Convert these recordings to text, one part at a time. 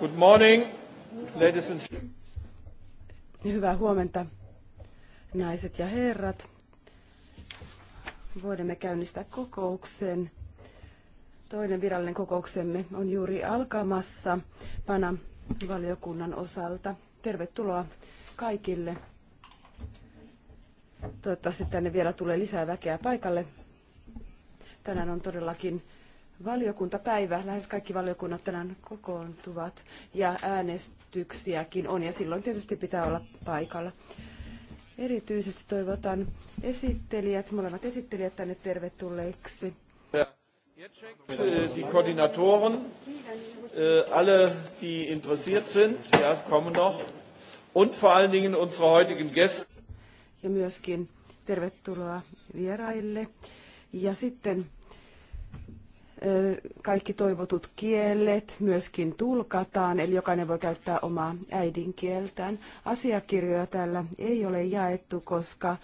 Good morning, ladies and Hyvää huomenta, naiset ja herrat. Voimme käynnistää kokouksen. Toinen virallinen kokouksemme on juuri alkamassa pana valiokunnan osalta. Tervetuloa kaikille. Toivottavasti tänne vielä tulee lisää väkeä paikalle Tänään on todellakin valiokuntapäivä. Lähes kaikki valiokunnat tänään kokoontuvat ja äänestyksiäkin on ja silloin tietysti pitää olla paikalla. Erityisesti toivotan esittelijät, molemmat esittelijät tänne tervetulleiksi. Die Koordinatoren, äh, alle, die interessiert sind, ja, kommen noch, und vor allen Dingen unsere heutigen Gäste. Ja myöskin tervetuloa vieraille. Ja sitten kaikki toivotut kielet myöskin tulkataan, eli jokainen voi käyttää omaa äidinkieltään. Asiakirjoja täällä ei ole jaettu, koska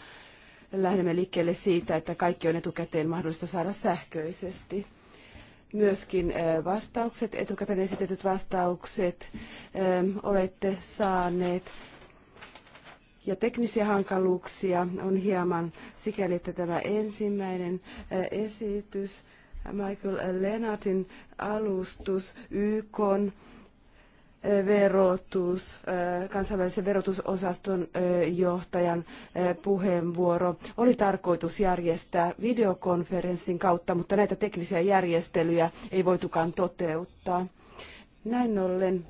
lähdemme liikkeelle siitä, että kaikki on etukäteen mahdollista saada sähköisesti. Myöskin vastaukset, etukäteen esitetyt vastaukset olette saaneet. Ja teknisiä hankaluuksia on hieman sikäli, että tämä ensimmäinen esitys – Michael Lennartin alustus YK, e, verotus, e, kansainvälisen verotusosaston e, johtajan puheenvuoro. Oli tarkoitus järjestää videokonferenssin kautta, mutta näitä teknisiä järjestelyjä ei voitukaan toteuttaa. Näin ollen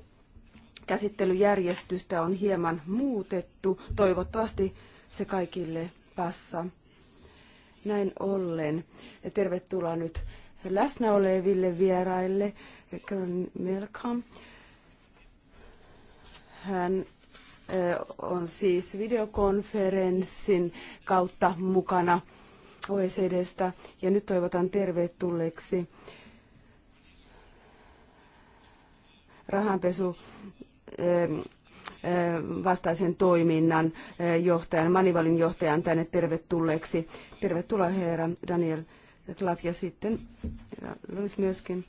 käsittelyjärjestystä on hieman muutettu. Toivottavasti se kaikille passaa. Näin ollen tervetuloa nyt läsnä oleville vieraille. Melkam. Hän on siis videokonferenssin kautta mukana OECDstä ja nyt toivotan tervetulleeksi rahanpesu Eh, vastaisen toiminnan eh, johtajan, Manivalin johtajan tänne tervetulleeksi. Tervetuloa herra Daniel Klaff ja sitten herra Luis myöskin.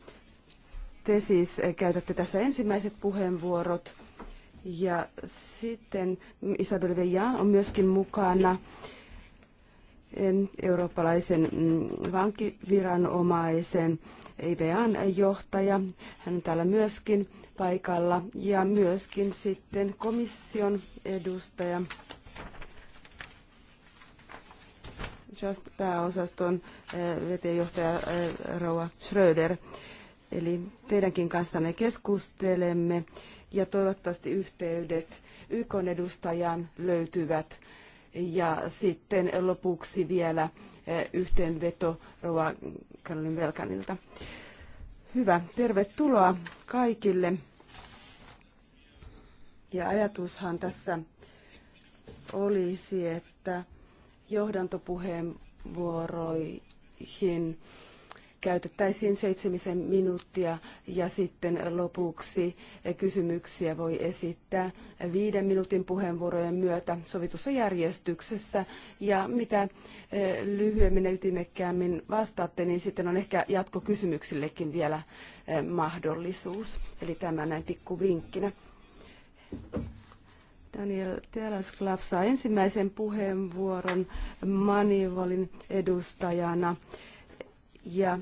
Te siis eh, käytätte tässä ensimmäiset puheenvuorot ja sitten Isabel Vejan on myöskin mukana eurooppalaisen mm, vankiviranomaisen IBAn johtaja. Hän on täällä myöskin paikalla ja myöskin sitten komission edustaja Just pääosaston eh, vetejohtaja eh, Rauha Schröder. Eli teidänkin kanssanne keskustelemme ja toivottavasti yhteydet YK edustajan löytyvät. Ja sitten lopuksi vielä eh, yhteenveto Rova Karolin Velkanilta. Hyvä, tervetuloa kaikille. Ja ajatushan tässä olisi, että johdantopuheenvuoroihin käytettäisiin seitsemisen minuuttia ja sitten lopuksi kysymyksiä voi esittää viiden minuutin puheenvuorojen myötä sovitussa järjestyksessä. Ja mitä eh, lyhyemmin ja ytimekkäämmin vastaatte, niin sitten on ehkä jatkokysymyksillekin vielä eh, mahdollisuus. Eli tämä näin vinkkinä. Daniel Telasklav saa ensimmäisen puheenvuoron Manivolin edustajana. Ja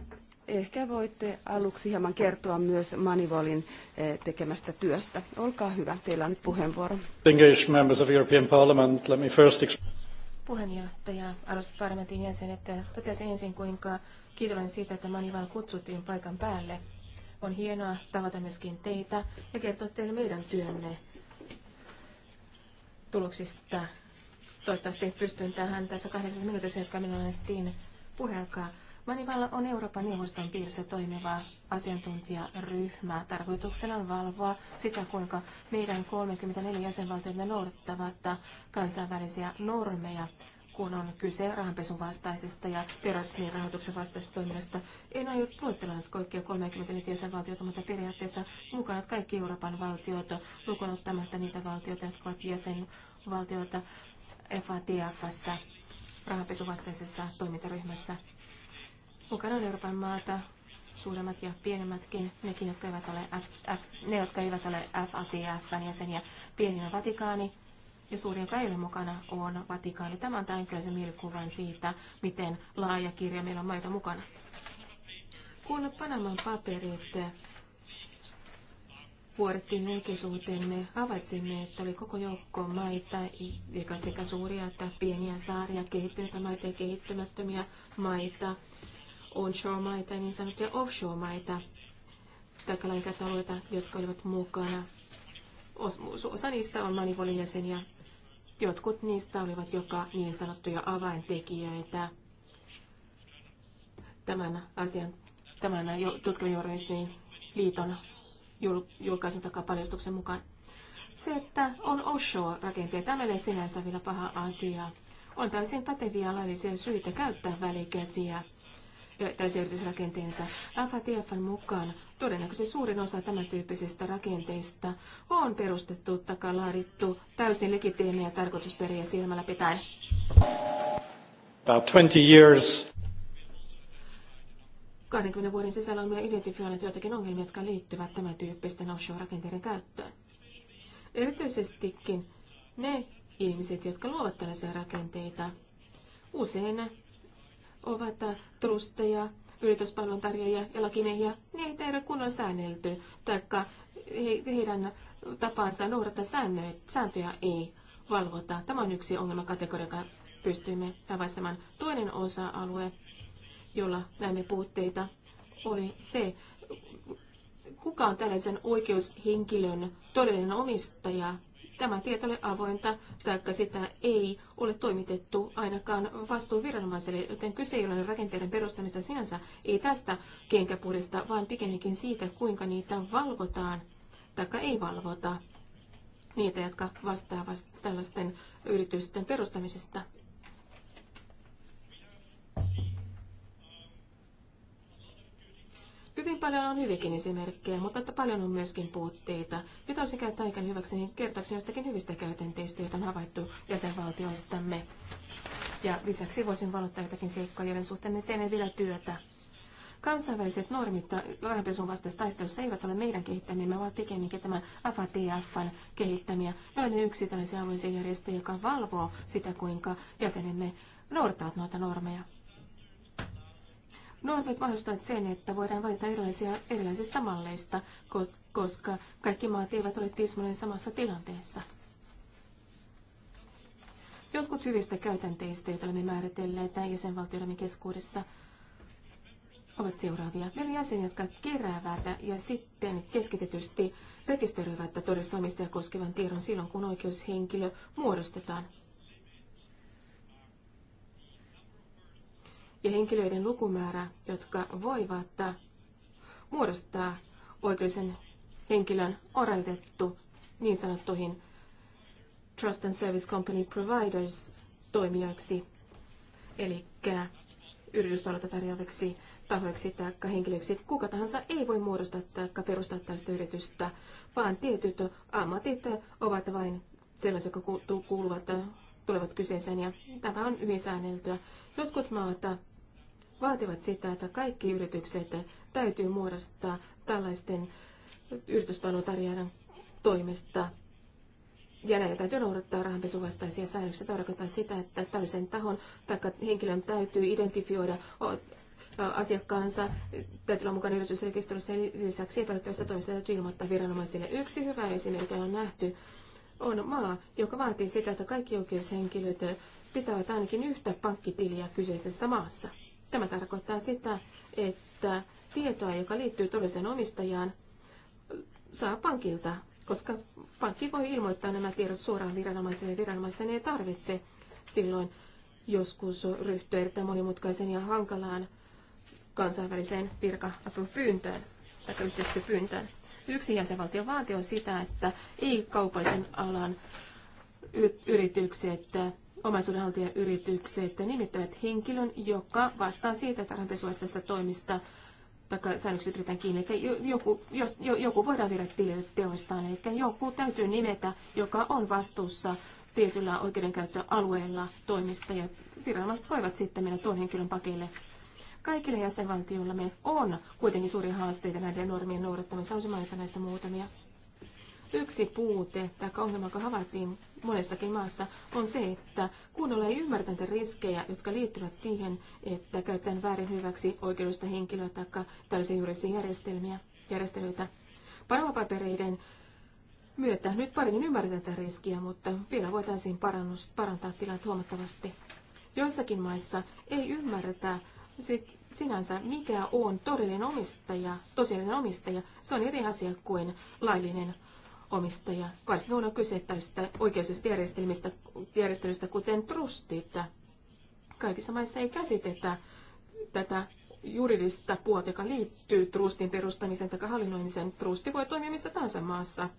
ehkä voitte aluksi hieman kertoa myös Manivolin eh, tekemästä työstä. Olkaa hyvä, teillä on nyt puheenvuoro. English members of European Parliament, let me first Puheenjohtaja, arvoisat parlamentin jäsenet, totesin ensin kuinka kiitollinen siitä, että Manival kutsuttiin paikan päälle. On hienoa tavata myöskin teitä ja kertoa teille meidän työnne tuloksista. Toivottavasti pystyn tähän tässä kahdeksassa minuutissa, jotka minulle annettiin puheenjohtaja Manivalla on Euroopan neuvoston piirissä toimiva asiantuntijaryhmä. Tarkoituksena on valvoa sitä, kuinka meidän 34 jäsenvaltiomme noudattavat kansainvälisiä normeja kun on kyse rahanpesun vastaisesta ja terrorismin rahoituksen vastaisesta toiminnasta. En aio luettella nyt kaikkia 34 jäsenvaltiota, mutta periaatteessa mukana kaikki Euroopan valtiot, lukuun ottamatta niitä valtioita, jotka ovat jäsenvaltioita FATFssä, vastaisessa toimintaryhmässä. Mukana on Euroopan maata, suuremmat ja pienemmätkin, nekin, jotka eivät ole F, F, ne, jotka eivät ole FATFn jäseniä. Pienin on Vatikaani ja suurin, joka ei ole mukana, on Vatikaani. Tämä kyllä se mielikuvan siitä, miten laaja kirja meillä on maita mukana. Kun Panaman paperit vuodettiin julkisuuteen, me havaitsimme, että oli koko joukko maita, sekä suuria että pieniä saaria, kehittyneitä maita ja kehittymättömiä maita – onshore-maita ja niin sanottuja offshore-maita, tai lainkäyttöalueita, jotka olivat mukana. Osa niistä on Manipolin jäseniä. Jotkut niistä olivat joka niin sanottuja avaintekijöitä tämän asian, tämän tutkimusjournalismin liiton julkaisun takapaljastuksen mukaan. Se, että on offshore rakenteet, tämä ei sinänsä vielä paha asia. On täysin päteviä laillisia syitä käyttää välikäsiä tällaisia yritysrakenteita. FATFn mukaan todennäköisesti suurin osa tämän tyyppisistä rakenteista on perustettu takaa laadittu täysin ja tarkoitusperiä silmällä pitäen. About 20 years 20 vuoden sisällä on identifioinut joitakin ongelmia, jotka liittyvät tämän tyyppisten offshore-rakenteiden käyttöön. Erityisestikin ne ihmiset, jotka luovat tällaisia rakenteita, usein ovat trusteja, yrityspalvelun tarjoajia ja lakimiehiä, ne ei ole kunnolla säännelty, taikka he, heidän tapansa noudattaa säännöjä, sääntöjä ei valvota. Tämä on yksi ongelmakategoria, joka pystyimme havaitsemaan. Toinen osa-alue, jolla näemme puutteita, oli se, kuka on tällaisen oikeushenkilön todellinen omistaja Tämä tieto ole avointa, taikka sitä ei ole toimitettu ainakaan vastuuviranomaiselle, joten kyse ei ole rakenteiden perustamista sinänsä, ei tästä kenkäpurista, vaan pikemminkin siitä, kuinka niitä valvotaan taikka ei valvota niitä, jotka vastaavat tällaisten yritysten perustamisesta Hyvin paljon on hyviäkin esimerkkejä, mutta että paljon on myöskin puutteita. Nyt olisi käyttää aikaan hyväksi, niin kertoakseni jostakin hyvistä käytänteistä, joita on havaittu jäsenvaltioistamme. Ja lisäksi voisin valottaa jotakin seikkoja, joiden suhteen me teemme vielä työtä. Kansainväliset normit rahanpesun vastaisessa taistelussa eivät ole meidän kehittämiä, vaan pikemminkin tämän FATFn kehittämiä. Me olemme yksi tällaisia alueellisia järjestöjä, joka valvoo sitä, kuinka jäsenemme noudattavat noita normeja. Normit mahdollistavat sen, että voidaan valita erilaisia, erilaisista malleista, koska kaikki maat eivät ole tismalleen samassa tilanteessa. Jotkut hyvistä käytänteistä, joita olemme määritelleet jäsenvaltioiden keskuudessa, ovat seuraavia. Meillä on jäseniä, jotka keräävät ja sitten keskitetysti rekisteröivät todistamista koskevan tiedon silloin, kun oikeushenkilö muodostetaan. ja henkilöiden lukumäärä, jotka voivat muodostaa oikeudellisen henkilön, oraitettu niin sanottuihin Trust and Service Company Providers toimijoiksi, eli yrityspalveluita tarjoaviksi tahoiksi tai henkilöiksi. Kuka tahansa ei voi muodostaa tai perustaa tästä yritystä, vaan tietyt ammatit ovat vain sellaisia, jotka kuuluvat tulevat kyseeseen, ja tämä on hyvin säänneltyä. Jotkut maata vaativat sitä, että kaikki yritykset täytyy muodostaa tällaisten yrityspalvelutarjoajan toimesta. Ja näitä täytyy noudattaa rahanpesuvastaisia säännöksiä. Tarkoittaa sitä, että tällaisen tahon tai henkilön täytyy identifioida asiakkaansa, täytyy olla mukana yritysrekisterissä ja lisäksi epäilyttävästä toimesta täytyy ilmoittaa viranomaisille. Yksi hyvä esimerkki on nähty on maa, joka vaatii sitä, että kaikki oikeushenkilöt pitävät ainakin yhtä pankkitiliä kyseisessä maassa. Tämä tarkoittaa sitä, että tietoa, joka liittyy todelliseen omistajaan, saa pankilta, koska pankki voi ilmoittaa nämä tiedot suoraan viranomaiselle viranomaisten ei tarvitse silloin joskus ryhtyä erittäin monimutkaisen ja hankalaan kansainväliseen virka apupyyntöön tai yhteistyöpyyntöön. Yksi jäsenvaltio vaatii on sitä, että ei-kaupallisen alan yritykset omaisuudenhaltijayritykset nimittävät henkilön, joka vastaa siitä, että rahanpesuvastaisesta toimista tai säännöksiä pidetään kiinni, että joku, jos, joku voidaan viedä tilille teoistaan, eli joku täytyy nimetä, joka on vastuussa tietyllä oikeudenkäyttöalueella toimista, ja viranomaiset voivat sitten mennä tuon henkilön pakille. Kaikille jäsenvaltioilla me on kuitenkin suuri haasteita näiden normien noudattamisessa. Haluaisin mainita näistä muutamia. Yksi puute tai ongelma, joka havaittiin monessakin maassa, on se, että kunnolla ei ymmärtänyt riskejä, jotka liittyvät siihen, että käytetään väärin hyväksi oikeudellista henkilöä tai tällaisia juridisia järjestelmiä, järjestelyitä. Panamapapereiden myötä nyt paremmin ymmärretään tätä riskiä, mutta vielä voitaisiin parannus, parantaa tilannetta huomattavasti. Joissakin maissa ei ymmärretä sit sinänsä, mikä on todellinen omistaja, tosiaan omistaja. Se on eri asia kuin laillinen omistaja, varsinkin kun on kyse tällaisista oikeudellisista järjestelmistä, järjestelystä, kuten että Kaikissa maissa ei käsitetä tätä juridista puolta, joka liittyy trustin perustamiseen tai hallinnoimiseen. Trusti voi toimia missä tahansa maassa,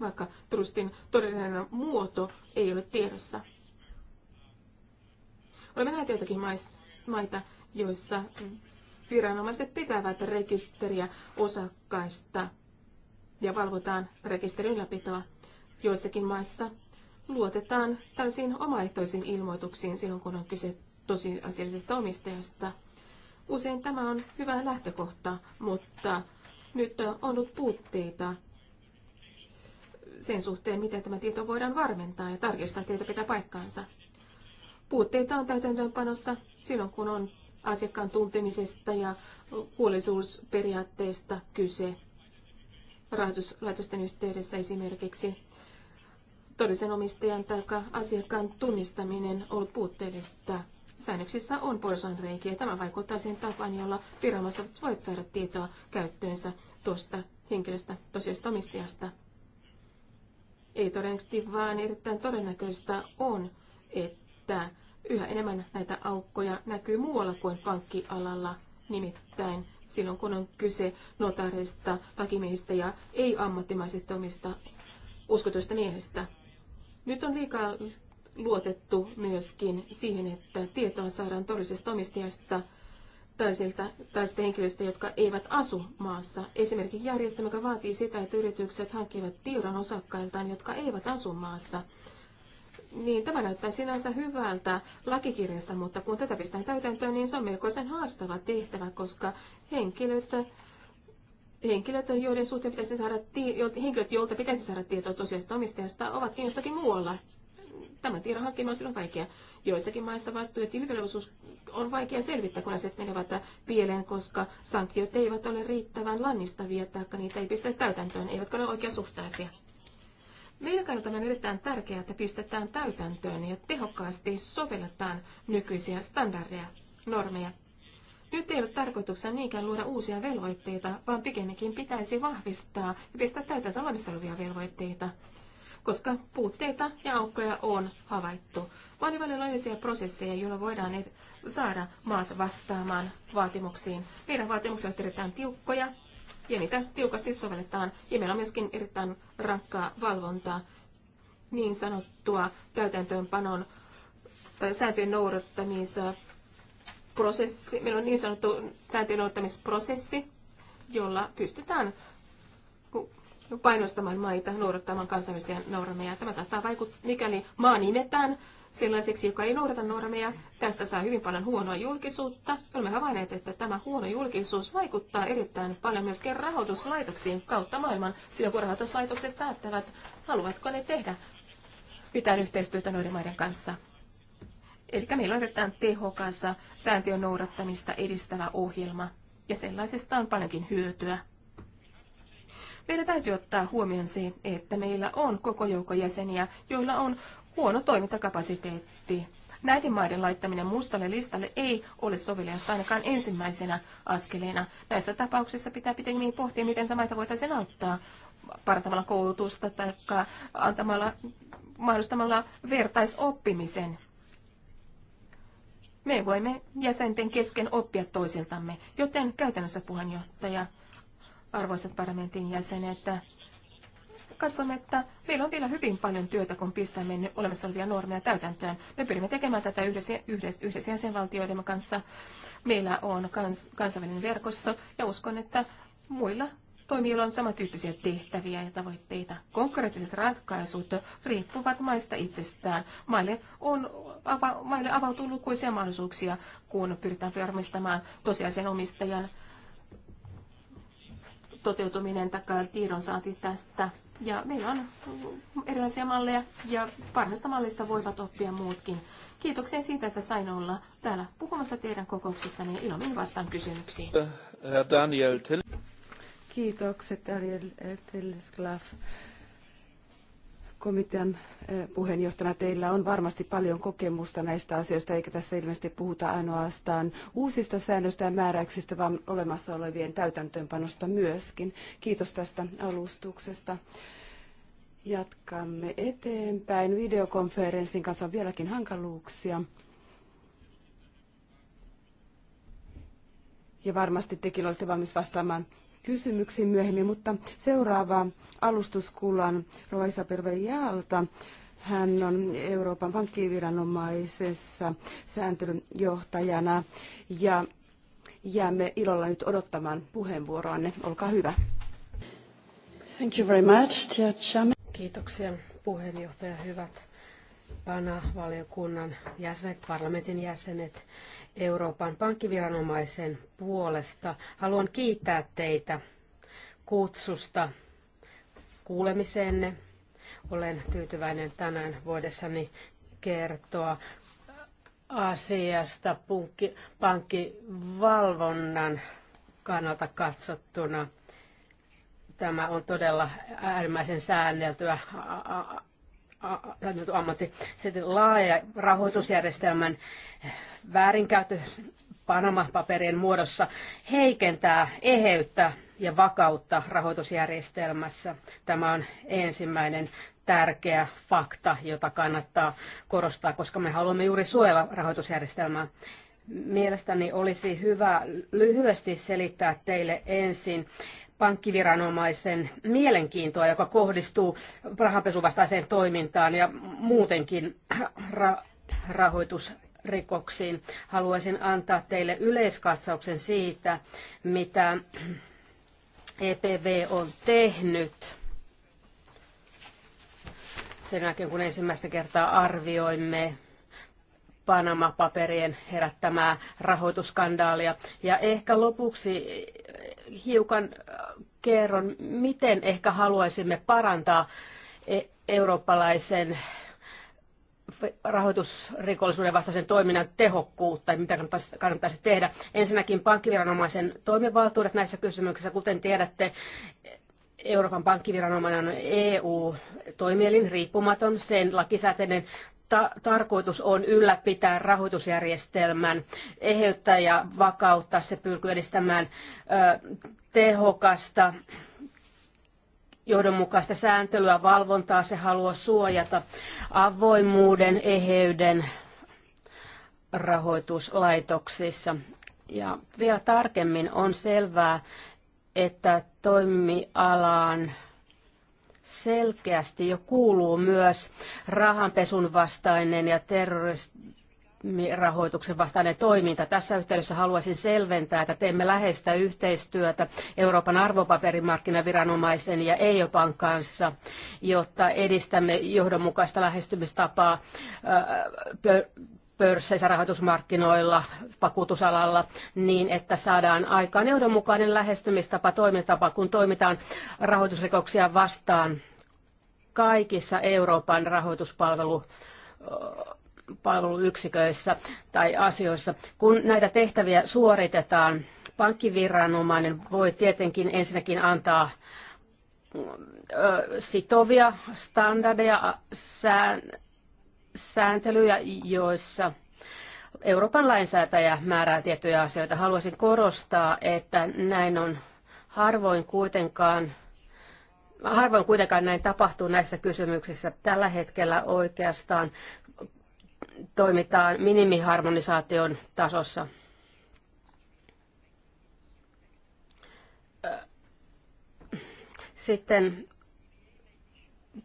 vaikka trustin todellinen muoto ei ole tiedossa. Olemme näitä joitakin maita, joissa viranomaiset pitävät rekisteriä osakkaista – ja valvotaan rekisterin Joissakin maissa luotetaan täysin omaehtoisiin ilmoituksiin silloin, kun on kyse tosiasiallisesta omistajasta. Usein tämä on hyvä lähtökohta, mutta nyt on ollut puutteita sen suhteen, miten tämä tieto voidaan varmentaa ja tarkistaa, tieto pitää paikkaansa. Puutteita on täytäntöönpanossa silloin, kun on asiakkaan tuntemisesta ja huolisuusperiaatteesta kyse rahoituslaitosten yhteydessä esimerkiksi todellisen omistajan tai asiakkaan tunnistaminen on ollut puutteellista. Säännöksissä on porsanreikiä. Tämä vaikuttaa sen tapaan, jolla viranomaiset voivat saada tietoa käyttöönsä tuosta henkilöstä, tosiasta omistajasta. Ei todennäköisesti, vaan erittäin todennäköistä on, että yhä enemmän näitä aukkoja näkyy muualla kuin pankkialalla, nimittäin – silloin, kun on kyse notaareista, lakimiehistä ja ei-ammattimaisista omista uskotuista miehistä. Nyt on liikaa luotettu myöskin siihen, että tietoa saadaan todellisesta omistajasta tai, siltä, tai sitä henkilöistä, jotka eivät asu maassa. Esimerkiksi järjestelmä, joka vaatii sitä, että yritykset hankkivat tiedon osakkailtaan, jotka eivät asu maassa niin tämä näyttää sinänsä hyvältä lakikirjassa, mutta kun tätä pistetään täytäntöön, niin se on melkoisen haastava tehtävä, koska henkilöt, henkilöt joiden suhteen pitäisi saada, henkilöt, joilta pitäisi saada tietoa tosiasta omistajasta, ovatkin jossakin muualla. Tämä tiedon hankkiminen on silloin vaikea. Joissakin maissa vastuu ja tilivelvollisuus on vaikea selvittää, kun asiat menevät pieleen, koska sanktiot eivät ole riittävän lannistavia, taikka niitä ei pistetä täytäntöön, eivätkä ole oikeasuhtaisia. Meidän kannalta on erittäin tärkeää, että pistetään täytäntöön ja tehokkaasti sovelletaan nykyisiä standardeja, normeja. Nyt ei ole tarkoituksena niinkään luoda uusia velvoitteita, vaan pikemminkin pitäisi vahvistaa ja pistää täytäntöön olemassa olevia velvoitteita, koska puutteita ja aukkoja on havaittu. Vaan niin on välillä prosesseja, joilla voidaan saada maat vastaamaan vaatimuksiin. Meidän vaatimukset ovat erittäin tiukkoja, ja niitä tiukasti sovelletaan. Ja meillä on myöskin erittäin rankkaa valvontaa, niin sanottua täytäntöönpanon tai sääntöjen noudattamisen prosessi, meillä on niin sanottu sääntöjen noudattamisprosessi, jolla pystytään painostamaan maita noudattamaan kansainvälisiä normeja. Tämä saattaa vaikuttaa, mikäli maa nimetään sellaiseksi, joka ei noudata normeja. Tästä saa hyvin paljon huonoa julkisuutta. Olemme havainneet, että tämä huono julkisuus vaikuttaa erittäin paljon myöskin rahoituslaitoksiin kautta maailman, sillä kun rahoituslaitokset päättävät, haluavatko ne tehdä pitää yhteistyötä noiden maiden kanssa. Eli meillä on erittäin tehokas sääntöjen noudattamista edistävä ohjelma, ja sellaisesta on paljonkin hyötyä. Meidän täytyy ottaa huomioon se, että meillä on koko joukko jäseniä, joilla on huono toimintakapasiteetti. Näiden maiden laittaminen mustalle listalle ei ole soveliasta ainakaan ensimmäisenä askeleena. Näissä tapauksissa pitää pikemmin pohtia, miten tämä voitaisiin auttaa parantamalla koulutusta tai antamalla, mahdollistamalla vertaisoppimisen. Me voimme jäsenten kesken oppia toisiltamme, joten käytännössä puheenjohtaja, arvoisat parlamentin jäsenet, katsomme, että meillä on vielä hyvin paljon työtä, kun pistämme olemassa olevia normeja täytäntöön. Me pyrimme tekemään tätä yhdessä, yhdessä, yhdessä jäsenvaltioidemme kanssa. Meillä on kans, kansainvälinen verkosto ja uskon, että muilla toimijoilla on samantyyppisiä tehtäviä ja tavoitteita. Konkreettiset ratkaisut riippuvat maista itsestään. Maille, on, ava, maille avautuu lukuisia mahdollisuuksia, kun pyritään varmistamaan tosiasian omistajan toteutuminen tai tiedonsaanti tästä ja meillä on erilaisia malleja ja parhaista mallista voivat oppia muutkin. Kiitoksia siitä, että sain olla täällä puhumassa teidän kokouksissanne ja ilomin vastaan kysymyksiin. Daniel Kiitokset Daniel Tellesklaff komitean eh, puheenjohtajana teillä on varmasti paljon kokemusta näistä asioista, eikä tässä ilmeisesti puhuta ainoastaan uusista säännöistä ja määräyksistä, vaan olemassa olevien täytäntöönpanosta myöskin. Kiitos tästä alustuksesta. Jatkamme eteenpäin. Videokonferenssin kanssa on vieläkin hankaluuksia. Ja varmasti tekin olette valmis vastaamaan kysymyksiin myöhemmin, mutta seuraava alustuskulan Rova Isabel Hän on Euroopan pankkiviranomaisessa sääntelyjohtajana ja jäämme ilolla nyt odottamaan puheenvuoroanne. Olkaa hyvä. Thank you very much, Kiitoksia puheenjohtaja, hyvät pana valiokunnan jäsenet, parlamentin jäsenet Euroopan pankkiviranomaisen puolesta. Haluan kiittää teitä kutsusta kuulemiseenne. Olen tyytyväinen tänään voidessani kertoa asiasta pankkivalvonnan kannalta katsottuna. Tämä on todella äärimmäisen säänneltyä a, ammatti. Sitten laaja rahoitusjärjestelmän eh, väärinkäyttö Panama-paperien muodossa heikentää eheyttä ja vakautta rahoitusjärjestelmässä. Tämä on ensimmäinen tärkeä fakta, jota kannattaa korostaa, koska me haluamme juuri suojella rahoitusjärjestelmää. Mielestäni olisi hyvä lyhyesti selittää teille ensin pankkiviranomaisen mielenkiintoa, joka kohdistuu rahanpesuvastaiseen toimintaan ja muutenkin ra- rahoitusrikoksiin. Haluaisin antaa teille yleiskatsauksen siitä, mitä EPV e on tehnyt sen jälkeen, kun ensimmäistä kertaa arvioimme Panama-paperien herättämää rahoitusskandaalia. Ja ehkä lopuksi hiukan kerron, miten ehkä haluaisimme parantaa e- eurooppalaisen rahoitusrikollisuuden vastaisen toiminnan tehokkuutta ja mitä kannattaisi, kannattaisi tehdä. Ensinnäkin pankkiviranomaisen toimivaltuudet näissä kysymyksissä. Kuten tiedätte, Euroopan pankkiviranomainen on EU-toimielin riippumaton. Sen lakisääteinen ta- tarkoitus on ylläpitää rahoitusjärjestelmän eheyttä ja vakauttaa. Se pyrkii edistämään ö, tehokasta johdonmukaista sääntelyä, valvontaa. Se haluaa suojata avoimuuden, eheyden rahoituslaitoksissa. Ja vielä tarkemmin on selvää, että toimialaan selkeästi jo kuuluu myös rahanpesun vastainen ja terrorismirahoituksen vastainen toiminta. Tässä yhteydessä haluaisin selventää, että teemme läheistä yhteistyötä Euroopan arvopaperimarkkinaviranomaisen ja EIOPan kanssa, jotta edistämme johdonmukaista lähestymistapaa pörsseissä, rahoitusmarkkinoilla, vakuutusalalla, niin että saadaan aikaan johdonmukainen lähestymistapa, toimintapa, kun toimitaan rahoitusrikoksia vastaan kaikissa Euroopan rahoituspalvelu palveluyksiköissä tai asioissa. Kun näitä tehtäviä suoritetaan, pankkiviranomainen voi tietenkin ensinnäkin antaa sitovia standardeja, sääntelyjä, joissa Euroopan lainsäätäjä määrää tiettyjä asioita. Haluaisin korostaa, että näin on harvoin kuitenkaan Harvoin kuitenkaan näin tapahtuu näissä kysymyksissä. Tällä hetkellä oikeastaan toimitaan minimiharmonisaation tasossa. Sitten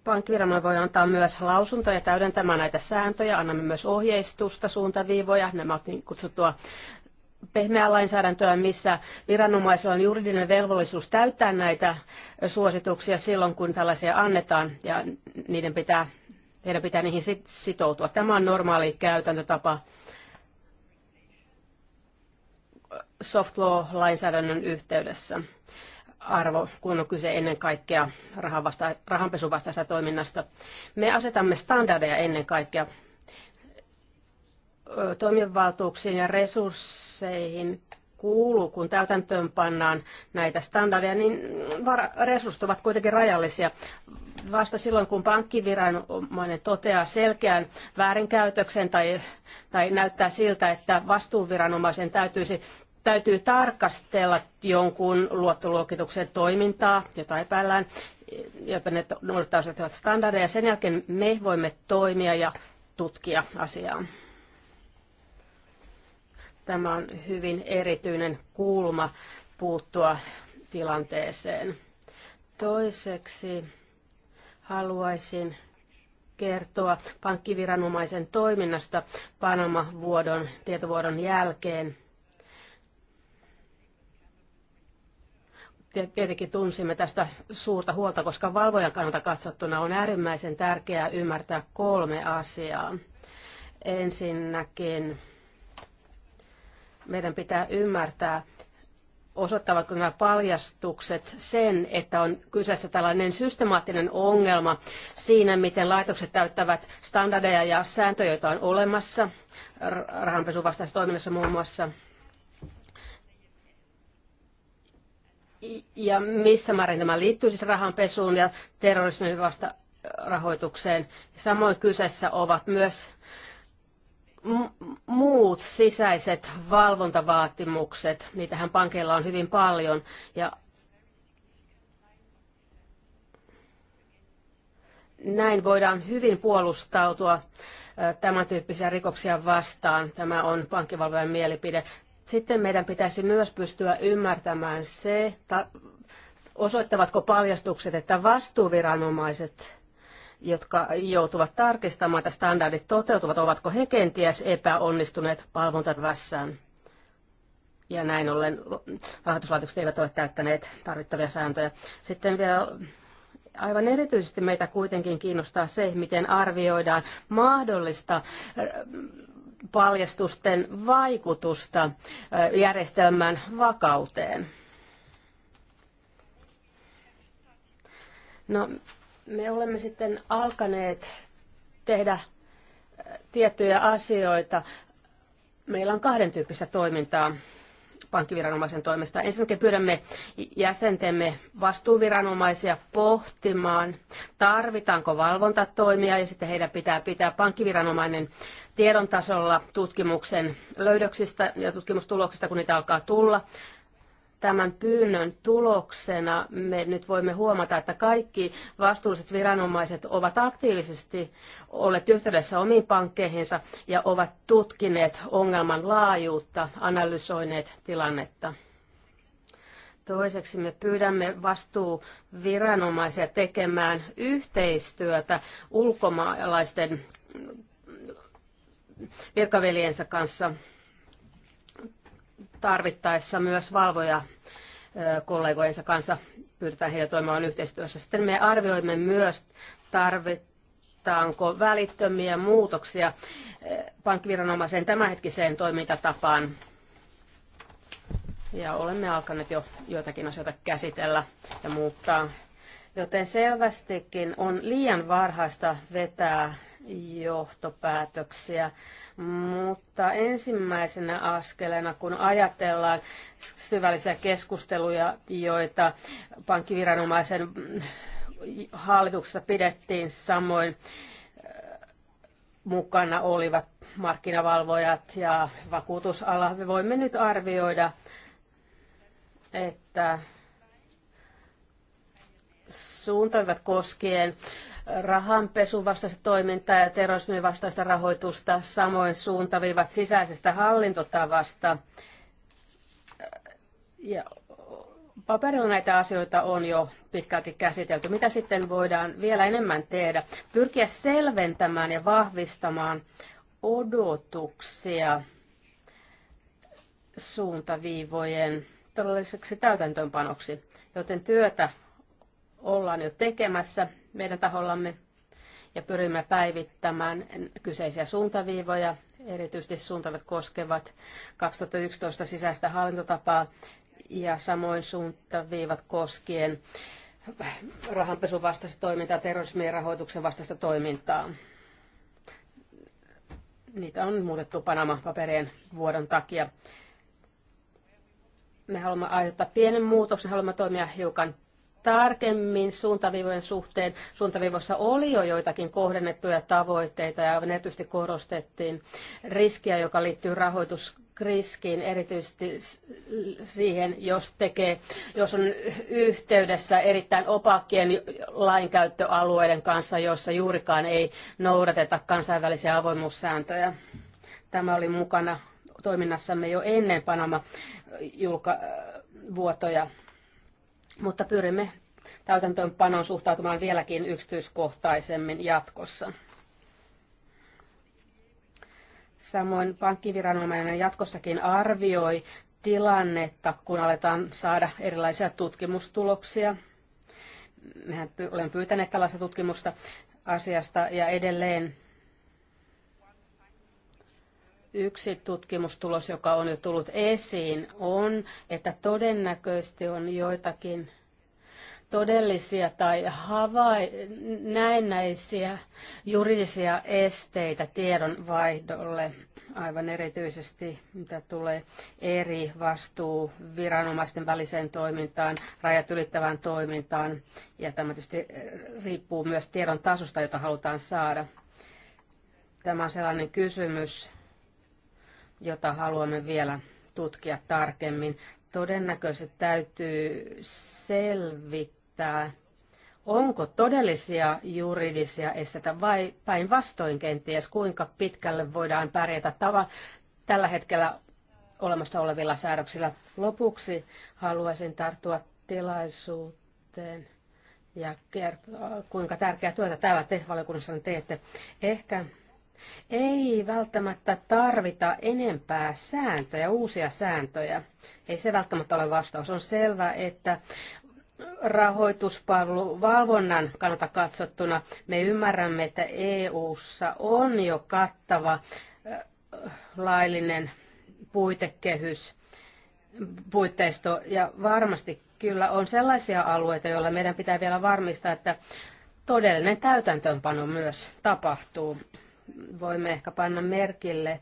Pankkiviranomainen voi antaa myös lausuntoja täydentämään näitä sääntöjä. Annamme myös ohjeistusta, suuntaviivoja. Nämä ovat niin kutsuttua pehmeää lainsäädäntöä, missä viranomaisilla on juridinen velvollisuus täyttää näitä suosituksia silloin, kun tällaisia annetaan ja niiden pitää, heidän pitää niihin sitoutua. Tämä on normaali käytäntötapa soft law-lainsäädännön yhteydessä arvo, kun on kyse ennen kaikkea rahanpesuvastaisesta toiminnasta. Me asetamme standardeja ennen kaikkea toimivaltuuksiin ja resursseihin kuuluu, kun täytäntöön pannaan näitä standardeja, niin resurssit ovat kuitenkin rajallisia. Vasta silloin, kun pankkiviranomainen toteaa selkeän väärinkäytöksen tai, tai näyttää siltä, että vastuuviranomaisen täytyisi täytyy tarkastella jonkun luottoluokituksen toimintaa, jota epäillään, jotta ne noudattaa asettavat standardeja. Sen jälkeen me voimme toimia ja tutkia asiaa. Tämä on hyvin erityinen kulma puuttua tilanteeseen. Toiseksi haluaisin kertoa pankkiviranomaisen toiminnasta Panama-vuodon tietovuodon jälkeen. tietenkin tunsimme tästä suurta huolta, koska valvojan kannalta katsottuna on äärimmäisen tärkeää ymmärtää kolme asiaa. Ensinnäkin meidän pitää ymmärtää, osoittavatko nämä paljastukset sen, että on kyseessä tällainen systemaattinen ongelma siinä, miten laitokset täyttävät standardeja ja sääntöjä, joita on olemassa rahanpesuvastaisessa toiminnassa muun muassa – ja missä määrin tämä liittyy siis rahanpesuun ja terrorismin vasta rahoitukseen. Samoin kyseessä ovat myös muut sisäiset valvontavaatimukset. Niitähän pankeilla on hyvin paljon ja näin voidaan hyvin puolustautua tämän tyyppisiä rikoksia vastaan. Tämä on pankkivalvojan mielipide. Sitten meidän pitäisi myös pystyä ymmärtämään se, osoittavatko paljastukset, että vastuuviranomaiset jotka joutuvat tarkistamaan, että standardit toteutuvat, ovatko he kenties epäonnistuneet valvontavässään. Ja näin ollen rahoituslaitokset eivät ole täyttäneet tarvittavia sääntöjä. Sitten vielä aivan erityisesti meitä kuitenkin kiinnostaa se, miten arvioidaan mahdollista paljastusten vaikutusta järjestelmän vakauteen. No, me olemme sitten alkaneet tehdä tiettyjä asioita. Meillä on kahden tyyppistä toimintaa pankkiviranomaisen toimesta. Ensinnäkin pyydämme jäsentemme vastuuviranomaisia pohtimaan, tarvitaanko valvontatoimia ja sitten heidän pitää pitää pankkiviranomainen tiedon tasolla tutkimuksen löydöksistä ja tutkimustuloksista, kun niitä alkaa tulla. Tämän pyynnön tuloksena me nyt voimme huomata, että kaikki vastuulliset viranomaiset ovat aktiivisesti olleet yhteydessä omiin pankkeihinsa ja ovat tutkineet ongelman laajuutta, analysoineet tilannetta. Toiseksi me pyydämme vastuuviranomaisia tekemään yhteistyötä ulkomaalaisten virkaveljensä kanssa tarvittaessa myös valvoja kollegojensa kanssa pyritään heitä toimimaan yhteistyössä. Sitten me arvioimme myös tarvitaanko välittömiä muutoksia pankkiviranomaiseen tämänhetkiseen toimintatapaan. Ja olemme alkaneet jo joitakin asioita käsitellä ja muuttaa. Joten selvästikin on liian varhaista vetää johtopäätöksiä. Mutta ensimmäisenä askeleena, kun ajatellaan syvällisiä keskusteluja, joita pankkiviranomaisen hallituksessa pidettiin samoin äh, mukana olivat markkinavalvojat ja vakuutusala. Me voimme nyt arvioida, että suuntaivat koskien rahanpesun vastaista toimintaa ja terrorismin vastaista rahoitusta, samoin suuntaviivat sisäisestä hallintotavasta. Ja paperilla näitä asioita on jo pitkälti käsitelty. Mitä sitten voidaan vielä enemmän tehdä? Pyrkiä selventämään ja vahvistamaan odotuksia suuntaviivojen todelliseksi täytäntöönpanoksi, joten työtä ollaan jo tekemässä meidän tahollamme ja pyrimme päivittämään kyseisiä suuntaviivoja. Erityisesti suuntavat koskevat 2011 sisäistä hallintotapaa ja samoin suuntaviivat koskien rahanpesun vastaista toimintaa, terrorismin ja rahoituksen vastaista toimintaa. Niitä on muutettu Panama-paperien vuodon takia. Me haluamme aiheuttaa pienen muutoksen, haluamme toimia hiukan tarkemmin suuntaviivojen suhteen. Suuntaviivoissa oli jo joitakin kohdennettuja tavoitteita ja netysti korostettiin riskiä, joka liittyy rahoitus riskiin, erityisesti siihen, jos tekee, jos on yhteydessä erittäin opakkien lainkäyttöalueiden kanssa, joissa juurikaan ei noudateta kansainvälisiä avoimuussääntöjä. Tämä oli mukana toiminnassamme jo ennen Panama-vuotoja. Äh, mutta pyrimme täytäntöönpanoon suhtautumaan vieläkin yksityiskohtaisemmin jatkossa. Samoin pankkiviranomainen jatkossakin arvioi tilannetta, kun aletaan saada erilaisia tutkimustuloksia. Mehän olemme pyytäneet tällaista tutkimusta asiasta ja edelleen Yksi tutkimustulos, joka on jo tullut esiin, on, että todennäköisesti on joitakin todellisia tai havai, näennäisiä juridisia esteitä tiedonvaihdolle, aivan erityisesti mitä tulee eri vastuu viranomaisten väliseen toimintaan, rajat ylittävään toimintaan, ja tämä tietysti riippuu myös tiedon tasosta, jota halutaan saada. Tämä on sellainen kysymys, jota haluamme vielä tutkia tarkemmin. Todennäköisesti täytyy selvittää, onko todellisia juridisia esteitä vai päinvastoin kenties, kuinka pitkälle voidaan pärjätä tava- tällä hetkellä olemassa olevilla säädöksillä. Lopuksi haluaisin tarttua tilaisuuteen ja kertoa, kuinka tärkeää työtä täällä te valiokunnassa teette. Ehkä ei välttämättä tarvita enempää sääntöjä, uusia sääntöjä. Ei se välttämättä ole vastaus. On selvää, että rahoituspalveluvalvonnan kannalta katsottuna me ymmärrämme, että EU:ssa on jo kattava laillinen puitekehys, puitteisto ja varmasti kyllä on sellaisia alueita, joilla meidän pitää vielä varmistaa, että todellinen täytäntöönpano myös tapahtuu voimme ehkä panna merkille,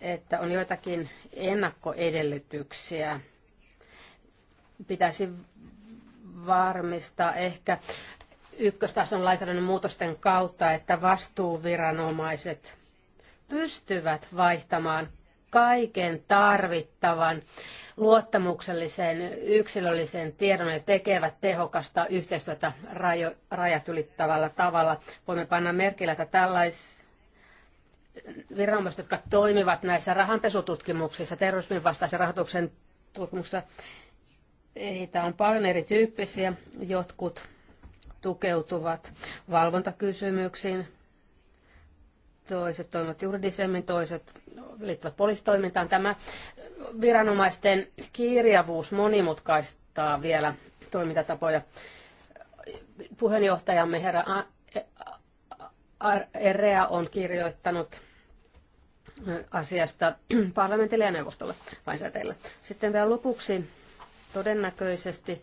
että on joitakin ennakkoedellytyksiä. Pitäisi varmistaa ehkä ykköstason lainsäädännön muutosten kautta, että vastuuviranomaiset pystyvät vaihtamaan kaiken tarvittavan luottamuksellisen yksilöllisen tiedon ja tekevät tehokasta yhteistyötä rajo, rajat ylittävällä tavalla. Voimme panna merkillä, että tällais viranomaiset, jotka toimivat näissä rahanpesututkimuksissa, terrorismin vastaisen rahoituksen tutkimuksissa, heitä on paljon erityyppisiä. Jotkut tukeutuvat valvontakysymyksiin, Toiset toimivat juridisemmin, toiset liittyvät poliisitoimintaan. Tämä viranomaisten kirjavuus monimutkaistaa vielä toimintatapoja. Puheenjohtajamme herra e- Rea on kirjoittanut äh, asiasta parlamentille ja neuvostolle lainsäätäjille. Sitten vielä lopuksi todennäköisesti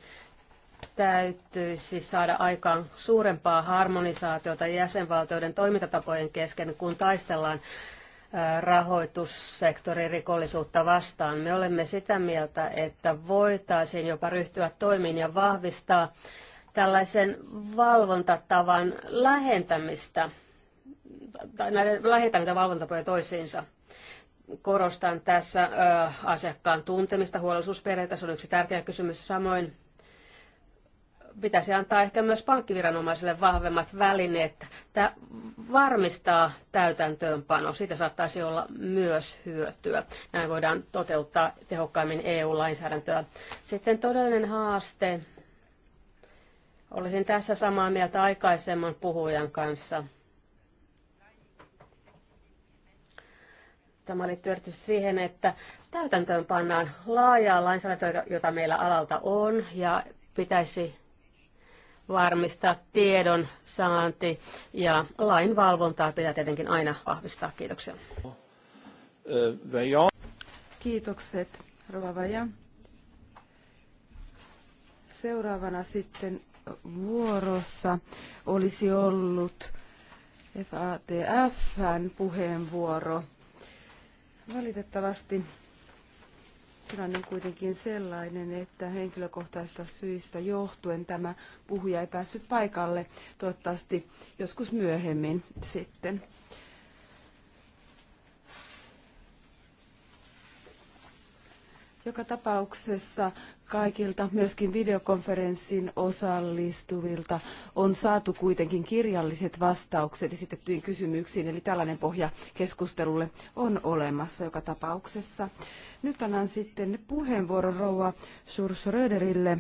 täytyisi saada aikaan suurempaa harmonisaatiota jäsenvaltioiden toimintatapojen kesken, kun taistellaan rahoitussektorin rikollisuutta vastaan. Me olemme sitä mieltä, että voitaisiin jopa ryhtyä toimiin ja vahvistaa tällaisen valvontatavan lähentämistä, tai näiden lähentämistä valvontapoja toisiinsa. Korostan tässä ö, asiakkaan tuntemista. Huolellisuusperiaate on yksi tärkeä kysymys. Samoin pitäisi antaa ehkä myös pankkiviranomaisille vahvemmat välineet että varmistaa täytäntöönpano. Siitä saattaisi olla myös hyötyä. Näin voidaan toteuttaa tehokkaimmin EU-lainsäädäntöä. Sitten todellinen haaste. Olisin tässä samaa mieltä aikaisemman puhujan kanssa. Tämä liittyy erityisesti siihen, että täytäntöön pannaan laajaa lainsäädäntöä, jota meillä alalta on, ja pitäisi varmistaa tiedon saanti ja lainvalvontaa pitää tietenkin aina vahvistaa. Kiitoksia. Kiitokset, Rova Vaja. Seuraavana sitten vuorossa olisi ollut FATFn puheenvuoro. Valitettavasti Tilanne on kuitenkin sellainen, että henkilökohtaisista syistä johtuen tämä puhuja ei päässyt paikalle, toivottavasti joskus myöhemmin sitten. Joka tapauksessa kaikilta, myöskin videokonferenssin osallistuvilta, on saatu kuitenkin kirjalliset vastaukset esitettyihin kysymyksiin, eli tällainen pohja keskustelulle on olemassa joka tapauksessa. Nyt annan sitten puheenvuoron rouva Schröderille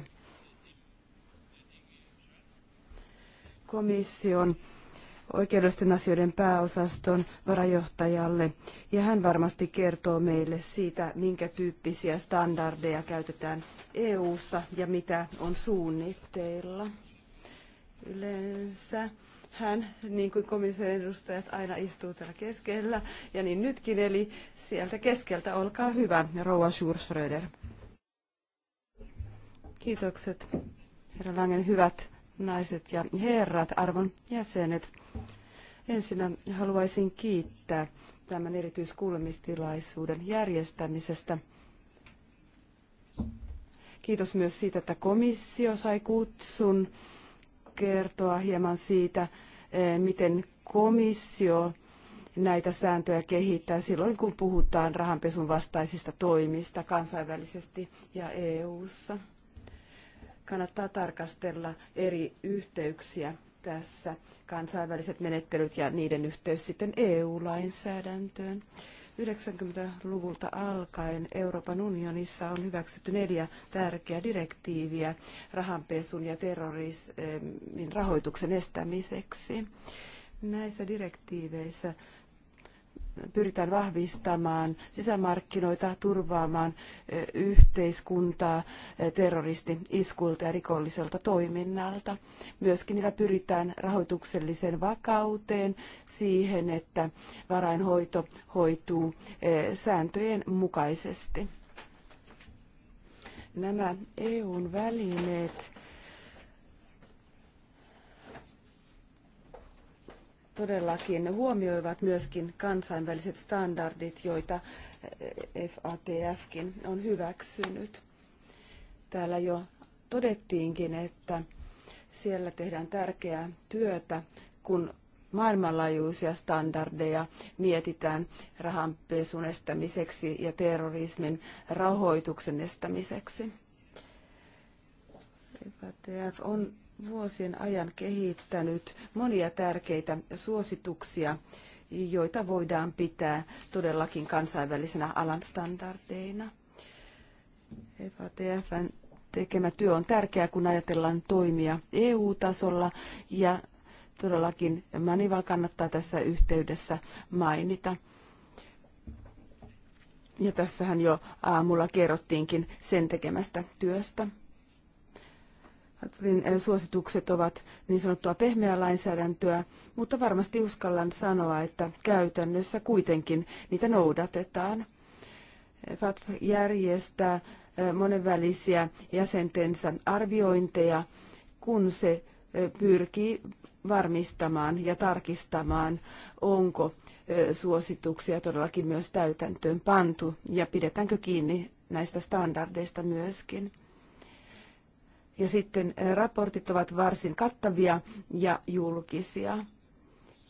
komission oikeudellisten asioiden pääosaston varajohtajalle. Ja hän varmasti kertoo meille siitä, minkä tyyppisiä standardeja käytetään EU-ssa ja mitä on suunnitteilla. Yleensä hän, niin kuin komission edustajat, aina istuu täällä keskellä, ja niin nytkin, eli sieltä keskeltä, olkaa hyvä, Rouva Schurschröder. Kiitokset, herra Langen, hyvät naiset ja herrat, arvon jäsenet. Ensinnä haluaisin kiittää tämän erityiskuulemistilaisuuden järjestämisestä. Kiitos myös siitä, että komissio sai kutsun kertoa hieman siitä, eh, miten komissio näitä sääntöjä kehittää silloin, kun puhutaan rahanpesun vastaisista toimista kansainvälisesti ja EU:ssa. ssa kannattaa tarkastella eri yhteyksiä tässä, kansainväliset menettelyt ja niiden yhteys sitten EU-lainsäädäntöön. 90-luvulta alkaen Euroopan unionissa on hyväksytty neljä tärkeää direktiiviä rahanpesun ja terrorismin rahoituksen estämiseksi. Näissä direktiiveissä pyritään vahvistamaan sisämarkkinoita, turvaamaan yhteiskuntaa terroristi-iskulta ja rikolliselta toiminnalta. Myöskin niillä pyritään rahoitukselliseen vakauteen siihen, että varainhoito hoituu sääntöjen mukaisesti. Nämä EUn välineet todellakin huomioivat myöskin kansainväliset standardit, joita FATFkin on hyväksynyt. Täällä jo todettiinkin, että siellä tehdään tärkeää työtä, kun maailmanlaajuisia standardeja mietitään rahanpesun estämiseksi ja terrorismin rahoituksen estämiseksi. FATF on vuosien ajan kehittänyt monia tärkeitä suosituksia, joita voidaan pitää todellakin kansainvälisenä alan standardeina. FATFn tekemä työ on tärkeää, kun ajatellaan toimia EU-tasolla ja todellakin Manival kannattaa tässä yhteydessä mainita. Ja tässähän jo aamulla kerrottiinkin sen tekemästä työstä. Eh, suositukset ovat niin sanottua pehmeää lainsäädäntöä, mutta varmasti uskallan sanoa, että käytännössä kuitenkin niitä noudatetaan. FATF järjestää eh, monenvälisiä jäsentensä arviointeja, kun se eh, pyrkii varmistamaan ja tarkistamaan, onko suosituksia todellakin myös täytäntöön pantu ja pidetäänkö kiinni näistä standardeista myöskin. Ja sitten eh, raportit ovat varsin kattavia ja julkisia.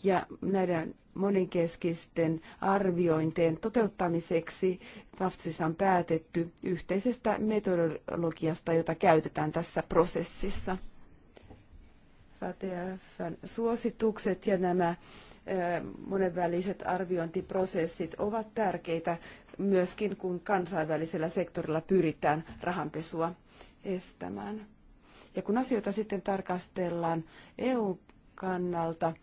Ja näiden monenkeskisten arviointien toteuttamiseksi FAFSissa on päätetty yhteisestä metodologiasta, jota käytetään tässä prosessissa. FATFn suositukset ja nämä eh, monenväliset arviointiprosessit ovat tärkeitä myöskin, kun kansainvälisellä sektorilla pyritään rahanpesua estämään. Ja kun asioita sitten tarkastellaan EU-kannalta,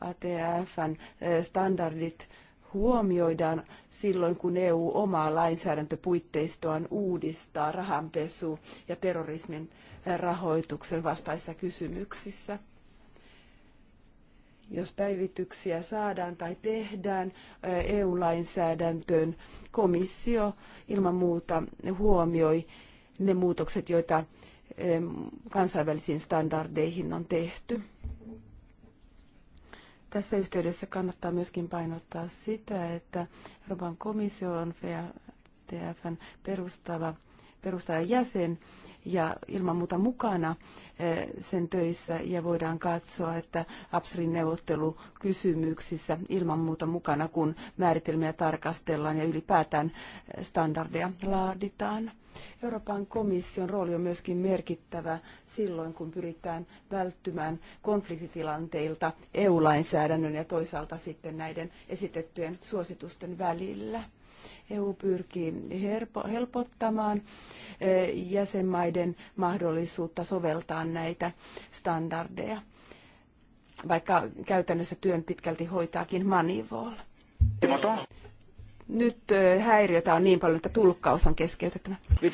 FATFn eh, standardit huomioidaan silloin, kun EU omaa lainsäädäntöpuitteistoaan uudistaa rahanpesu- ja terrorismin eh, rahoituksen vastaissa kysymyksissä. Jos päivityksiä saadaan tai tehdään EU-lainsäädäntöön, eh, e komissio ilman muuta huomioi ne muutokset, joita kansainvälisiin standardeihin on tehty. Tässä yhteydessä kannattaa myöskin painottaa sitä, että Euroopan komissio on FTFn perustava, perustava jäsen ja ilman muuta mukana eh, sen töissä ja voidaan katsoa, että APSRin neuvottelukysymyksissä ilman muuta mukana, kun määritelmiä tarkastellaan ja ylipäätään standardeja laaditaan. Euroopan komission rooli on myöskin merkittävä silloin, kun pyritään välttymään konfliktitilanteilta EU-lainsäädännön ja toisaalta sitten näiden esitettyjen suositusten välillä. EU pyrkii helpottamaan e, jäsenmaiden mahdollisuutta soveltaa näitä standardeja, vaikka käytännössä työn pitkälti hoitaakin Manivol. Nyt häiriötä on niin paljon, että tulkkaus on keskeytettävä. E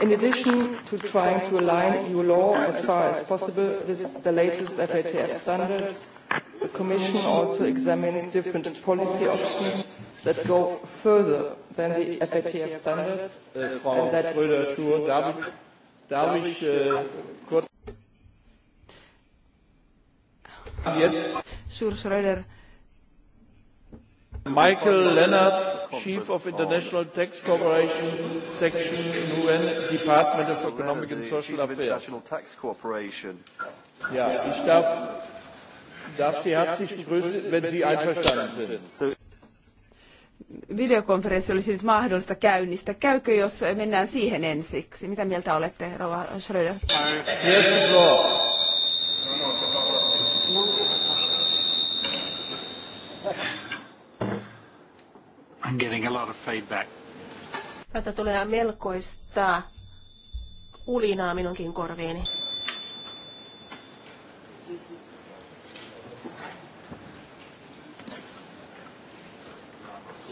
In addition to trying to align EU law as far as possible with the latest FATF standards, the Commission also examines different policy options that go further than the FATF standards. Äh, Frau Schröder-Schur, darf, darf ich äh, kurz... Sur Schröder. Michael Leonard, Chief of International Tax Corporation Section UN Department of Economic and Social Affairs. Ja, ich darf, darf Sie herzlich begrüßen, wenn Sie einverstanden sind. Videokonferenssi olisi nyt mahdollista käynnistä. Käykö, jos mennään siihen ensiksi? Mitä mieltä olette, Rova Schröder? Yes, I'm getting a lot of feedback. Tästä tulee melkoista ulinaa minunkin korviini.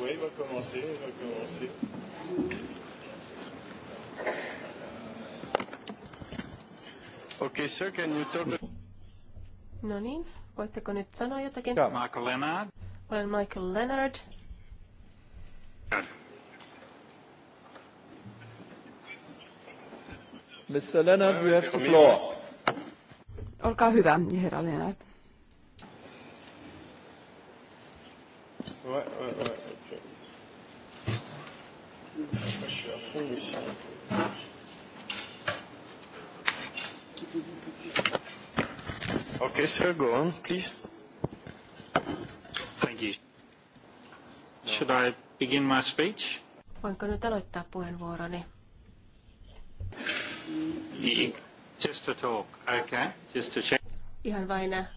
Oui, va commencer, va commencer. Okay, sir, can you talk... No niin, voitteko nyt sanoa jotakin? Yeah. Michael Leonard. Olen Michael Leonard. Mr. Leonard, you have the floor. Olkaa hyvä, herra Leonard. Okay, sir, go on, please. No. Should I begin my speech? Voinko nyt aloittaa puheenvuoroni? Just to talk. Okay. Just to check. Ihan vain äh,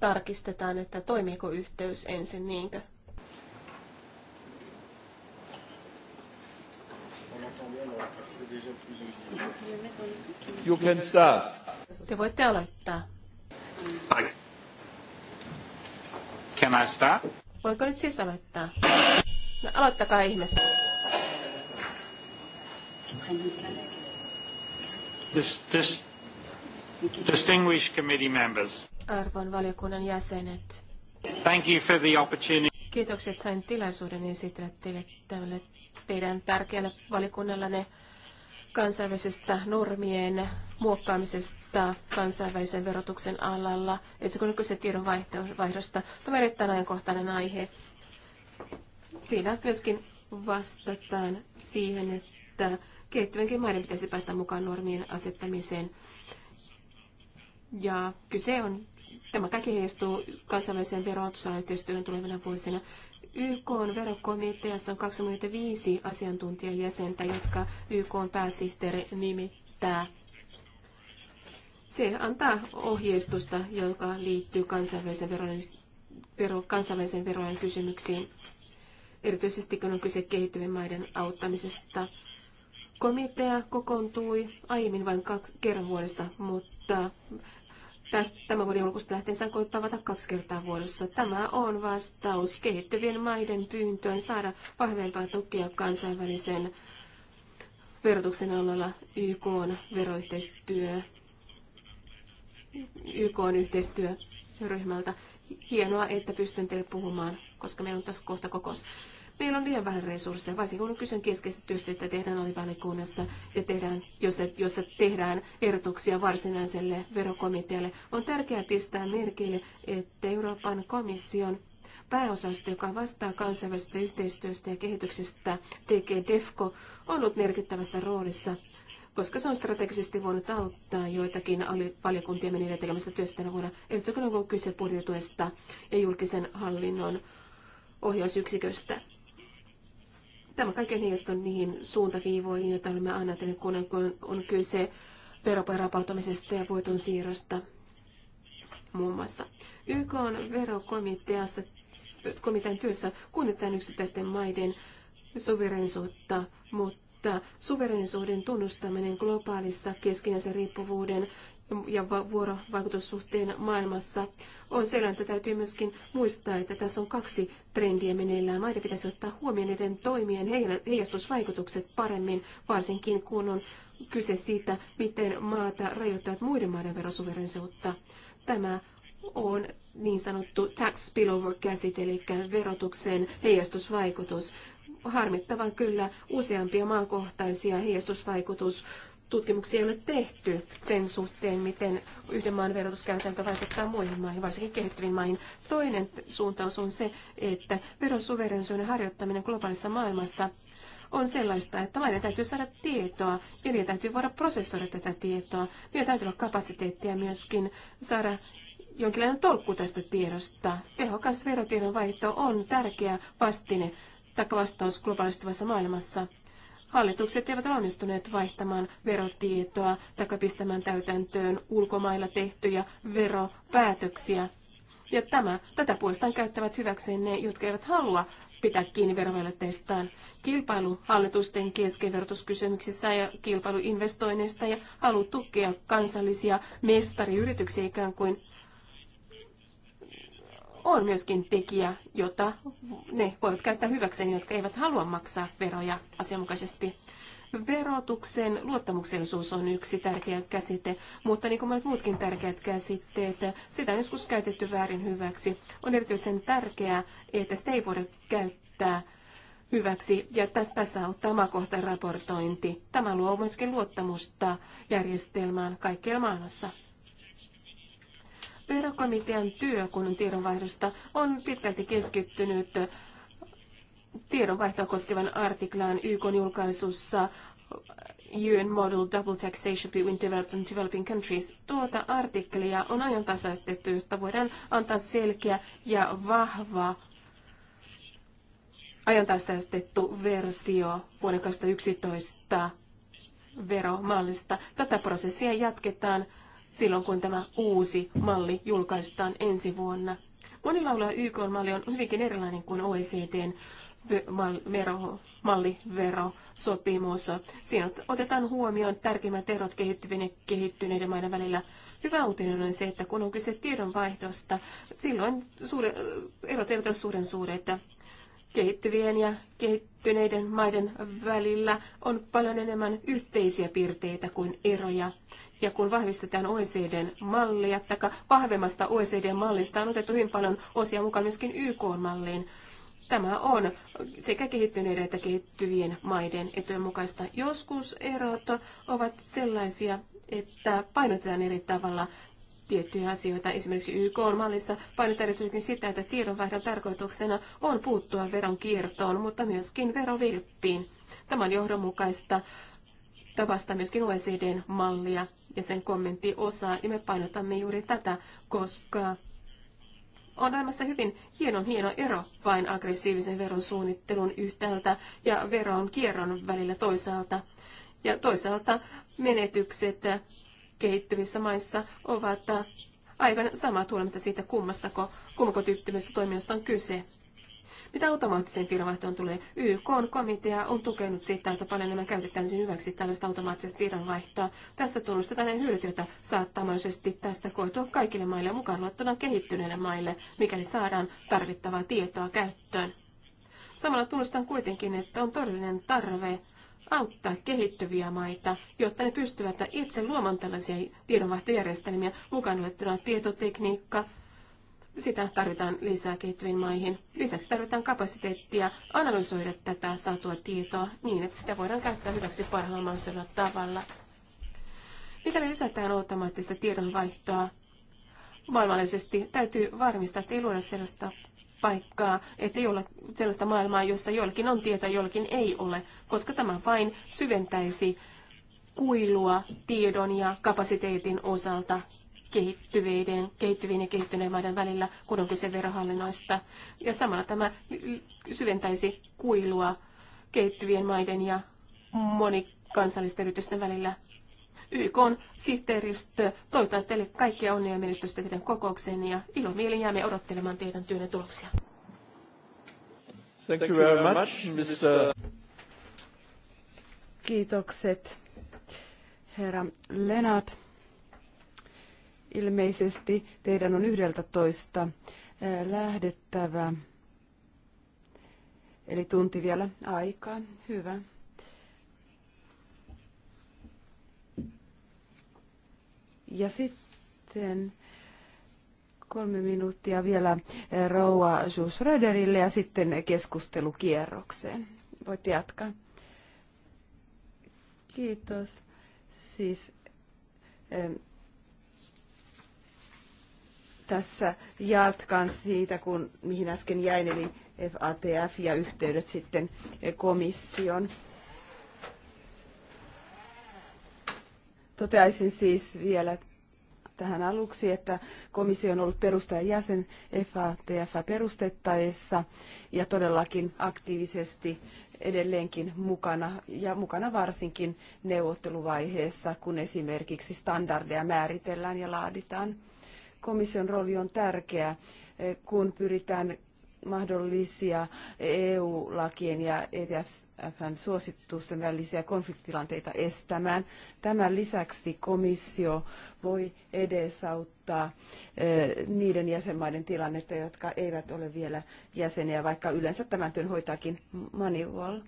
tarkistetaan, että toimiiko yhteys ensin, niinkö? You can start. Te voitte aloittaa. Can I start? Voiko nyt siis aloittaa? No, aloittakaa ihmeessä. This, this, distinguished committee members. Arvon valiokunnan jäsenet. Thank you for the opportunity. Kiitokset sain tilaisuuden esitellä teille tälle teidän tärkeälle valikunnallanne kansainvälisestä normien muokkaamisesta kansainvälisen verotuksen alalla, että kun on kyse tiedonvaihdosta, tämä on erittäin ajankohtainen aihe. Siinä myöskin vastataan siihen, että kehittyvänkin maiden pitäisi päästä mukaan normien asettamiseen. Ja kyse on, tämä kaikki heijastuu kansainväliseen verotusalan yhteistyöhön tulevina vuosina. YK on verokomiteassa on 25 asiantuntijajäsentä, jotka YK on pääsihteeri nimittää. Se antaa ohjeistusta, joka liittyy kansainvälisen verojen, vero, kansainvälisen verojen kysymyksiin, erityisesti kun on kyse kehittyvien maiden auttamisesta. Komitea kokoontui aiemmin vain kaksi kerran vuodessa, mutta Tästä tämän vuoden julkusta lähtien sakot tavata kaksi kertaa vuodessa. Tämä on vastaus kehittyvien maiden pyyntöön saada vahvempaa tukea kansainvälisen verotuksen alalla YK on veroyhteistyö, YK on yhteistyöryhmältä. Hienoa, että pystyn teille puhumaan, koska meillä on tässä kohta kokous. Meillä on liian vähän resursseja, varsinkin kun on kyse keskeistä työstä, että tehdään alivälikunnassa ja tehdään, jos, jos tehdään ehdotuksia varsinaiselle verokomitealle. On tärkeää pistää merkille, että Euroopan komission pääosasto, joka vastaa kansainvälisestä yhteistyöstä ja kehityksestä, tekee DEFCO, on ollut merkittävässä roolissa koska se on strategisesti voinut auttaa joitakin valiokuntia niiden tekemässä työstä tänä vuonna, erityisesti kun on kyse budjetuesta ja julkisen hallinnon ohjausyksiköstä. Tämä kaiken heijastuu niihin suuntaviivoihin, joita olemme annatelleet, kun on kyse veroparapautumisesta ja voiton siirrosta muun muassa. YK on verokomiteassa komitean työssä kunnioitetaan yksittäisten maiden suverenisuutta, mutta suverenisuuden tunnustaminen globaalissa keskinäisen riippuvuuden ja vuorovaikutussuhteen maailmassa on selvää, että täytyy myöskin muistaa, että tässä on kaksi trendiä meneillään. Maiden pitäisi ottaa huomioon niiden toimien heijastusvaikutukset paremmin, varsinkin kun on kyse siitä, miten maata rajoittavat muiden maiden verosuverensuutta. Tämä on niin sanottu tax spillover-käsite, eli verotuksen heijastusvaikutus harmittavan kyllä useampia maankohtaisia heijastusvaikutus tutkimuksia ei ole tehty sen suhteen, miten yhden maan verotuskäytäntö vaikuttaa muihin maihin, varsinkin kehittyviin maihin. Toinen suuntaus on se, että verosuverenisuuden harjoittaminen globaalissa maailmassa on sellaista, että maiden täytyy saada tietoa ja niiden täytyy voida prosessoida tätä tietoa. Niiden täytyy olla kapasiteettia myöskin saada jonkinlainen tolkku tästä tiedosta. Tehokas verotiedon vaihto on tärkeä vastine tai vastaus globaalistuvassa maailmassa. Hallitukset eivät ole onnistuneet vaihtamaan verotietoa tai pistämään täytäntöön ulkomailla tehtyjä veropäätöksiä. Ja tämä, tätä puolestaan käyttävät hyväkseen ne, jotka eivät halua pitää kiinni verovelvoitteistaan. Kilpailu hallitusten kesken verotuskysymyksissä ja kilpailuinvestoinneista ja halu tukea kansallisia mestariyrityksiä ikään kuin on myöskin tekijä, jota ne voivat käyttää hyväkseen, jotka eivät halua maksaa veroja asianmukaisesti. Verotuksen luottamuksellisuus on yksi tärkeä käsite, mutta niin kuin monet muutkin tärkeät käsitteet, sitä on joskus käytetty väärin hyväksi. On erityisen tärkeää, että sitä ei voida käyttää hyväksi, ja tässä on tämä kohta raportointi. Tämä luo myöskin luottamusta järjestelmään kaikkialla maailmassa. Verokomitean työ, kun on tiedonvaihdosta, on pitkälti keskittynyt tiedonvaihtoa koskevan artiklaan YK julkaisussa UN Model Double Taxation Between Developed and Developing Countries. Tuota artikkelia on ajantasaistettu, josta voidaan antaa selkeä ja vahva ajantasaistettu versio vuoden 2011 veromallista. Tätä prosessia jatketaan silloin, kun tämä uusi malli julkaistaan ensi vuonna. Monilla YK-malli on hyvinkin erilainen kuin OECDn malliverosopimus. Siinä otetaan huomioon tärkeimmät erot kehittyneiden maiden välillä. Hyvä uutinen on se, että kun on kyse tiedonvaihdosta, silloin suuri, erot eivät ole suuren suuret kehittyvien ja kehittyneiden maiden välillä on paljon enemmän yhteisiä piirteitä kuin eroja. Ja kun vahvistetaan OECDn mallia, taikka vahvemmasta OECDn mallista on otettu hyvin paljon osia mukaan myöskin YK-malliin. Tämä on sekä kehittyneiden että kehittyvien maiden etujen mukaista. Joskus erot ovat sellaisia, että painotetaan eri tavalla tiettyjä asioita. Esimerkiksi YK-mallissa painotetaan erityisesti sitä, että tiedonvaihdon tarkoituksena on puuttua veronkiertoon, mutta myöskin verovilppiin. Tämä on johdonmukaista tavasta myöskin OECDn mallia ja sen osaa, ja me painotamme juuri tätä, koska on olemassa hyvin hieno hieno ero vain aggressiivisen veron suunnittelun yhtäältä ja veron kierron välillä toisaalta. Ja toisaalta menetykset kehittyvissä maissa ovat äh, aivan samat huolimatta siitä kummastako, kummako tyyppimestä toiminnasta on kyse. Mitä automaattiseen tiedonvaihtoon tulee? YK-komitea on tukenut sitä, että paljon enemmän käytetään sen hyväksi tällaista automaattista tiedonvaihtoa. Tässä tunnustetaan ne hyödyt, joita saattaa mahdollisesti tästä koitua kaikille maille, mukaan luettuna kehittyneille maille, mikäli saadaan tarvittavaa tietoa käyttöön. Samalla tunnustan kuitenkin, että on todellinen tarve auttaa kehittyviä maita, jotta ne pystyvät itse luomaan tällaisia tiedonvaihtojärjestelmiä, mukaan luettuna tietotekniikka, sitä tarvitaan lisää kehittyviin maihin. Lisäksi tarvitaan kapasiteettia analysoida tätä saatua tietoa niin, että sitä voidaan käyttää hyväksi parhaalla mahdollisella tavalla. Mikäli lisätään automaattista tiedonvaihtoa, maailmallisesti täytyy varmistaa, että ei luoda sellaista paikkaa, ettei ole sellaista maailmaa, jossa jollakin on tietä, jollakin ei ole, koska tämä vain syventäisi kuilua tiedon ja kapasiteetin osalta kehittyvien, kehittyvien ja kehittyneiden maiden välillä, kun on kyse verohallinnoista. Ja samalla tämä syventäisi kuilua kehittyvien maiden ja monikansallisten yritysten välillä. YK on sihteeristö toivotan teille kaikkia onnea ja menestystä teidän kokoukseen ja ilomielin jäämme odottelemaan teidän työnne tuloksia. Thank you very much, Mr. Kiitokset, herra Lennart. Ilmeisesti teidän on yhdeltä toista eh, lähdettävä. Eli tunti vielä aikaa. Hyvä. Ja sitten kolme minuuttia vielä eh, Rouva Schröderille ja sitten keskustelukierrokseen. Voit jatkaa. Kiitos. Siis äh, tässä jatkan siitä, kun, mihin äsken jäin, eli FATF ja yhteydet sitten eh, komission Toteaisin siis vielä tähän aluksi, että komissio on ollut perustajan jäsen FATF perustettaessa ja todellakin aktiivisesti edelleenkin mukana ja mukana varsinkin neuvotteluvaiheessa, kun esimerkiksi standardeja määritellään ja laaditaan. Komission rooli on tärkeä, eh, kun pyritään mahdollisia EU-lakien ja ETF WFPn suositusten välisiä konfliktilanteita estämään. Tämän lisäksi komissio voi edesauttaa eh, niiden jäsenmaiden tilannetta, jotka eivät ole vielä jäseniä, vaikka yleensä tämän työn hoitaakin Manual.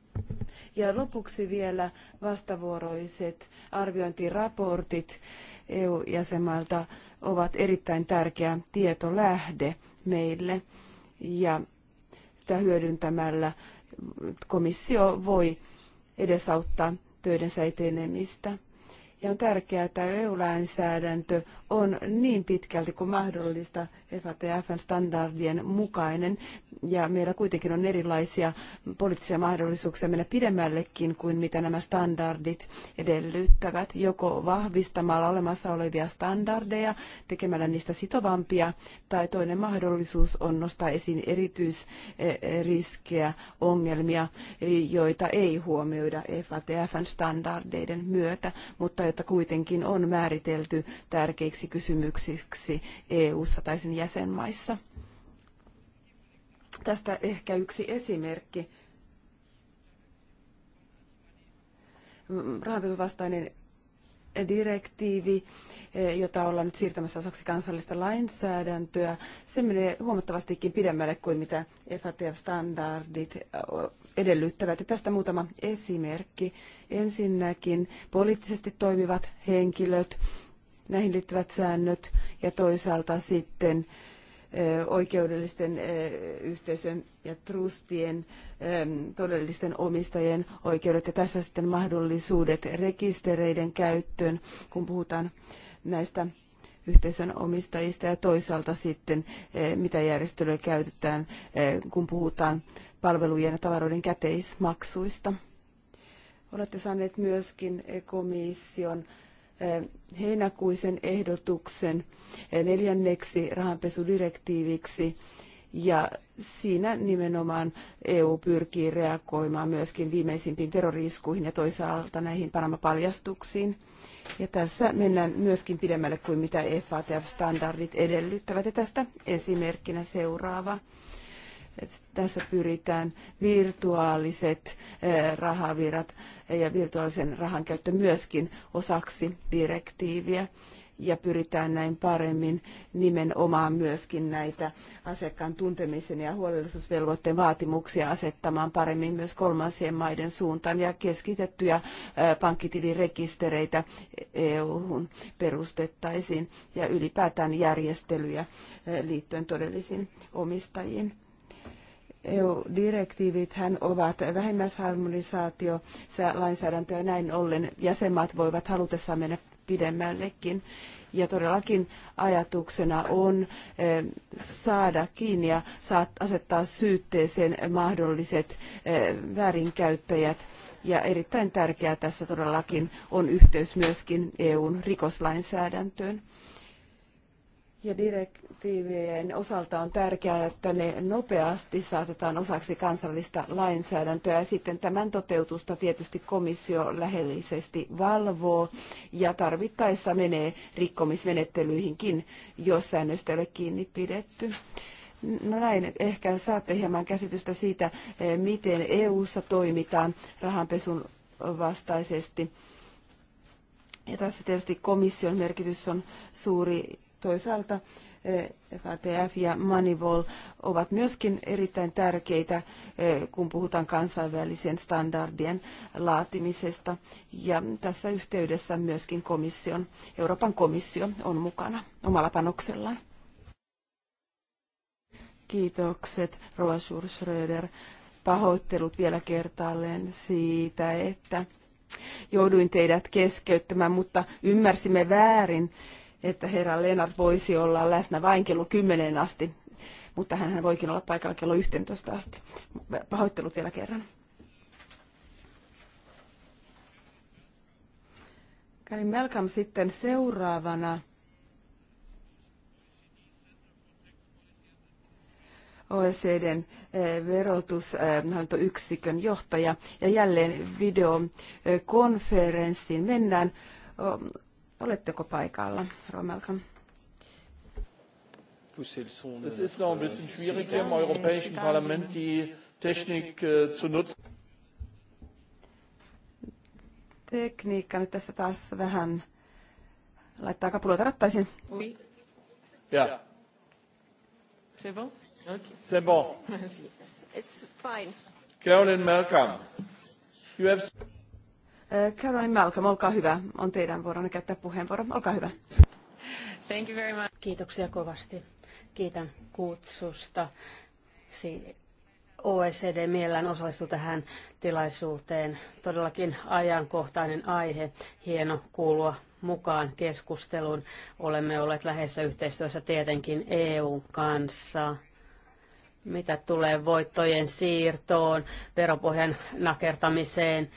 Ja lopuksi vielä vastavuoroiset arviointiraportit EU-jäsenmailta ovat erittäin tärkeä tietolähde meille. Ja sitä hyödyntämällä komissio voi edesauttaa töidensä etenemistä. Ja on tärkeää, että EU-lainsäädäntö on niin pitkälti kuin mahdollista FATFn standardien mukainen. Ja meillä kuitenkin on erilaisia poliittisia mahdollisuuksia mennä pidemmällekin kuin mitä nämä standardit edellyttävät. Joko vahvistamalla olemassa olevia standardeja, tekemällä niistä sitovampia, tai toinen mahdollisuus on nostaa esiin erityisriskejä, ongelmia, joita ei huomioida FATFn standardeiden myötä, mutta jotta kuitenkin on määritelty tärkeiksi tärkeiksi kysymyksiksi EU-ssa tai sen jäsenmaissa. Tästä ehkä yksi esimerkki. Rahanpesuvastainen direktiivi, jota ollaan nyt siirtämässä osaksi kansallista lainsäädäntöä, se menee huomattavastikin pidemmälle kuin mitä FATF-standardit edellyttävät. Ja tästä muutama esimerkki. Ensinnäkin poliittisesti toimivat henkilöt, näihin liittyvät säännöt ja toisaalta sitten oikeudellisten yhteisön ja trustien todellisten omistajien oikeudet ja tässä sitten mahdollisuudet rekistereiden käyttöön, kun puhutaan näistä yhteisön omistajista ja toisaalta sitten mitä järjestelyä käytetään, kun puhutaan palvelujen ja tavaroiden käteismaksuista. Olette saaneet myöskin komission heinäkuisen ehdotuksen neljänneksi rahanpesudirektiiviksi. Ja siinä nimenomaan EU pyrkii reagoimaan myöskin viimeisimpiin terroriiskuihin ja toisaalta näihin Panama-paljastuksiin. Ja tässä mennään myöskin pidemmälle kuin mitä e FATF-standardit edellyttävät. Ja tästä esimerkkinä seuraava tässä pyritään virtuaaliset eh, rahavirrat ja virtuaalisen rahan käyttö myöskin osaksi direktiiviä ja pyritään näin paremmin nimenomaan myöskin näitä asiakkaan tuntemisen ja huolellisuusvelvoitteen vaatimuksia asettamaan paremmin myös kolmansien maiden suuntaan ja keskitettyjä eh, pankkitilirekistereitä EU-hun perustettaisiin ja ylipäätään järjestelyjä eh, liittyen todellisiin omistajiin. EU-direktiivit hän ovat vähimmäisharmonisaatio lainsäädäntöä näin ollen jäsenmaat voivat halutessaan mennä pidemmällekin. Ja todellakin ajatuksena on e, saada kiinni ja asettaa syytteeseen mahdolliset e, väärinkäyttäjät. Ja erittäin tärkeää tässä todellakin on yhteys myöskin EUn rikoslainsäädäntöön. Ja direktiivien osalta on tärkeää, että ne nopeasti saatetaan osaksi kansallista lainsäädäntöä. Ja sitten tämän toteutusta tietysti komissio lähellisesti valvoo ja tarvittaessa menee rikkomismenettelyihinkin, jos säännöstä ei ole kiinni pidetty. No näin, ehkä saatte hieman käsitystä siitä, eh, miten EU-ssa toimitaan rahanpesun vastaisesti. Ja tässä tietysti komission merkitys on suuri Toisaalta FATF eh, ja Manivol ovat myöskin erittäin tärkeitä, eh, kun puhutaan kansainvälisen standardien laatimisesta. Ja tässä yhteydessä myöskin komission, Euroopan komissio on mukana omalla panoksellaan. Kiitokset, Rova Schröder. Pahoittelut vielä kertaalleen siitä, että jouduin teidät keskeyttämään, mutta ymmärsimme väärin että herra Lennart voisi olla läsnä vain kello 10 asti, mutta hän voikin olla paikalla kello 11 asti. Pahoittelut vielä kerran. Karin Melkam sitten seuraavana. OECDn eh, verotushallintoyksikön johtaja. Ja jälleen videokonferenssiin mennään. Oletteko paikalla, Romelka? Es ist noch äh, Tekniikka nyt tässä taas vähän laittaa kapuloita rattaisiin. Oui. Ja. C'est bon? Okay. C'est bon. It's fine. Carolyn, welcome. You have... Eh, Caroline Malcolm, olkaa hyvä. On teidän vuoronne käyttää puheenvuoro. Olkaa hyvä. Thank you very much. Kiitoksia kovasti. Kiitän kutsusta. OECD mielellään osallistui tähän tilaisuuteen. Todellakin ajankohtainen aihe. Hieno kuulua mukaan keskusteluun. Olemme olleet läheisessä yhteistyössä tietenkin EU kanssa mitä tulee voittojen siirtoon, veropohjan nakertamiseen,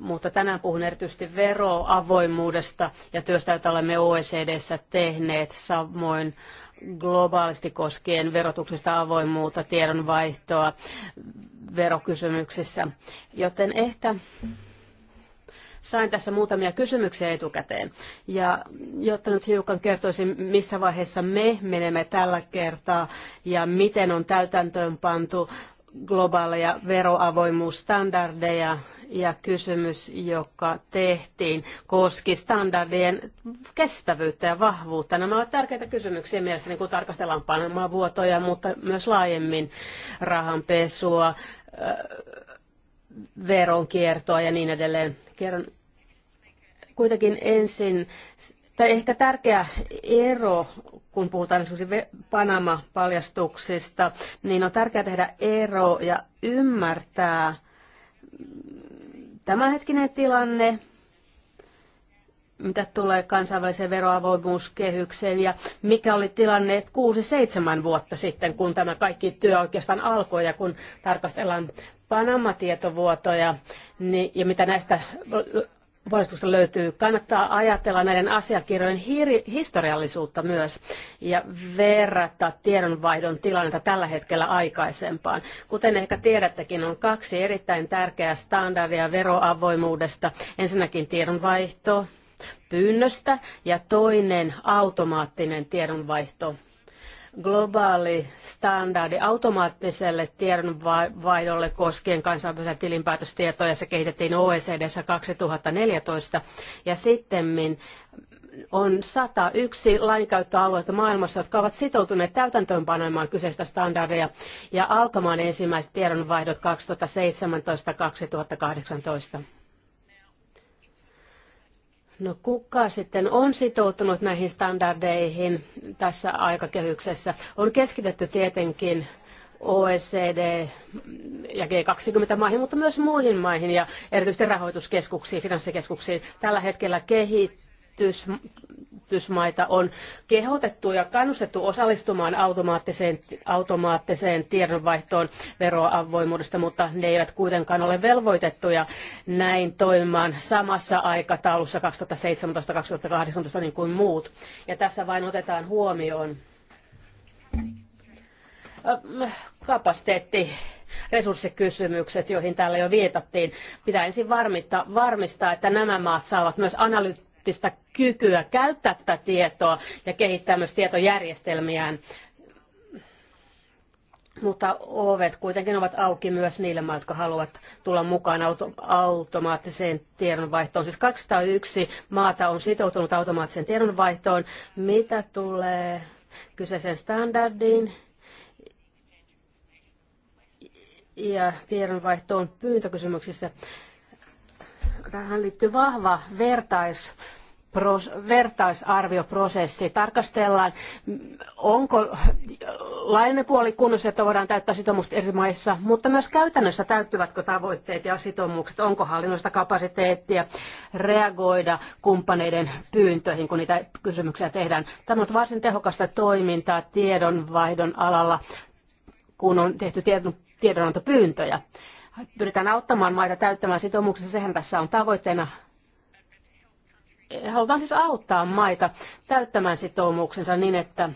mutta tänään puhun erityisesti veroavoimuudesta ja työstä, jota olemme OECDssä tehneet, samoin globaalisti koskien verotuksesta avoimuutta, tiedonvaihtoa verokysymyksissä. Joten ehkä sain tässä muutamia kysymyksiä etukäteen. Ja jotta nyt hiukan kertoisin, missä vaiheessa me menemme tällä kertaa ja miten on täytäntöön pantu globaaleja veroavoimuusstandardeja ja kysymys, joka tehtiin, koski standardien kestävyyttä ja vahvuutta. Nämä ovat tärkeitä kysymyksiä mielestäni, kun tarkastellaan Panama-vuotoja, mutta myös laajemmin rahanpesua, veronkiertoa ja niin edelleen. Kerron kuitenkin ensin, tai ehkä tärkeä ero, kun puhutaan Panama-paljastuksista, niin on tärkeää tehdä ero ja ymmärtää, tämänhetkinen tilanne, mitä tulee kansainväliseen veroavoimuuskehykseen ja mikä oli tilanne 6-7 vuotta sitten, kun tämä kaikki työ oikeastaan alkoi ja kun tarkastellaan Panama-tietovuotoja niin, ja mitä näistä huolestusta löytyy. Kannattaa ajatella näiden asiakirjojen historiallisuutta myös ja verrata tiedonvaihdon tilannetta tällä hetkellä aikaisempaan. Kuten ehkä tiedättekin, on kaksi erittäin tärkeää standardia veroavoimuudesta. Ensinnäkin tiedonvaihto pyynnöstä ja toinen automaattinen tiedonvaihto globaali standardi automaattiselle tiedonvaihdolle koskien kansainvälisiä tilinpäätöstietoja. Se kehitettiin OECDssä 2014 ja sitten on 101 lainkäyttöaluetta maailmassa, jotka ovat sitoutuneet täytäntöönpanoimaan kyseistä standardia ja alkamaan ensimmäiset tiedonvaihdot 2017-2018. No kuka sitten on sitoutunut näihin standardeihin tässä aikakehyksessä? On keskitetty tietenkin OECD ja G20-maihin, mutta myös muihin maihin ja erityisesti rahoituskeskuksiin, finanssikeskuksiin. Tällä hetkellä kehittyy kehitysmaita on kehotettu ja kannustettu osallistumaan automaattiseen, automaattiseen tiedonvaihtoon veroavoimuudesta, mutta ne eivät kuitenkaan ole velvoitettuja näin toimimaan samassa aikataulussa 2017-2018 niin kuin muut. Ja tässä vain otetaan huomioon äh, kapasiteetti resurssikysymykset, joihin täällä jo viitattiin. Pitää varmistaa, että nämä maat saavat myös analy- poliittista kykyä käyttää tätä tietoa ja kehittää myös tietojärjestelmiään. Mutta ovet kuitenkin ovat auki myös niille maille, jotka haluavat tulla mukaan auto- automaattiseen tiedonvaihtoon. Siis 201 maata on sitoutunut automaattiseen tiedonvaihtoon. Mitä tulee kyseiseen standardiin ja tiedonvaihtoon pyyntökysymyksissä? tähän liittyy vahva vertais Pros, vertaisarvioprosessi. Tarkastellaan, onko lainen puoli kunnossa, että voidaan täyttää sitoumukset eri maissa, mutta myös käytännössä täyttyvätkö tavoitteet ja sitoumukset, onko hallinnosta kapasiteettia reagoida kumppaneiden pyyntöihin, kun niitä kysymyksiä tehdään. Tämä on varsin tehokasta toimintaa tiedonvaihdon alalla, kun on tehty tiedon, tiedonantopyyntöjä. pyyntöjä pyritään auttamaan maita täyttämään sitoumuksensa, sehän tässä on tavoitteena. Halutaan siis auttaa maita täyttämään sitoumuksensa niin, että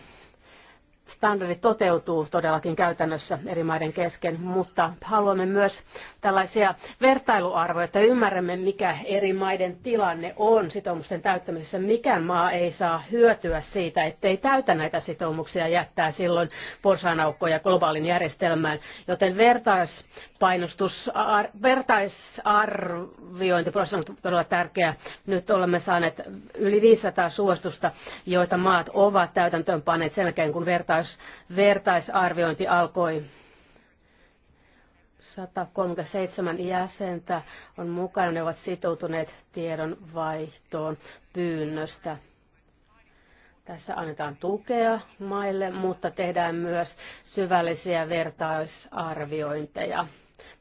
standardi toteutuu todellakin käytännössä eri maiden kesken, mutta haluamme myös tällaisia vertailuarvoja, että ymmärrämme, mikä eri maiden tilanne on sitoumusten täyttämisessä. Mikään maa ei saa hyötyä siitä, ettei täytä näitä sitoumuksia jättää silloin porsanaukkoja globaalin järjestelmään, joten vertaispainostusar- vertaisarviointiprosessi on todella tärkeä. Nyt olemme saaneet yli 500 suostusta, joita maat ovat täytäntöönpaneet sen jälkeen, kun verta vertais, vertaisarviointi alkoi. 137 jäsentä on mukana, ne ovat sitoutuneet tiedonvaihtoon pyynnöstä. Tässä annetaan tukea maille, mutta tehdään myös syvällisiä vertaisarviointeja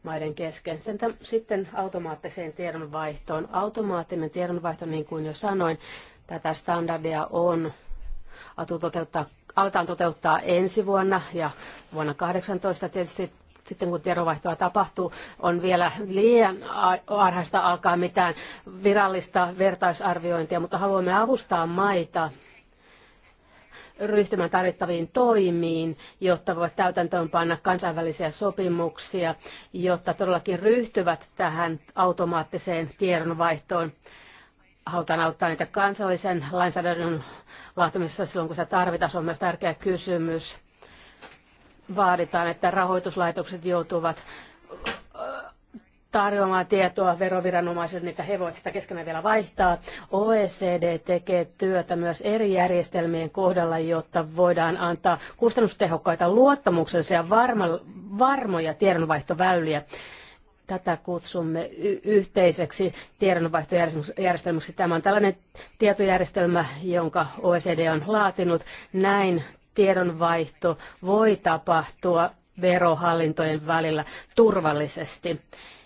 maiden kesken. Sitten automaattiseen tiedonvaihtoon. Automaattinen tiedonvaihto, niin kuin jo sanoin, tätä standardia on atu toteuttaa aletaan toteuttaa ensi vuonna ja vuonna 2018 tietysti sitten kun tiedonvaihtoa tapahtuu, on vielä liian varhaista alkaa mitään virallista vertaisarviointia, mutta haluamme avustaa maita ryhtymään tarvittaviin toimiin, jotta voivat täytäntöönpanna kansainvälisiä sopimuksia, jotta todellakin ryhtyvät tähän automaattiseen tiedonvaihtoon halutaan auttaa niitä kansallisen lainsäädännön laatimisessa silloin, kun se tarvitaan. Se on myös tärkeä kysymys. Vaaditaan, että rahoituslaitokset joutuvat tarjoamaan tietoa veroviranomaisille, niin he voivat sitä keskenään vielä vaihtaa. OECD tekee työtä myös eri järjestelmien kohdalla, jotta voidaan antaa kustannustehokkaita luottamuksellisia varma, varmoja tiedonvaihtoväyliä Tätä kutsumme y- yhteiseksi tiedonvaihtojärjestelmäksi. Tämä on tällainen tietojärjestelmä, jonka OECD on laatinut. Näin tiedonvaihto voi tapahtua verohallintojen välillä turvallisesti.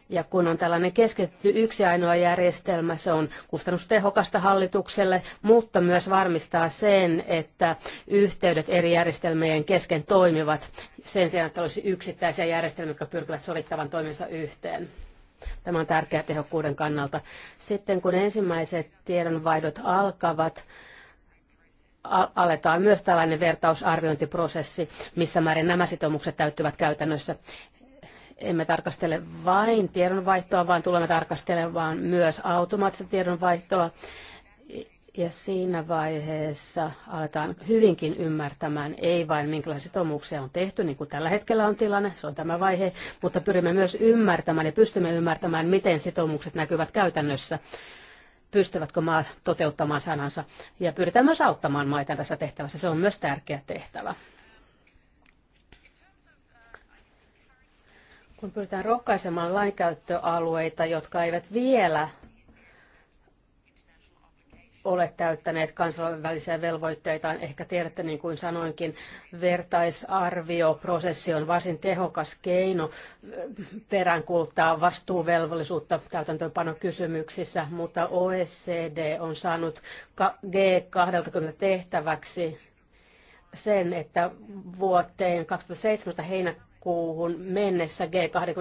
Ja kun on tällainen keskitetty yksi ainoa järjestelmä, se on kustannustehokasta hallitukselle, mutta myös varmistaa sen, että yhteydet eri järjestelmien kesken toimivat sen sijaan, että olisi yksittäisiä järjestelmiä, jotka pyrkivät sovittavan toimensa yhteen. Tämä on tärkeää tehokkuuden kannalta. Sitten kun ensimmäiset tiedonvaihdot alkavat, aletaan myös tällainen vertausarviointiprosessi, missä määrin nämä sitoumukset täyttyvät käytännössä emme tarkastele vain tiedonvaihtoa, vaan tulemme tarkastelemaan myös automaattista tiedonvaihtoa. Ja siinä vaiheessa aletaan hyvinkin ymmärtämään, ei vain minkälaisia sitoumuksia on tehty, niin kuin tällä hetkellä on tilanne, se on tämä vaihe, mutta pyrimme myös ymmärtämään ja pystymme ymmärtämään, miten sitoumukset näkyvät käytännössä pystyvätkö maat toteuttamaan sanansa. Ja pyritään myös auttamaan maita tässä tehtävässä. Se on myös tärkeä tehtävä. kun pyritään rohkaisemaan lainkäyttöalueita, jotka eivät vielä ole täyttäneet kansainvälisiä velvoitteita, Ehkä tiedätte, niin kuin sanoinkin, vertaisarvioprosessi on varsin tehokas keino peräänkuuluttaa vastuuvelvollisuutta täytäntöönpanokysymyksissä, mutta OECD on saanut G20 tehtäväksi sen, että vuoteen 2017 heinä, kuuhun mennessä, G20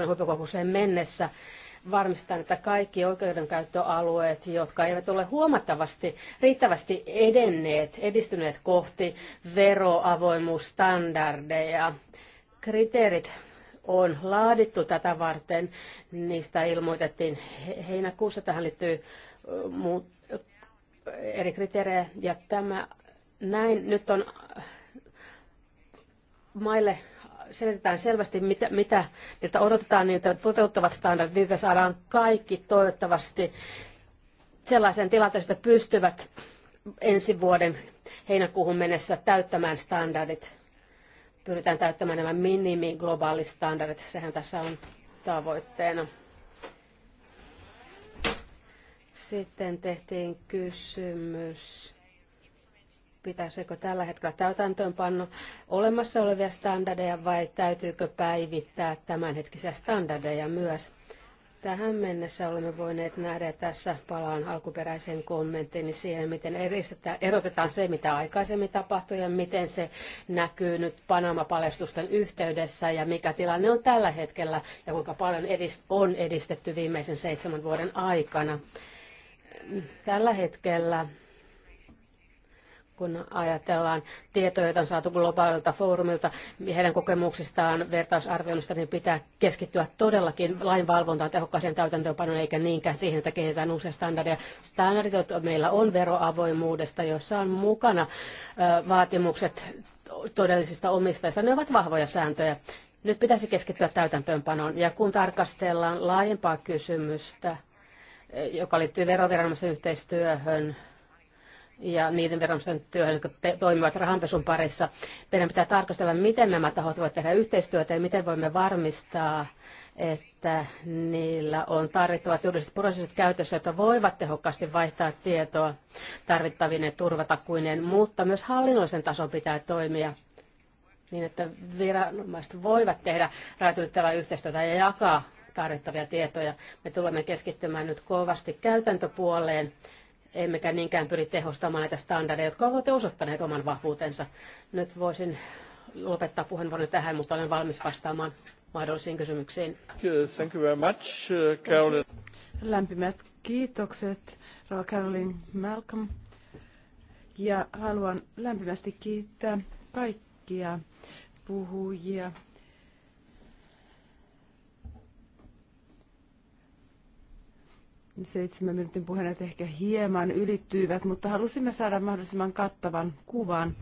huippukokoukseen mennessä, varmistetaan, että kaikki oikeudenkäyttöalueet, jotka eivät ole huomattavasti riittävästi edenneet, edistyneet kohti veroavoimuusstandardeja, kriteerit on laadittu tätä varten. Niistä ilmoitettiin heinäkuussa. Tähän liittyy eri kriteerejä. Ja tämä näin nyt on maille selitetään selvästi, mitä, mitä niiltä odotetaan, niiltä toteuttavat standardit, niitä saadaan kaikki toivottavasti sellaisen tilanteeseen, että pystyvät ensi vuoden heinäkuuhun mennessä täyttämään standardit. Pyritään täyttämään nämä minimi globaalit standardit, sehän tässä on tavoitteena. Sitten tehtiin kysymys pitäisikö tällä hetkellä täytäntöönpanna olemassa olevia standardeja vai täytyykö päivittää tämänhetkisiä standardeja myös? Tähän mennessä olemme voineet nähdä tässä palaan alkuperäiseen kommenttiin niin siihen, miten erotetaan se, mitä aikaisemmin tapahtui ja miten se näkyy nyt Panama-paljastusten yhteydessä ja mikä tilanne on tällä hetkellä ja kuinka paljon edist- on edistetty viimeisen seitsemän vuoden aikana. Tällä hetkellä kun ajatellaan tietoja, joita on saatu globaalilta foorumilta, heidän kokemuksistaan, vertausarvioinnista, niin pitää keskittyä todellakin lainvalvontaan tehokkaaseen täytäntöönpanoon, eikä niinkään siihen, että kehitetään uusia standardeja. Standardit, joita meillä on veroavoimuudesta, jossa on mukana vaatimukset todellisista omistajista, ne ovat vahvoja sääntöjä. Nyt pitäisi keskittyä täytäntöönpanoon. Ja kun tarkastellaan laajempaa kysymystä, joka liittyy veroviranomaisen yhteistyöhön, ja niiden verran työhön, jotka te- toimivat rahanpesun parissa. Meidän pitää tarkastella, miten nämä tahot voivat tehdä yhteistyötä ja miten voimme varmistaa, että niillä on tarvittavat juridiset prosessit käytössä, jotka voivat tehokkaasti vaihtaa tietoa tarvittavine turvatakuineen, mutta myös hallinnollisen tason pitää toimia niin, että viranomaiset voivat tehdä räätylyttävää yhteistyötä ja jakaa tarvittavia tietoja. Me tulemme keskittymään nyt kovasti käytäntöpuoleen emmekä niinkään pyri tehostamaan näitä standardeja, jotka ovat osoittaneet oman vahvuutensa. Nyt voisin lopettaa puheenvuoron tähän, mutta olen valmis vastaamaan mahdollisiin kysymyksiin. Thank you very much, uh, Caroline. Lämpimät kiitokset, Rova Caroline Malcolm. Ja haluan lämpimästi kiittää kaikkia puhujia seitsemän minuutin puheenjohtajat ehkä hieman ylittyivät, mutta halusimme saada mahdollisimman kattavan kuvan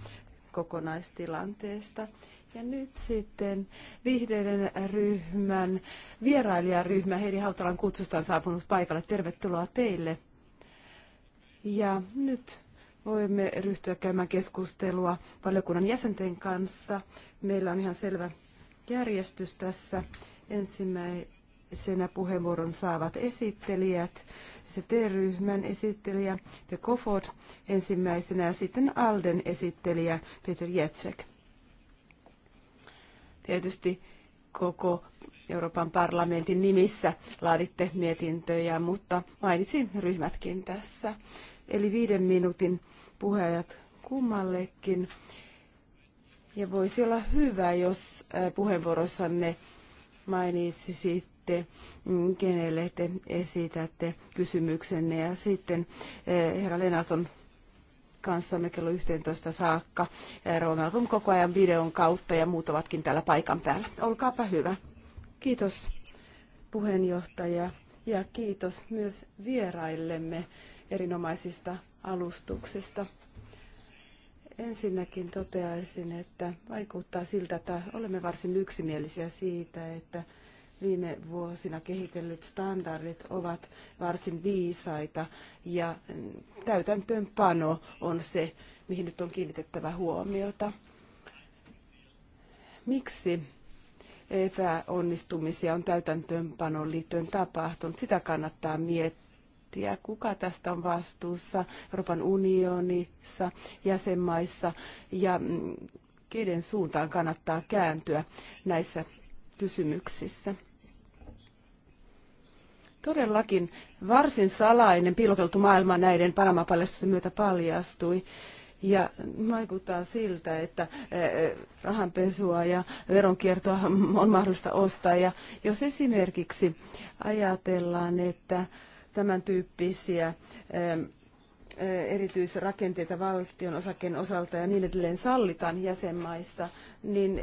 kokonaistilanteesta. Ja nyt sitten vihreiden ryhmän vierailijaryhmä Heidi Hautalan kutsusta on saapunut paikalle. Tervetuloa teille. Ja nyt voimme ryhtyä käymään keskustelua valiokunnan jäsenten kanssa. Meillä on ihan selvä järjestys tässä. Ensimmäinen Senä puheenvuoron saavat esittelijät, t ryhmän esittelijä De Kofod ensimmäisenä ja sitten Alden esittelijä Peter Jetsek. Tietysti koko Euroopan parlamentin nimissä laaditte mietintöjä, mutta mainitsin ryhmätkin tässä. Eli viiden minuutin puheajat kummallekin. Ja voisi olla hyvä, jos äh, puheenvuorossanne mainitsisit te, mm, kenelle te esitätte kysymyksenne. Ja sitten eh, herra Lenaton kanssamme kello 11 saakka. Eh, Roomeltum koko ajan videon kautta ja muut ovatkin täällä paikan päällä. Olkaapa hyvä. Kiitos puheenjohtaja ja kiitos myös vieraillemme erinomaisista alustuksista. Ensinnäkin toteaisin, että vaikuttaa siltä, että olemme varsin yksimielisiä siitä, että viime vuosina kehitellyt standardit ovat varsin viisaita ja täytäntöönpano on se, mihin nyt on kiinnitettävä huomiota. Miksi epäonnistumisia on täytäntöönpanoon liittyen tapahtunut? Sitä kannattaa miettiä kuka tästä on vastuussa Euroopan unionissa, jäsenmaissa ja mm, keiden suuntaan kannattaa kääntyä näissä kysymyksissä todellakin varsin salainen piiloteltu maailma näiden panama myötä paljastui. Ja vaikuttaa siltä, että eh, rahanpesua ja veronkiertoa on mahdollista ostaa. Ja jos esimerkiksi ajatellaan, että tämän tyyppisiä eh, eh, erityisrakenteita valtion osakkeen osalta ja niin edelleen sallitaan jäsenmaissa, niin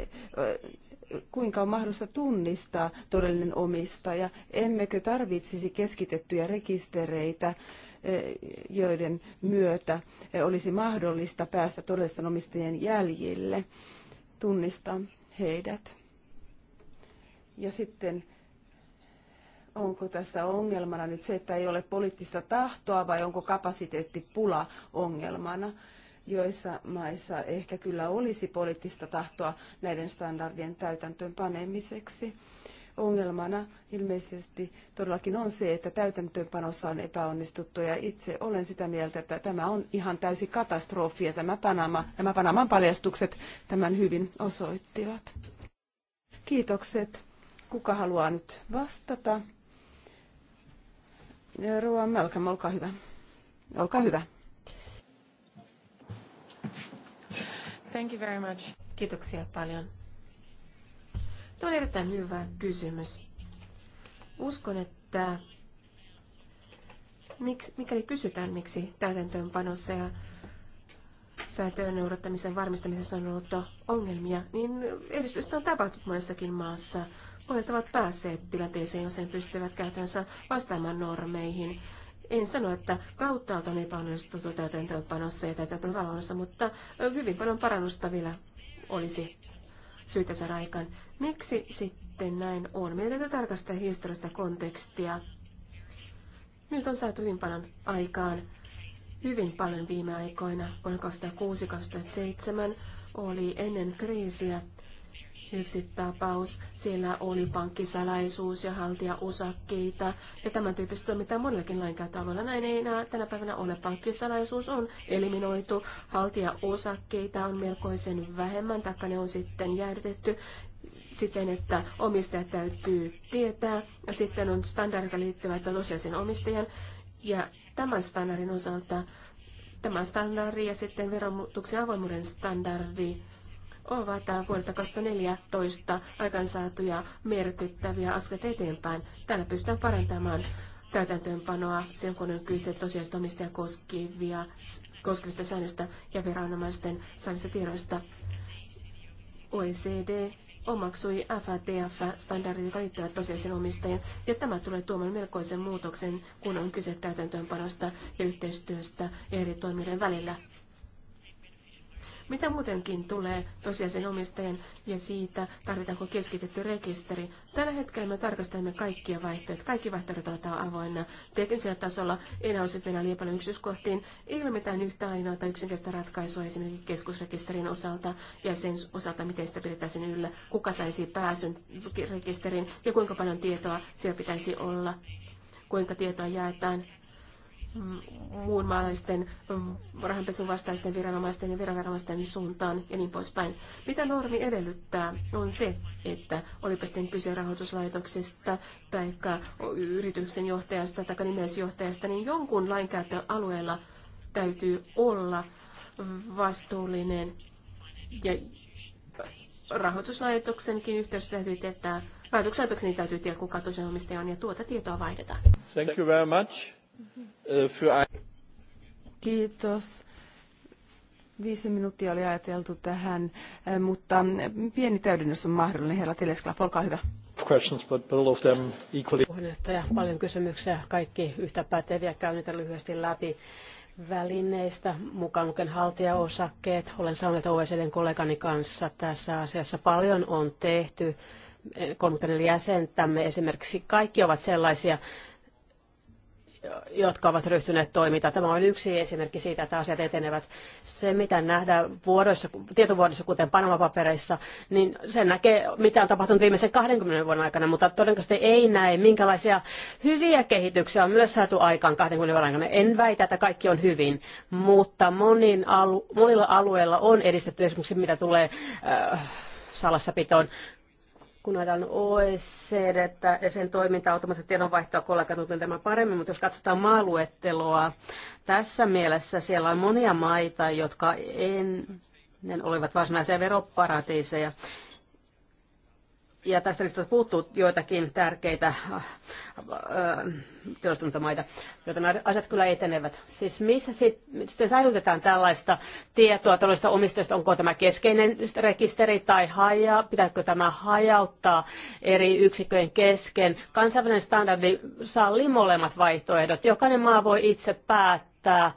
kuinka on mahdollista tunnistaa todellinen omistaja? Emmekö tarvitsisi keskitettyjä rekistereitä, eh, joiden myötä olisi mahdollista päästä todellisten omistajien jäljille, tunnistaa heidät? Ja sitten onko tässä ongelmana nyt se, että ei ole poliittista tahtoa vai onko kapasiteettipula ongelmana? joissa maissa ehkä kyllä olisi poliittista tahtoa näiden standardien täytäntöön panemiseksi. Ongelmana ilmeisesti todellakin on se, että täytäntöönpanossa on epäonnistuttu ja itse olen sitä mieltä, että tämä on ihan täysi katastrofi ja tämä Panama, nämä Panaman paljastukset tämän hyvin osoittivat. Kiitokset. Kuka haluaa nyt vastata? Ruoan Malcolm, olkaa hyvä. Olkaa hyvä. Thank you very much. Kiitoksia paljon. Tämä on erittäin hyvä kysymys. Uskon, että mikäli kysytään, miksi täytäntöönpanossa ja sääntöjen noudattamisen varmistamisessa on ollut ongelmia, niin edistystä on tapahtunut monessakin maassa. Monet ovat päässeet tilanteeseen, jossa pystyvät käytännössä vastaamaan normeihin en sano, että kauttaalta on epäonnistuttu täytäntöönpanossa ja täytäntöönpanossa, mutta hyvin paljon parannusta vielä olisi syytä saada aikaan. Miksi sitten näin on? Meidän täytyy tarkastaa historiasta kontekstia. Nyt on saatu hyvin paljon aikaan, hyvin paljon viime aikoina. Vuonna 2006-2007 oli ennen kriisiä yksi tapaus. Siellä oli pankkisalaisuus ja haltijaosakkeita ja tämän tyyppistä toimintaa monillakin lainkäyttöalueilla. Näin ei enää tänä päivänä ole. Pankkisalaisuus on eliminoitu, haltijaosakkeita on melkoisen vähemmän, taikka ne on sitten jäädytetty siten, että omistajat täytyy tietää. Ja sitten on standardit, jotka liittyvät tosiasian omistajan. Ja tämän standardin osalta tämä standardi ja sitten verotuksen avoimuuden standardi ovat vuodelta 2014 aikansaatuja merkittäviä askeleita eteenpäin. Tällä pystytään parantamaan täytäntöönpanoa silloin, kun on kyse tosiasiasta omistajan koskevia, koskevista säännöistä ja viranomaisten saamista tiedoista. OECD omaksui FATF-standardit, jotka liittyvät tosiasian omistajien, ja tämä tulee tuomaan melkoisen muutoksen, kun on kyse täytäntöönpanosta ja yhteistyöstä eri toimijoiden välillä. Mitä muutenkin tulee tosiasian omistajan ja siitä, tarvitaanko keskitetty rekisteri? Tällä hetkellä me tarkastamme kaikkia vaihtoehtoja. Kaikki vaihtoehdot ovat avoinna. Teknisellä tasolla en halusi mennä liian paljon yksityiskohtiin. Ei ole mitään yhtä ainoa tai yksinkertaista ratkaisua esimerkiksi keskusrekisterin osalta ja sen osalta, miten sitä pidetään yllä, kuka saisi pääsyn rekisteriin ja kuinka paljon tietoa siellä pitäisi olla kuinka tietoa jaetaan muun maalaisten mm, rahanpesun vastaisten viranomaisten ja viranomaisten suuntaan ja niin poispäin. Mitä normi edellyttää on se, että olipa sitten kyse rahoituslaitoksesta tai yrityksen johtajasta tai nimesjohtajasta, niin jonkun lainkäyttöalueella täytyy olla vastuullinen ja rahoituslaitoksenkin yhteydessä täytyy tietää, rahoituslaitoksen täytyy tietää, kuka tosiaan omistaja on ja tuota tietoa vaihdetaan. Thank you very much. Äh, für ein Kiitos. Viisi minuuttia oli ajateltu tähän, äh, mutta äh, pieni täydennys on mahdollinen. Herra Teleskla, olkaa hyvä. Questions, but all of them equally. Puheenjohtaja, paljon kysymyksiä. Kaikki yhtä päteviä. Käyn niitä lyhyesti läpi välineistä, mukaan lukien haltijaosakkeet. Olen saanut OECDn kollegani kanssa tässä asiassa. Paljon on tehty. 34 eh, jäsentämme esimerkiksi kaikki ovat sellaisia, jotka ovat ryhtyneet toimintaan. Tämä on yksi esimerkki siitä, että asiat etenevät. Se, mitä nähdään vuodoissa, tietovuodossa, kuten Panama-papereissa, niin sen näkee, mitä on tapahtunut viimeisen 20 vuoden aikana, mutta todennäköisesti ei näe, minkälaisia hyviä kehityksiä on myös saatu aikaan 20 vuoden aikana. En väitä, että kaikki on hyvin, mutta monin alu, monilla alueilla on edistetty esimerkiksi, mitä tulee äh, salassapitoon kun ajatellaan OECD ja sen toiminta automaattista tiedonvaihtoa, kollegat tuntuu tämän paremmin, mutta jos katsotaan maaluetteloa, tässä mielessä siellä on monia maita, jotka ennen olivat varsinaisia veroparatiiseja, ja tästä listasta puuttuu joitakin tärkeitä äh, äh, teollistunutta maita, joten asiat kyllä etenevät. Siis missä sitten säilytetään tällaista tietoa tällaista omistajista, onko tämä keskeinen rekisteri tai haja, pitääkö tämä hajauttaa eri yksiköjen kesken. Kansainvälinen standardi sallii molemmat vaihtoehdot. Jokainen maa voi itse päättää,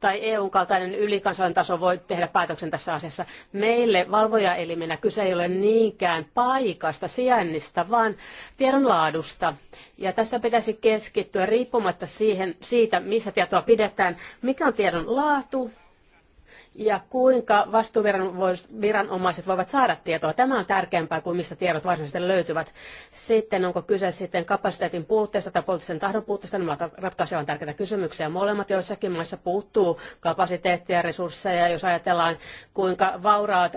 tai EUn kaltainen ylikansallinen taso voi tehdä päätöksen tässä asiassa. Meille valvojaelimenä kyse ei ole niinkään paikasta, sijainnista, vaan tiedon laadusta. Ja tässä pitäisi keskittyä riippumatta siihen, siitä, missä tietoa pidetään, mikä on tiedon laatu, ja kuinka vastuuviranomaiset voivat saada tietoa. Tämä on tärkeämpää kuin mistä tiedot varsinaisesti löytyvät. Sitten onko kyse sitten kapasiteetin puutteesta tai poliittisen tahdon puutteesta, nämä ovat ratkaisevan tärkeitä kysymyksiä. Molemmat joissakin maissa puuttuu kapasiteettia ja resursseja, jos ajatellaan kuinka vauraat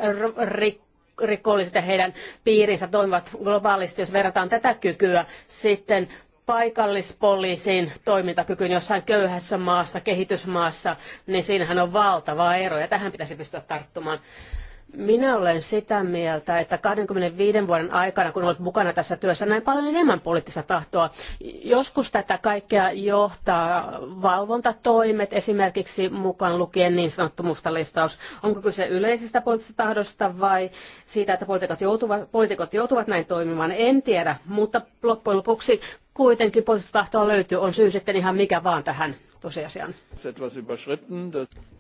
rikkaat rikolliset ja heidän piirinsä toimivat globaalisti, jos verrataan tätä kykyä sitten paikallispoliisin toimintakykyyn jossain köyhässä maassa, kehitysmaassa, niin siinähän on valtava ero ja tähän pitäisi pystyä tarttumaan. Minä olen sitä mieltä, että 25 vuoden aikana, kun olet mukana tässä työssä, näin paljon enemmän poliittista tahtoa. Joskus tätä kaikkea johtaa valvontatoimet, esimerkiksi mukaan lukien niin sanottu musta listaus. Onko kyse yleisestä poliittisesta tahdosta vai siitä, että poliitikot joutuvat, poliitikot joutuvat näin toimimaan? En tiedä, mutta loppujen lopuksi kuitenkin poliittista tahtoa löytyy. On syy sitten ihan mikä vaan tähän tosiasiaan.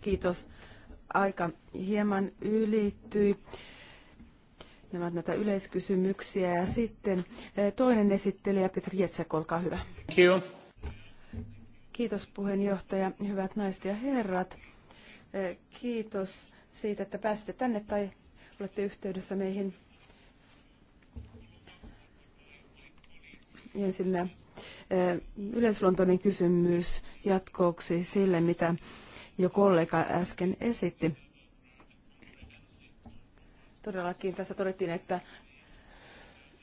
Kiitos aika hieman ylittyi. Nämä näitä yleiskysymyksiä. Ja sitten e, toinen esittelijä, Petri Jetsäk, olkaa hyvä. Kiitos. Kiitos puheenjohtaja, hyvät naiset ja herrat. E, kiitos siitä, että pääsitte tänne tai olette yhteydessä meihin. Ensinnä e, yleisluontoinen kysymys jatkoksi sille, mitä jo kollega äsken esitti. Todellakin tässä todettiin, että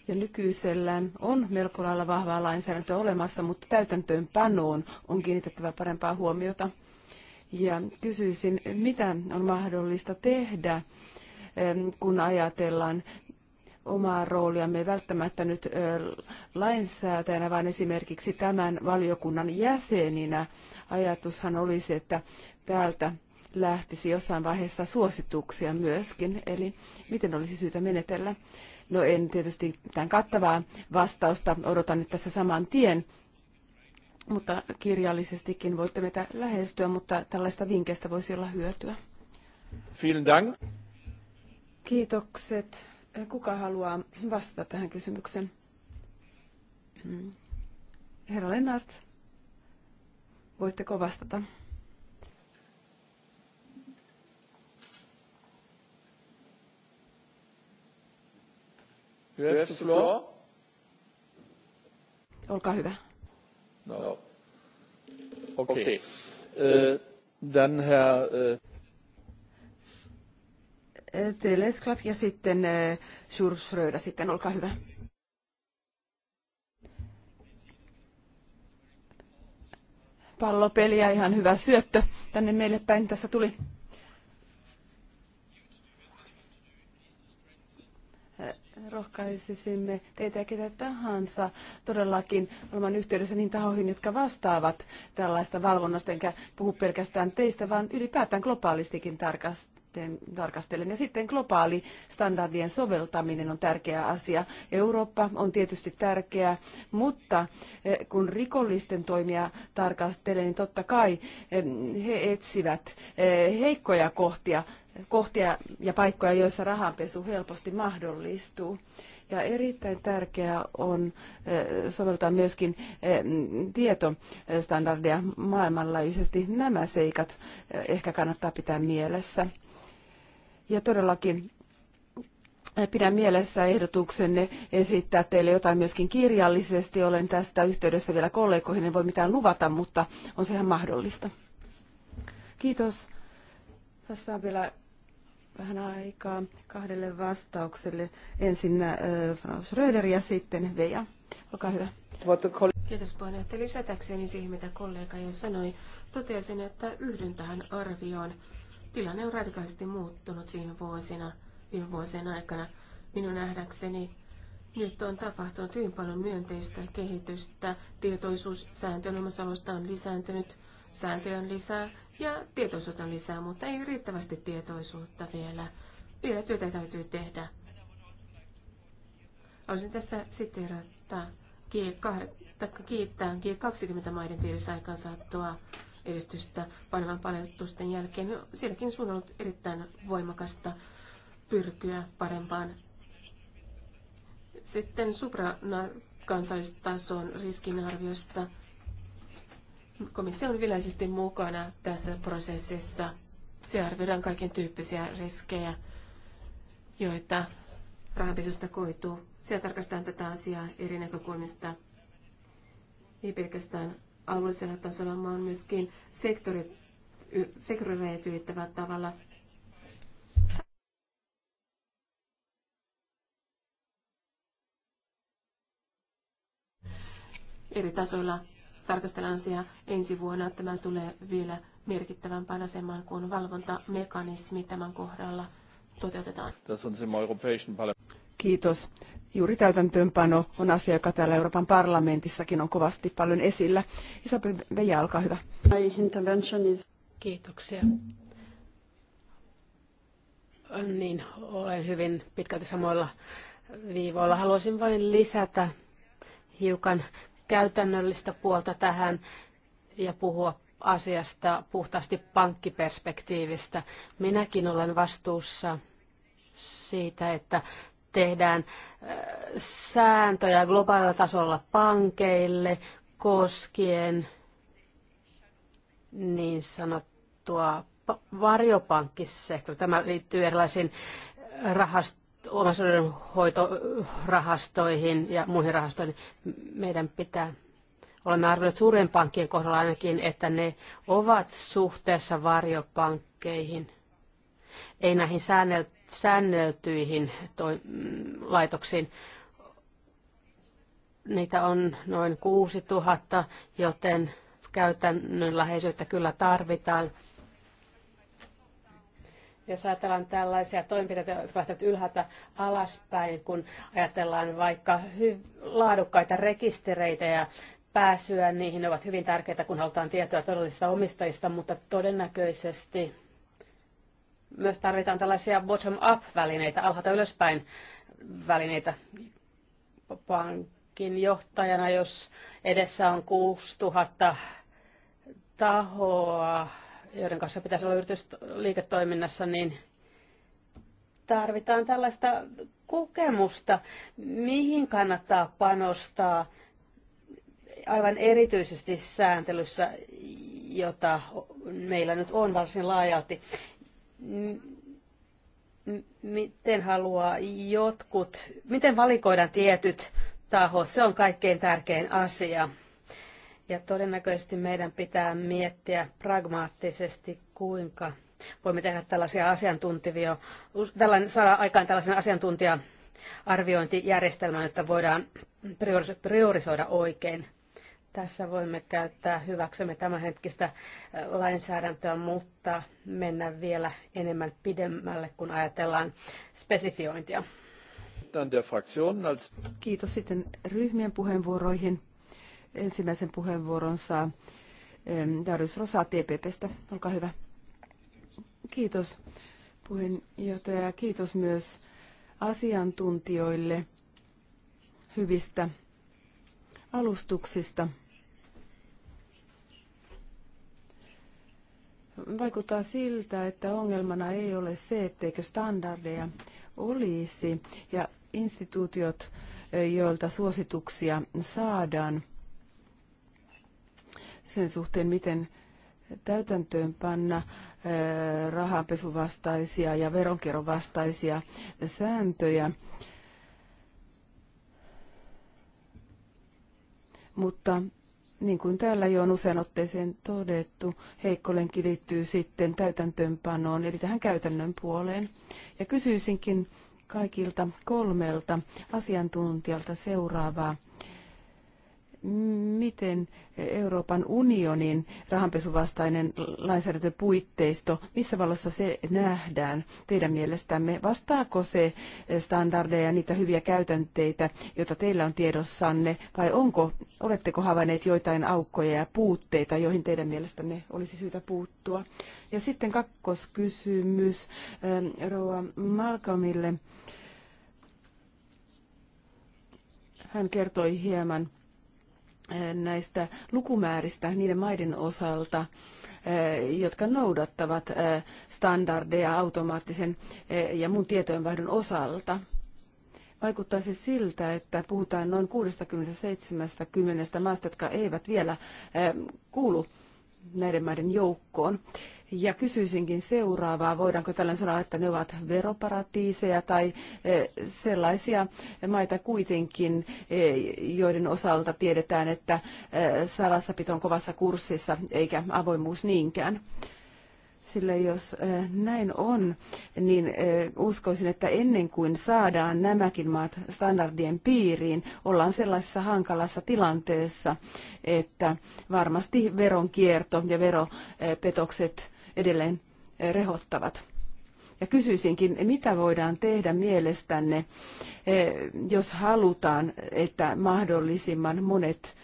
ja nykyisellään on melko lailla vahvaa lainsäädäntöä olemassa, mutta täytäntöönpanoon on kiinnitettävä parempaa huomiota. Ja kysyisin, mitä on mahdollista tehdä, kun ajatellaan omaa rooliamme välttämättä nyt lainsäätäjänä, vaan esimerkiksi tämän valiokunnan jäseninä. Ajatushan olisi, että täältä lähtisi jossain vaiheessa suosituksia myöskin, eli miten olisi syytä menetellä. No en tietysti tämän kattavaa vastausta odotan nyt tässä saman tien, mutta kirjallisestikin voitte meitä lähestyä, mutta tällaista vinkkeistä voisi olla hyötyä. Vielen Dank. Kiitokset. Kuka haluaa vastata tähän kysymykseen? Hmm. Herra Lennart, voitteko vastata? You have the floor. Olkaa hyvä. No. no. Okei. Okay. Okay. Uh, dann Herr... Uh... ja sitten uh, Schursröda sitten, olkaa hyvä. Pallopeliä, ihan hyvä syöttö tänne meille päin tässä tuli. rohkaisisimme teitä ja ketä tahansa todellakin olemaan yhteydessä niin tahoihin, jotka vastaavat tällaista valvonnasta, enkä puhu pelkästään teistä, vaan ylipäätään globaalistikin tarkastaa. Tarkastelen. Ja sitten globaali standardien soveltaminen on tärkeä asia. Eurooppa on tietysti tärkeä, mutta eh, kun rikollisten toimia tarkastelen, niin totta kai eh, he etsivät eh, heikkoja kohtia kohtia ja paikkoja, joissa rahanpesu helposti mahdollistuu. Ja erittäin tärkeää on eh, soveltaa myöskin eh, tietostandardeja maailmanlaajuisesti. Nämä seikat eh, ehkä kannattaa pitää mielessä. Ja todellakin pidän mielessä ehdotuksenne esittää teille jotain myöskin kirjallisesti. Olen tästä yhteydessä vielä kollegoihin, en voi mitään luvata, mutta on sehän mahdollista. Kiitos. Tässä on vielä vähän aikaa kahdelle vastaukselle. Ensin äh, Röder ja sitten Veja. Olkaa hyvä. Kiitos puheenjohtaja. Lisätäkseni siihen, mitä kollega jo sanoi, totesin, että yhdyn tähän arvioon. Tilanne on radikaalisti muuttunut viime vuosina, viime vuosien aikana. Minun nähdäkseni nyt on tapahtunut hyvin paljon myönteistä kehitystä. Tietoisuus sääntöjen on lisääntynyt, sääntöjä on lisää ja tietoisuutta on lisää, mutta ei riittävästi tietoisuutta vielä. Vielä työtä täytyy tehdä. Olisin tässä siteerata kiittää G20-maiden piirissä aikaan saattua edistystä painavan paljastusten jälkeen. No, Sielläkin suunnallut erittäin voimakasta pyrkyä parempaan sitten supranakansallistason riskinarviosta. Komissio on yleisesti mukana tässä prosessissa. Se arvioidaan kaiken tyyppisiä riskejä, joita rahanpesusta koituu. Siellä tarkastetaan tätä asiaa eri näkökulmista. Ei pelkästään alueellisella tasolla, vaan myöskin sektorit, sektoreet ylittävällä tavalla – eri tasoilla tarkastellaan asiaa ensi vuonna. Tämä tulee vielä merkittävämpään asemaan, kun valvontamekanismi tämän kohdalla toteutetaan. Kiitos. Juuri täytäntöönpano on asia, joka täällä Euroopan parlamentissakin on kovasti paljon esillä. Isabel Veija, olkaa hyvä. Kiitoksia. Niin, olen hyvin pitkälti samoilla viivoilla. Haluaisin vain lisätä hiukan käytännöllistä puolta tähän ja puhua asiasta puhtaasti pankkiperspektiivistä. Minäkin olen vastuussa siitä, että tehdään äh, sääntöjä globaalilla tasolla pankeille koskien niin sanottua varjopankkisektoria. Tämä liittyy erilaisiin rahastoihin omaisuuden hoitorahastoihin ja muihin rahastoihin. Meidän pitää olemme arvioineet suurien pankkien kohdalla ainakin, että ne ovat suhteessa varjopankkeihin, ei näihin säänneltyihin toi, laitoksiin. Niitä on noin 6000, joten läheisyyttä kyllä tarvitaan jos ajatellaan tällaisia toimenpiteitä, jotka lähtevät ylhäältä alaspäin, kun ajatellaan vaikka laadukkaita rekistereitä ja pääsyä niihin, ne ovat hyvin tärkeitä, kun halutaan tietoa todellisista omistajista, mutta todennäköisesti myös tarvitaan tällaisia bottom-up-välineitä, alhaalta ylöspäin välineitä pankin johtajana, jos edessä on 6000 tahoa, joiden kanssa pitäisi olla yritysliiketoiminnassa, niin tarvitaan tällaista kokemusta, mihin kannattaa panostaa aivan erityisesti sääntelyssä, jota meillä nyt on varsin laajalti. Miten haluaa jotkut, miten valikoidaan tietyt tahot, se on kaikkein tärkein asia. Ja todennäköisesti meidän pitää miettiä pragmaattisesti, kuinka voimme tehdä tällaisia asiantuntivia, tällainen, saada aikaan tällaisen asiantuntija arviointijärjestelmän, jotta voidaan priorisoida oikein. Tässä voimme käyttää hyväksemme tämänhetkistä äh, lainsäädäntöä, mutta mennä vielä enemmän pidemmälle, kun ajatellaan spesifiointia. Kiitos sitten ryhmien puheenvuoroihin ensimmäisen puheenvuoronsa Darius Rosa TPPstä. Olkaa hyvä. Kiitos puheenjohtaja. Kiitos myös asiantuntijoille hyvistä alustuksista. Vaikuttaa siltä, että ongelmana ei ole se, etteikö standardeja olisi ja instituutiot, joilta suosituksia saadaan, sen suhteen, miten täytäntöönpanna äh, rahanpesuvastaisia ja veronkierron vastaisia sääntöjä. Mutta niin kuin täällä jo on usein otteeseen todettu, heikkolenki liittyy sitten täytäntöönpanoon, eli tähän käytännön puoleen. Ja kysyisinkin kaikilta kolmelta asiantuntijalta seuraavaa miten Euroopan unionin rahanpesuvastainen lainsäädäntöpuitteisto, missä valossa se nähdään teidän mielestämme? Vastaako se standardeja ja niitä hyviä käytänteitä, joita teillä on tiedossanne, vai onko, oletteko havainneet joitain aukkoja ja puutteita, joihin teidän mielestänne olisi syytä puuttua? Ja sitten kakkoskysymys ähm, Rouva Malcolmille. Hän kertoi hieman näistä lukumääristä niiden maiden osalta, jotka noudattavat standardeja automaattisen ja muun tietojenvaihdon osalta. Vaikuttaisi siltä, että puhutaan noin 60-70 maasta, jotka eivät vielä kuulu näiden maiden joukkoon. Ja kysyisinkin seuraavaa, voidaanko tällä sanoa, että ne ovat veroparatiiseja tai eh, sellaisia maita kuitenkin, eh, joiden osalta tiedetään, että eh, salassapito on kovassa kurssissa eikä avoimuus niinkään. Sillä jos näin on, niin uskoisin, että ennen kuin saadaan nämäkin maat standardien piiriin, ollaan sellaisessa hankalassa tilanteessa, että varmasti veronkierto ja veropetokset edelleen eh, rehottavat. Ja kysyisinkin, mitä voidaan tehdä mielestänne, eh, jos halutaan, että mahdollisimman monet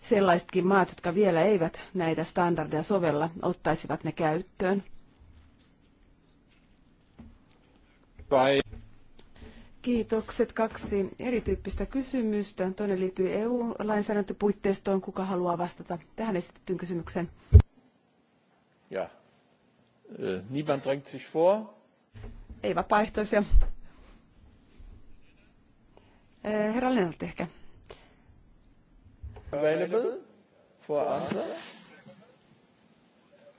sellaisetkin maat, jotka vielä eivät näitä standardeja sovella, ottaisivat ne käyttöön? Vai. Kiitokset. Kaksi erityyppistä kysymystä. Toinen liittyy EU-lainsäädäntöpuitteistoon. Kuka haluaa vastata tähän esitettyyn kysymykseen? Yeah. Äh, niemand drängt sich vor. Ei vapaaehtoisia. Äh, herra Lennart ehkä. Available for answer.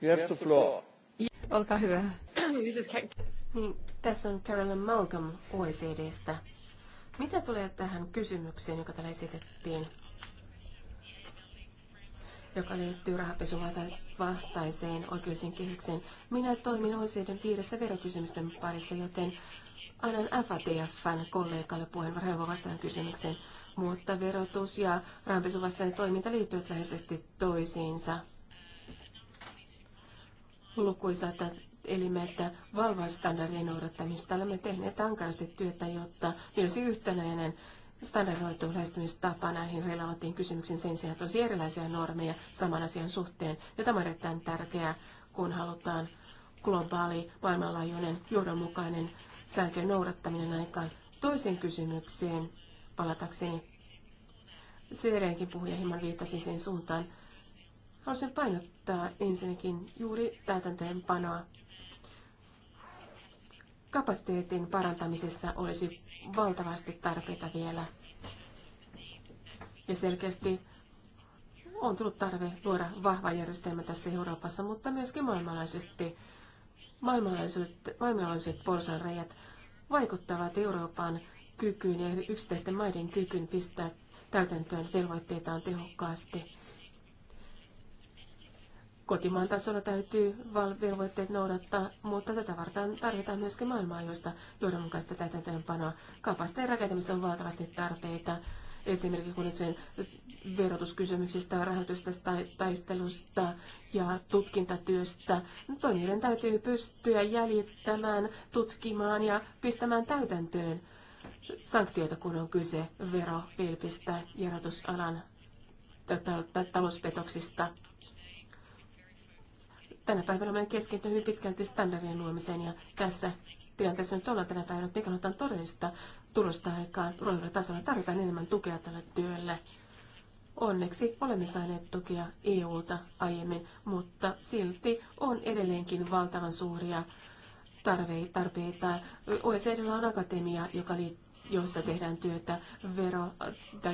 You have the floor. Olkaa hyvä. This is niin, tässä on Carolyn Malcolm OECDstä. Mitä tulee tähän kysymykseen, joka täällä esitettiin, joka liittyy rahapesuvastaiseen vastaiseen oikeuden kehykseen. Minä toimin oikeuden piirissä verokysymysten parissa, joten annan FATFn kollegalle puheenvuoron vastaan kysymykseen, mutta verotus ja rahanpesuvastainen toiminta liittyvät läheisesti toisiinsa. Lukuisat elimet valvovat standardien noudattamista. Olemme tehneet ankarasti työtä, jotta niillä olisi yhtenäinen standardoitu lähestymistapa näihin relevanttiin kysymyksiin sen sijaan, että olisi erilaisia normeja saman asian suhteen. Ja tämä on erittäin tärkeää, kun halutaan globaali, maailmanlaajuinen, johdonmukainen sääntöjen noudattaminen aikaan. Toiseen kysymykseen palatakseni. Seerenkin puhuja hieman viittasi sen suuntaan. Haluaisin painottaa ensinnäkin juuri täytäntöönpanoa. Kapasiteetin parantamisessa olisi valtavasti tarpeita vielä. Ja selkeästi on tullut tarve luoda vahva järjestelmä tässä Euroopassa, mutta myöskin maailmanlaajuisesti. Maailmanlaajuiset, maailmanlaajuiset porsanreijät vaikuttavat Euroopan kykyyn ja yksittäisten maiden kykyyn pistää täytäntöön velvoitteitaan tehokkaasti. Kotimaan tasolla täytyy velvoitteet noudattaa, mutta tätä varten tarvitaan myöskin joista johdonmukaista täytäntöönpanoa. Kapasiteen rakentamisessa on valtavasti tarpeita. Esimerkiksi kun sen verotuskysymyksistä, rahoitusta, taistelusta ja tutkintatyöstä. Niin toimijoiden täytyy pystyä jäljittämään, tutkimaan ja pistämään täytäntöön sanktioita, kun on kyse vero, vilpistä ja rahoitusalan talouspetoksista tänä päivänä olen keskittynyt hyvin pitkälti standardien luomiseen ja tässä tilanteessa nyt ollaan tänä päivänä, mikä on todellista tulosta aikaan ruohonjuuritasolla. Tarvitaan enemmän tukea tälle työlle. Onneksi olemme saaneet tukea EU-ta aiemmin, mutta silti on edelleenkin valtavan suuria tarpeita. OECD on akatemia, joka liittyy joissa tehdään työtä vero-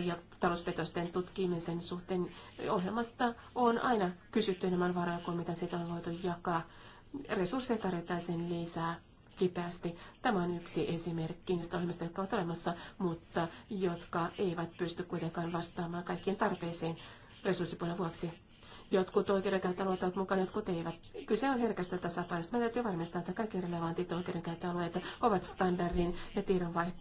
ja talouspetosten tutkimisen suhteen. Ohjelmasta on aina kysytty enemmän varoja kuin mitä siitä on voitu jakaa. Resursseja tarvitaan sen lisää kipeästi. Tämä on yksi esimerkki niistä ohjelmista, jotka ovat olemassa, mutta jotka eivät pysty kuitenkaan vastaamaan kaikkien tarpeisiin resurssipuolen vuoksi. Jotkut oikeudenkäyttöalueet ovat mukana, jotkut eivät. Kyse on herkästä tasapainosta. Meidän täytyy varmistaa, että kaikki relevantit oikeudenkäyttöalueet ovat standardin ja tiedonvaihto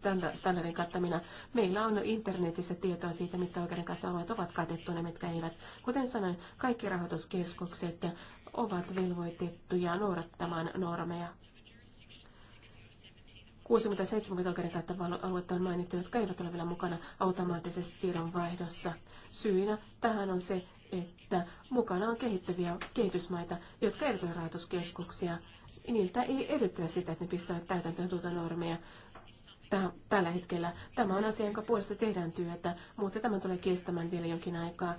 tällä standardin kattamina. Meillä on internetissä tietoa siitä, mitkä oikeuden kattoalueet ovat katettuina, mitkä eivät. Kuten sanoin, kaikki rahoituskeskukset ovat velvoitettuja noudattamaan normeja. 60-70 oikeuden käyttöaluetta on mainittu, jotka eivät ole vielä mukana automaattisessa tiedonvaihdossa. Syynä tähän on se, että mukana on kehittyviä kehitysmaita, jotka eivät ole rahoituskeskuksia. Niiltä ei edellytetä sitä, että ne pistävät täytäntöön tuota normeja tällä hetkellä. Tämä on asia, jonka puolesta tehdään työtä, mutta tämä tulee kestämään vielä jonkin aikaa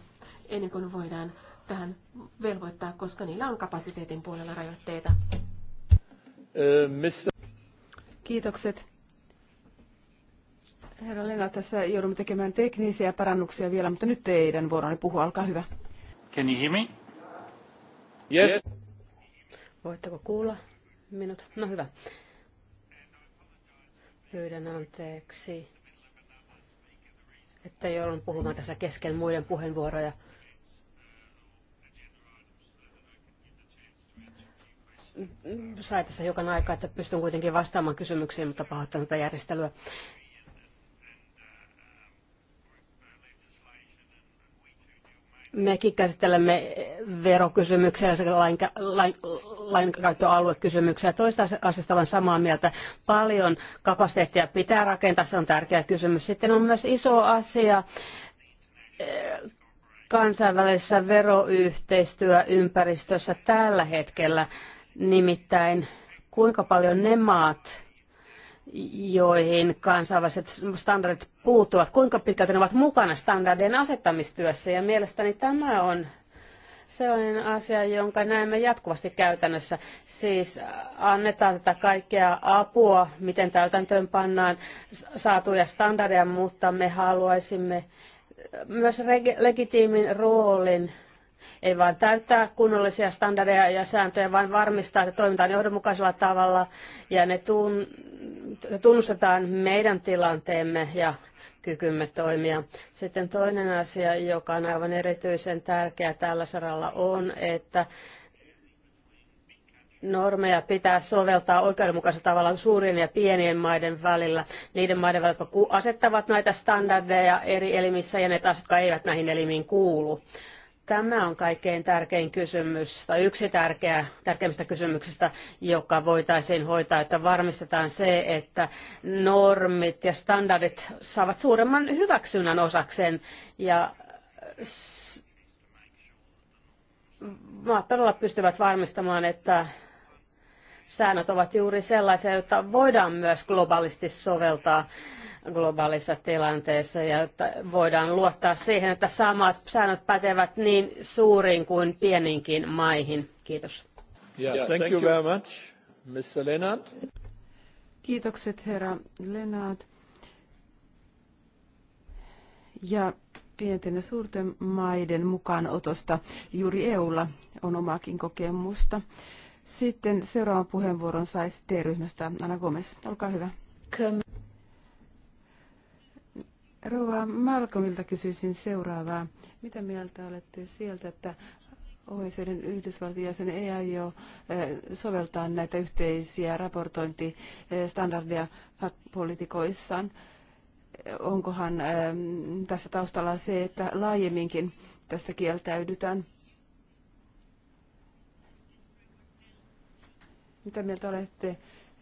ennen kuin voidaan tähän velvoittaa, koska niillä on kapasiteetin puolella rajoitteita. Kiitokset. Herra Lena, tässä joudumme tekemään teknisiä parannuksia vielä, mutta nyt teidän vuoronne puhua, alkaa hyvä. Can you hear me? Yes. yes. Voitteko kuulla minut? No hyvä. Pyydän anteeksi, että joudun puhumaan tässä kesken muiden puheenvuoroja. Sain tässä hiukan aikaa, että pystyn kuitenkin vastaamaan kysymyksiin, mutta pahoittelen tätä järjestelyä. mekin käsittelemme verokysymyksiä ja lain, lain, lainkäyttöaluekysymyksiä. Toista asiasta olen samaa mieltä. Paljon kapasiteettia pitää rakentaa, se on tärkeä kysymys. Sitten on myös iso asia eh, kansainvälisessä veroyhteistyöympäristössä tällä hetkellä, nimittäin kuinka paljon ne maat, joihin kansainväliset standardit puuttuvat, kuinka pitkälti ne ovat mukana standardien asettamistyössä. Ja mielestäni tämä on sellainen asia, jonka näemme jatkuvasti käytännössä. Siis annetaan tätä kaikkea apua, miten täytäntöön pannaan saatuja standardeja, mutta me haluaisimme myös legitiimin roolin ei vain täyttää kunnollisia standardeja ja sääntöjä, vaan varmistaa, että toimitaan johdonmukaisella tavalla ja ne tunnustetaan meidän tilanteemme ja kykymme toimia. Sitten toinen asia, joka on aivan erityisen tärkeä tällä saralla, on, että normeja pitää soveltaa oikeudenmukaisella tavalla suurien ja pienien maiden välillä. Niiden maiden välillä, jotka asettavat näitä standardeja eri elimissä ja ne taas, jotka eivät näihin elimiin kuulu. Tämä on kaikkein tärkein kysymys, tai yksi tärkeä, tärkeimmistä kysymyksistä, joka voitaisiin hoitaa, että varmistetaan se, että normit ja standardit saavat suuremman hyväksynnän osakseen, ja maat todella pystyvät varmistamaan, että säännöt ovat juuri sellaisia, joita voidaan myös globaalisti soveltaa globaalissa tilanteessa ja että voidaan luottaa siihen, että samat säännöt pätevät niin suuriin kuin pieninkin maihin. Kiitos. Yeah, thank you very much, Mr. Leonard. Kiitokset herra Lennart. Ja pienten ja suurten maiden mukaanotosta juuri EUlla on omaakin kokemusta. Sitten seuraavan puheenvuoron saisi T-ryhmästä Anna Gomes. Olkaa hyvä. Rouva Malcolmilta kysyisin seuraavaa. Mitä mieltä olette sieltä, että OECDn Yhdysvaltain jäsen ei aio eh, soveltaa näitä yhteisiä raportointistandardeja politikoissaan? Onkohan eh, tässä taustalla se, että laajemminkin tästä kieltäydytään? Mitä mieltä olette?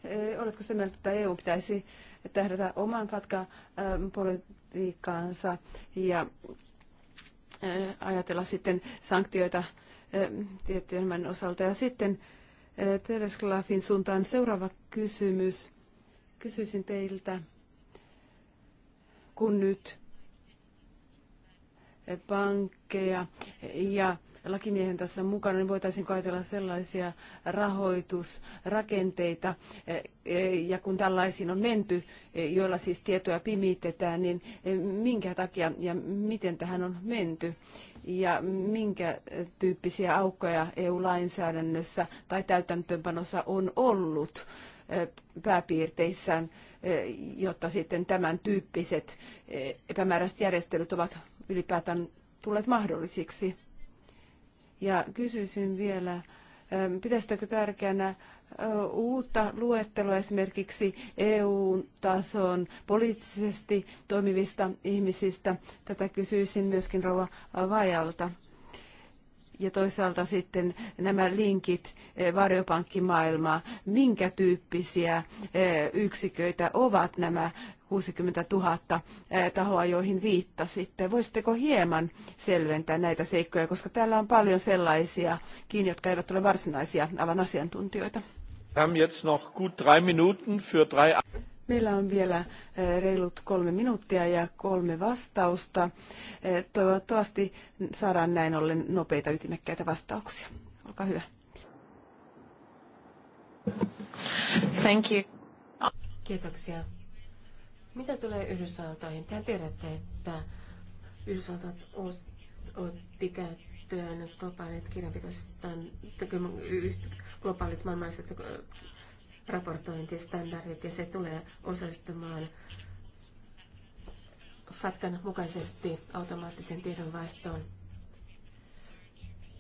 Eh, oletko se mieltä, että EU pitäisi tähdätä oman fatka-politiikkaansa eh, ja eh, ajatella sitten sanktioita tiettyjen osalta? Ja sitten Teres Klaafin suuntaan seuraava kysymys. Kysyisin teiltä, kun nyt pankkeja ja lakimiehen tässä mukana, niin voitaisiin ajatella sellaisia rahoitusrakenteita, ja kun tällaisiin on menty, joilla siis tietoja pimitetään, niin minkä takia ja miten tähän on menty? ja minkä tyyppisiä aukkoja EU-lainsäädännössä tai täytäntöönpanossa on ollut e, pääpiirteissään, e, jotta sitten tämän tyyppiset e, epämääräiset järjestelyt ovat ylipäätään tulleet mahdollisiksi. Ja kysyisin vielä, ähm, pitäisikö tärkeänä uutta luettelua esimerkiksi EU-tason poliittisesti toimivista ihmisistä. Tätä kysyisin myöskin Rova Vajalta. Ja toisaalta sitten nämä linkit varjopankkimaailmaa, minkä tyyppisiä yksiköitä ovat nämä 60 000 tahoa, joihin viittasitte. Voisitteko hieman selventää näitä seikkoja, koska täällä on paljon sellaisia kiinni, jotka eivät ole varsinaisia avan asiantuntijoita. Meillä on vielä reilut kolme minuuttia ja kolme vastausta. Toivottavasti saadaan näin ollen nopeita ytimekkäitä vastauksia. Olkaa hyvä. Thank you. Kiitoksia. Mitä tulee Yhdysvaltoihin? Tämä tiedätte, että Yhdysvaltat otti käyttöön globaalit kirjanpitoistandardit, globaalit maailmalliset äh, raportointistandardit, ja se tulee osallistumaan FATKan mukaisesti automaattisen tiedonvaihtoon.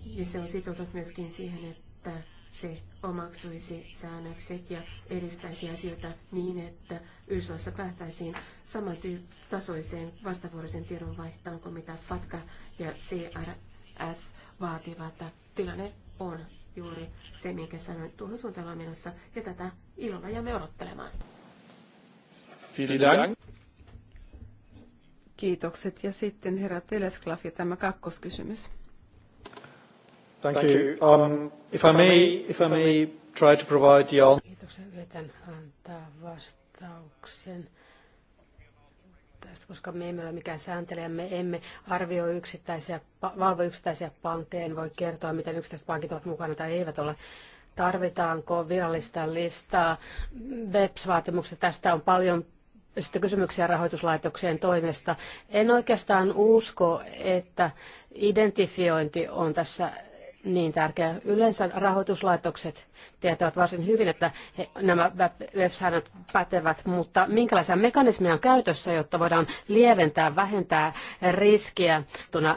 Ja se on sitoutunut myöskin siihen, että se omaksuisi säännökset ja edistäisi asioita niin, että Yhdysvalloissa päättäisiin samantasoiseen vastavuoroisen vaihtaan kuin mitä FATCA ja CRS vaativat. Tilanne on juuri se, minkä sanoin tuohon suuntaan menossa, ja tätä ilolla jäämme odottelemaan. Kiitokset. Ja sitten herra Telesklaff ja tämä kakkoskysymys. Thank you. Um, um, if I may, if I may try to provide the answer. Kiitoksia. Yritän antaa vastauksen tästä, koska me emme ole mikään sääntelijä, me emme arvioi yksittäisiä, valvo yksittäisiä pankkeja, en voi kertoa, miten yksittäiset pankit ovat mukana tai eivät ole. Tarvitaanko virallista listaa beps vaatimukset Tästä on paljon sitten kysymyksiä rahoituslaitokseen toimesta. En oikeastaan usko, että identifiointi on tässä niin tärkeä. Yleensä rahoituslaitokset tietävät varsin hyvin, että he, nämä web-säännöt pätevät, mutta minkälaisia mekanismeja on käytössä, jotta voidaan lieventää, vähentää riskiä.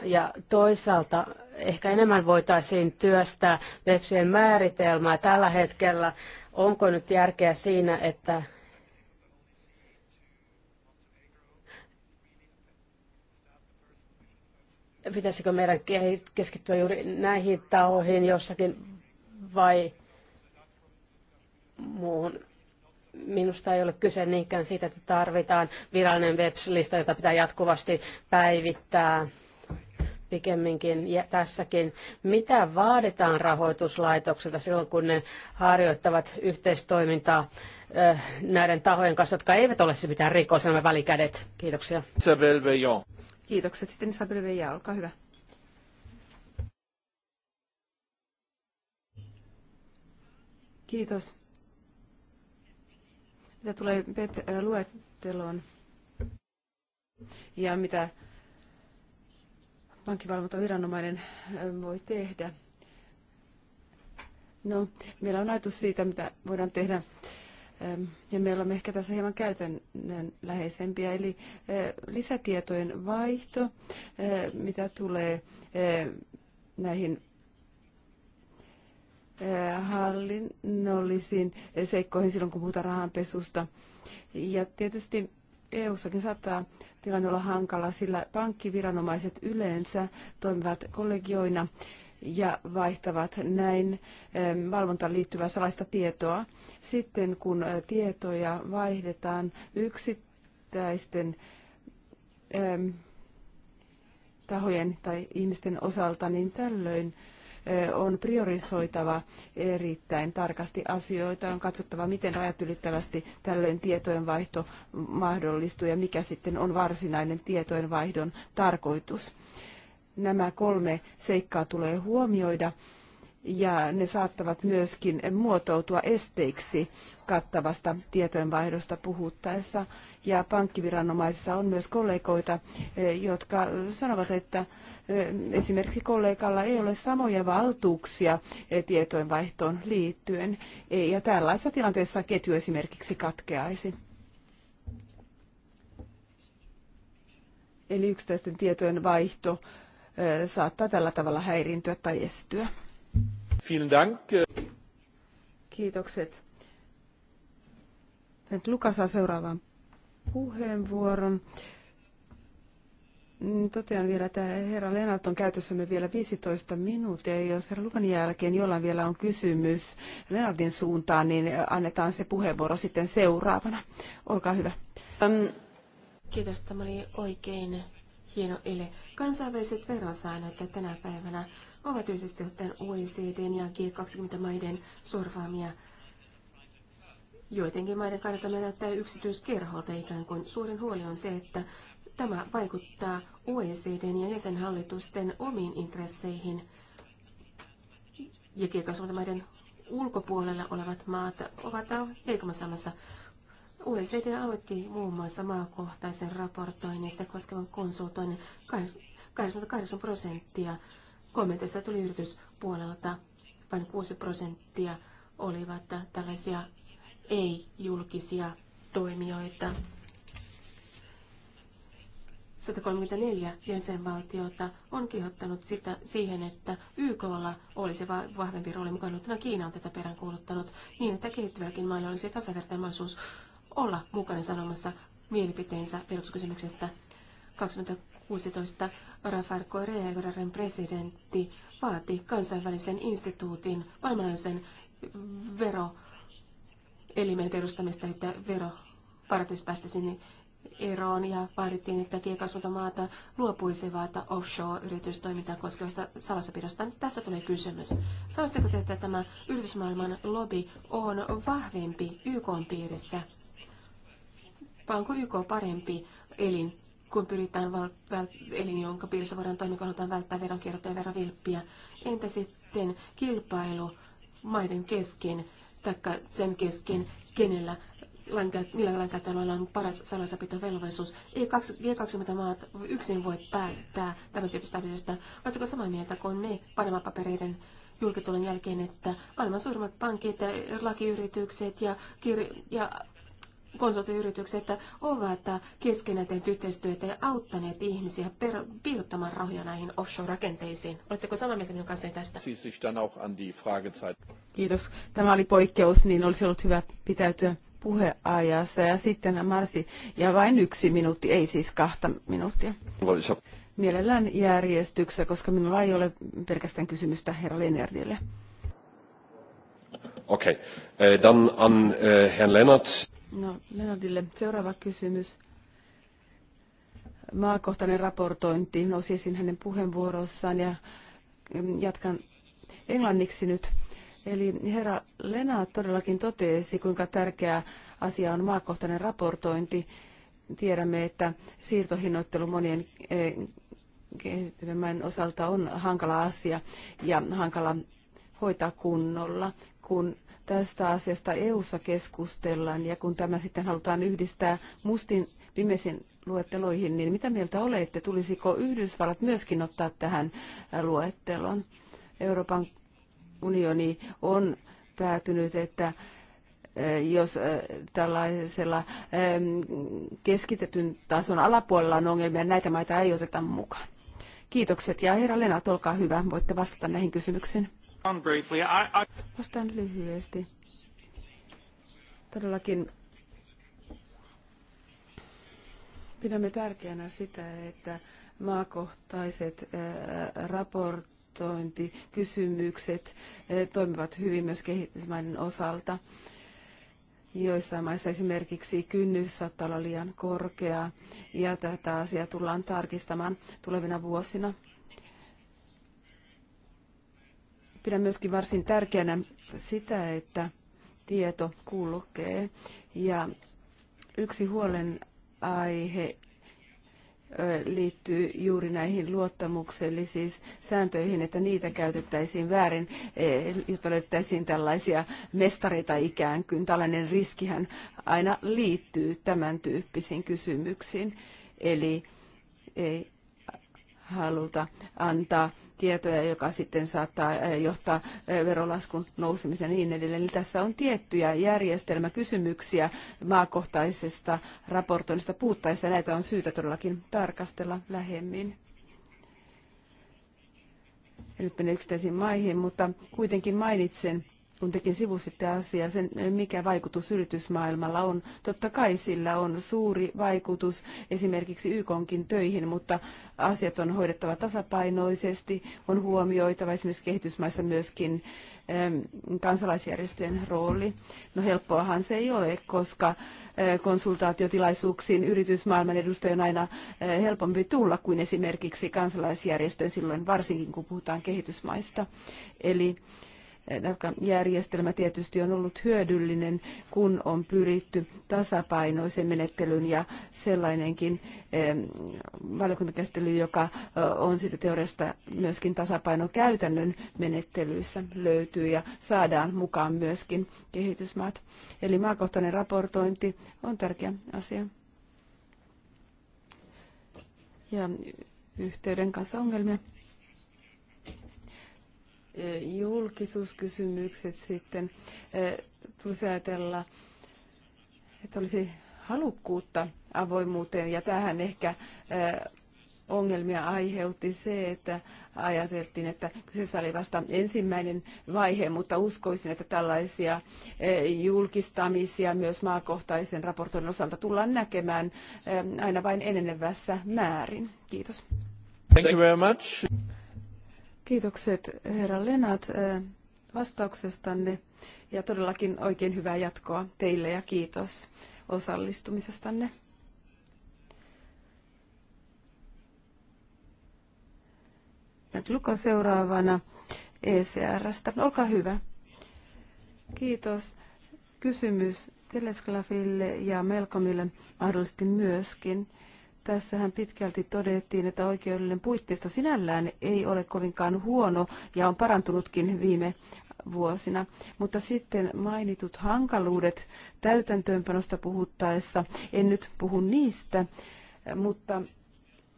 Ja toisaalta ehkä enemmän voitaisiin työstää websien määritelmää tällä hetkellä. Onko nyt järkeä siinä, että pitäisikö meidän keskittyä juuri näihin tahoihin jossakin vai muuhun. Minusta ei ole kyse niinkään siitä, että tarvitaan virallinen web-lista, jota pitää jatkuvasti päivittää pikemminkin ja tässäkin. Mitä vaaditaan rahoituslaitokselta silloin, kun ne harjoittavat yhteistoimintaa eh, näiden tahojen kanssa, jotka eivät ole mitään rikoselämän välikädet? Kiitoksia. Isabel Kiitokset. Sitten Isabel Veija, olkaa hyvä. Kiitos. Mitä tulee luetteloon ja mitä pankkivalvontaviranomainen voi tehdä? No, meillä on ajatus siitä, mitä voidaan tehdä ja me olemme ehkä tässä hieman käytännön läheisempiä, eli lisätietojen vaihto, mitä tulee näihin hallinnollisiin seikkoihin silloin, kun puhutaan rahanpesusta. Ja tietysti EU-sakin saattaa tilanne olla hankala, sillä pankkiviranomaiset yleensä toimivat kollegioina ja vaihtavat näin valvontaan liittyvää salaista tietoa. Sitten kun tietoja vaihdetaan yksittäisten tahojen tai ihmisten osalta, niin tällöin on priorisoitava erittäin tarkasti asioita, on katsottava, miten rajat ylittävästi tällöin tietojenvaihto mahdollistuu ja mikä sitten on varsinainen tietojenvaihdon tarkoitus nämä kolme seikkaa tulee huomioida ja ne saattavat myöskin muotoutua esteiksi kattavasta tietojenvaihdosta puhuttaessa. Ja pankkiviranomaisissa on myös kollegoita, eh, jotka sanovat, että eh, esimerkiksi kollegalla ei ole samoja valtuuksia eh, tietojenvaihtoon liittyen, ja tällaisessa tilanteessa ketju esimerkiksi katkeaisi. Eli yksittäisten tietojen vaihto saattaa tällä tavalla häiriintyä tai estyä. Vielen Dank. Kiitokset. Nyt Luka saa seuraavan puheenvuoron. Mm, totean vielä, että herra Lennart on käytössämme vielä 15 minuuttia. Jos herra Lukan jälkeen jollain vielä on kysymys Lennartin suuntaan, niin annetaan se puheenvuoro sitten seuraavana. Olkaa hyvä. kiitos, tämä oli oikein hieno ele. Kansainväliset verosäännöt tänä päivänä ovat yleisesti ottaen OECDn ja G20-maiden sorvaamia. Joidenkin maiden kannalta me näyttää yksityiskerholta ikään kuin. Suurin huoli on se, että tämä vaikuttaa OECDn ja jäsenhallitusten omiin intresseihin. Ja G20-maiden ulkopuolella olevat maat ovat heikommassa OECD aloitti muun muassa maakohtaisen raportoinnista koskevan konsultoinnin 88 prosenttia. Kommenteista tuli yrityspuolelta vain 6 prosenttia olivat tällaisia ei-julkisia toimijoita. 134 jäsenvaltiota on kehottanut sitä, siihen, että YKlla olisi vahvempi rooli mukaan Kiina on tätä peräänkuuluttanut niin, että kehittyvälläkin mailla olisi tasavertaisuus olla mukana sanomassa mielipiteensä peruskysymyksestä 2016 Rafael Correa, Ecuadorin presidentti, vaati kansainvälisen instituutin, maailmanlaajuisen veroelimen perustamista, että vero päästäisiin eroon ja vaadittiin, että g 20 luopuisi luopuisivat offshore-yritystoimintaa koskevasta salassapidosta. Tässä tulee kysymys. Sanoisitteko te, että tämä yritysmaailman lobby on vahvempi YK piirissä vai onko YK parempi elin, kun pyritään val- vält- elin, jonka piirissä voidaan toimia, kun halutaan välttää veronkiertoa ja verovilppiä? Entä sitten kilpailu maiden kesken, taikka sen kesken, kenellä millä lainkäyttäjällä on paras salaisapitovelvollisuus. Ei 20 maat yksin voi päättää tämän tyyppistä asioista. Oletteko samaa mieltä kuin me Panama-papereiden julkitulon jälkeen, että maailman suurimmat pankit, lakiyritykset ja, kir- ja että ovat keskenään tehneet yhteistyötä ja auttaneet ihmisiä per, piilottamaan rahoja näihin offshore-rakenteisiin. Oletteko samaa mieltä minun kanssani tästä? Kiitos. Tämä oli poikkeus, niin olisi ollut hyvä pitäytyä puheajassa. Ja sitten Marsi, ja vain yksi minuutti, ei siis kahta minuuttia. Mielellään järjestyksessä, koska minulla ei ole pelkästään kysymystä herra Lennardille. Okei, okay. Eh, dan an eh, Herrn Lennart. No, Lennartille seuraava kysymys. Maakohtainen raportointi nousi esiin hänen puheenvuorossaan ja mm, jatkan englanniksi nyt. Eli herra Lena todellakin totesi, kuinka tärkeä asia on maakohtainen raportointi. Tiedämme, että siirtohinnoittelu monien eh, kehittyvän osalta on hankala asia ja hankala hoitaa kunnolla, kun tästä asiasta EU:ssa keskustellaan ja kun tämä sitten halutaan yhdistää mustin viimeisiin luetteloihin, niin mitä mieltä olette, tulisiko Yhdysvallat myöskin ottaa tähän luettelon? Euroopan unioni on päätynyt, että e, jos e, tällaisella e, keskitetyn tason alapuolella on ongelmia, niin näitä maita ei oteta mukaan. Kiitokset ja herra Lena, olkaa hyvä, voitte vastata näihin kysymyksiin. Vastaan lyhyesti. Todellakin pidämme tärkeänä sitä, että maakohtaiset raportointikysymykset toimivat hyvin myös kehitysmaiden osalta. Joissain maissa esimerkiksi kynnys saattaa olla liian korkea ja tätä asiaa tullaan tarkistamaan tulevina vuosina. Pidän myöskin varsin tärkeänä sitä, että tieto kulkee. Ja yksi huolenaihe liittyy juuri näihin luottamuksellisiin sääntöihin, että niitä käytettäisiin väärin, e, jotta löydettäisiin tällaisia mestareita ikään kuin. Tällainen riskihän aina liittyy tämän tyyppisiin kysymyksiin. Eli e, haluta antaa tietoja, joka sitten saattaa eh, johtaa eh, verolaskun nousemiseen ja niin edelleen. Eli tässä on tiettyjä järjestelmäkysymyksiä maakohtaisesta raportoinnista puuttaessa. Näitä on syytä todellakin tarkastella lähemmin. Ja nyt menen yksittäisiin maihin, mutta kuitenkin mainitsen kun tekin sivusitte asiaa, sen mikä vaikutus yritysmaailmalla on. Totta kai sillä on suuri vaikutus esimerkiksi YKonkin töihin, mutta asiat on hoidettava tasapainoisesti, on huomioitava esimerkiksi kehitysmaissa myöskin ähm, kansalaisjärjestöjen rooli. No helppoahan se ei ole, koska äh, konsultaatiotilaisuuksiin yritysmaailman edustajan aina äh, helpompi tulla kuin esimerkiksi kansalaisjärjestöjen silloin, varsinkin kun puhutaan kehitysmaista. Eli järjestelmä tietysti on ollut hyödyllinen, kun on pyritty tasapainoisen menettelyn ja sellainenkin valiokuntakäsittely, joka on siitä teoriasta myöskin tasapaino käytännön menettelyissä löytyy ja saadaan mukaan myöskin kehitysmaat. Eli maakohtainen raportointi on tärkeä asia. Ja yhteyden kanssa ongelmia julkisuuskysymykset sitten tulisi ajatella, että olisi halukkuutta avoimuuteen ja tähän ehkä ongelmia aiheutti se, että ajateltiin, että kyseessä oli vasta ensimmäinen vaihe, mutta uskoisin, että tällaisia julkistamisia myös maakohtaisen raportoinnin osalta tullaan näkemään aina vain enenevässä määrin. Kiitos. Thank you very much. Kiitokset herra Lennart vastauksestanne ja todellakin oikein hyvää jatkoa teille ja kiitos osallistumisestanne. Luko seuraavana ECRstä. Olkaa hyvä. Kiitos. Kysymys Telesklafille ja Melkomille mahdollisesti myöskin. Tässähän pitkälti todettiin, että oikeudellinen puitteisto sinällään ei ole kovinkaan huono ja on parantunutkin viime vuosina. Mutta sitten mainitut hankaluudet täytäntöönpanosta puhuttaessa, en nyt puhu niistä, mutta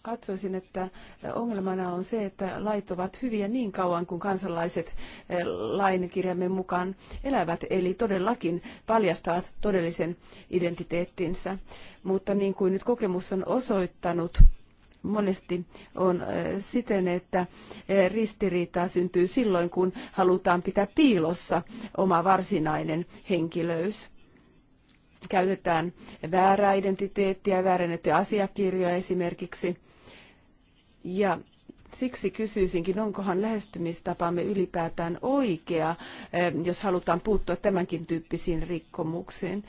Katsoisin, että ongelmana on se, että lait ovat hyviä niin kauan kuin kansalaiset eh, lainkirjamme mukaan elävät, eli todellakin paljastavat todellisen identiteettinsä. Mutta niin kuin nyt kokemus on osoittanut, monesti on eh, siten, että eh, ristiriitaa syntyy silloin, kun halutaan pitää piilossa oma varsinainen henkilöys. Käytetään väärää identiteettiä, väärennettyjä asiakirjoja esimerkiksi ja siksi kysyisinkin, onkohan lähestymistapamme ylipäätään oikea, eh, jos halutaan puuttua tämänkin tyyppisiin rikkomuksiin,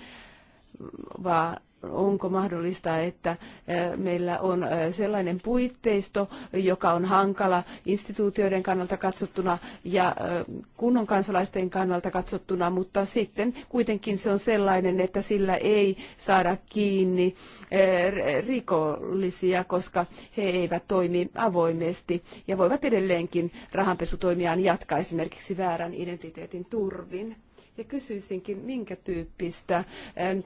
vaan onko mahdollista, että eh, meillä on eh, sellainen puitteisto, joka on hankala instituutioiden kannalta katsottuna ja eh, kunnon kansalaisten kannalta katsottuna, mutta sitten kuitenkin se on sellainen, että sillä ei saada kiinni rikollisia, koska he eivät toimi avoimesti ja voivat edelleenkin rahanpesutoimiaan jatkaa esimerkiksi väärän identiteetin turvin. Ja kysyisinkin, minkä tyyppistä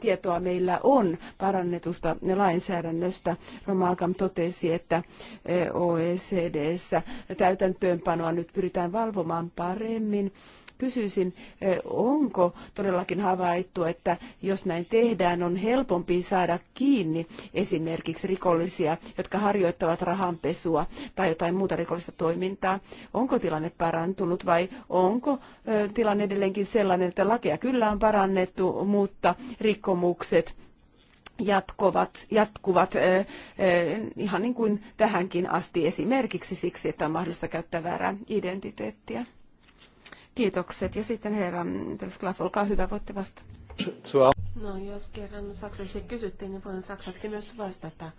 tietoa meillä on parannetusta lainsäädännöstä. Romalkam totesi, että eh, OECDssä täytäntöönpanoa nyt pyritään valvomaan paremmin Kysyisin, eh, onko todellakin havaittu, että jos näin tehdään, on helpompi saada kiinni esimerkiksi rikollisia, jotka harjoittavat rahanpesua tai jotain muuta rikollista toimintaa. Onko tilanne parantunut vai onko eh, tilanne edelleenkin sellainen, että lakeja kyllä on parannettu, mutta rikkomukset jatkuvat, jatkuvat eh, ihan niin kuin tähänkin asti esimerkiksi siksi, että on mahdollista käyttää väärää identiteettiä. Kiitokset. Ja sitten herra Pelsklaff, olkaa hyvä, voitte vastata. No jos kerran saksaksi kysyttiin, niin voin saksaksi myös vastata.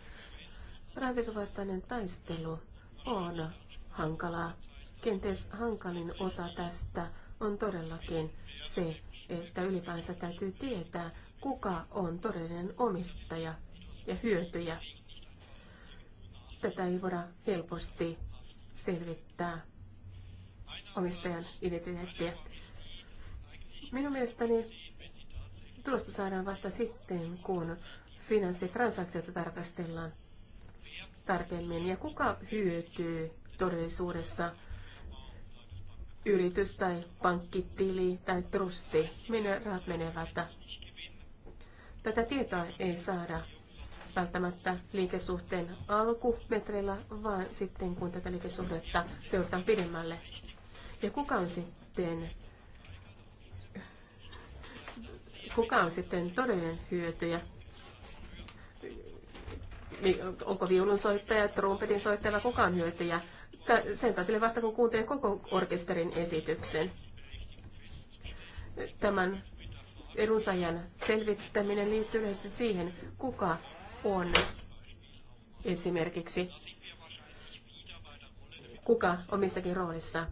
Rankisuvastainen taistelu on hankalaa. Kenties hankalin osa tästä on todellakin se, että ylipäänsä täytyy tietää, kuka on todellinen omistaja ja hyötyjä. Tätä ei voida helposti selvittää omistajan identiteettiä. Minun mielestäni tulosta saadaan vasta sitten, kun finanssitransaktioita tarkastellaan tarkemmin ja kuka hyötyy todellisuudessa yritys tai pankkitili tai trusti, minne rahat menevät. Tätä tietoa ei saada välttämättä liikesuhteen alkumetreillä, vaan sitten kun tätä liikesuhdetta seurataan pidemmälle. Ja kuka on sitten kuka on sitten todellinen hyötyjä? Onko viulun soittaja, trumpetin soittaja vai on hyötyjä? Sen saa sille vasta, kun kuuntelee koko orkesterin esityksen. Tämän edunsaajan selvittäminen liittyy yleisesti siihen, kuka on esimerkiksi, kuka on missäkin roolissa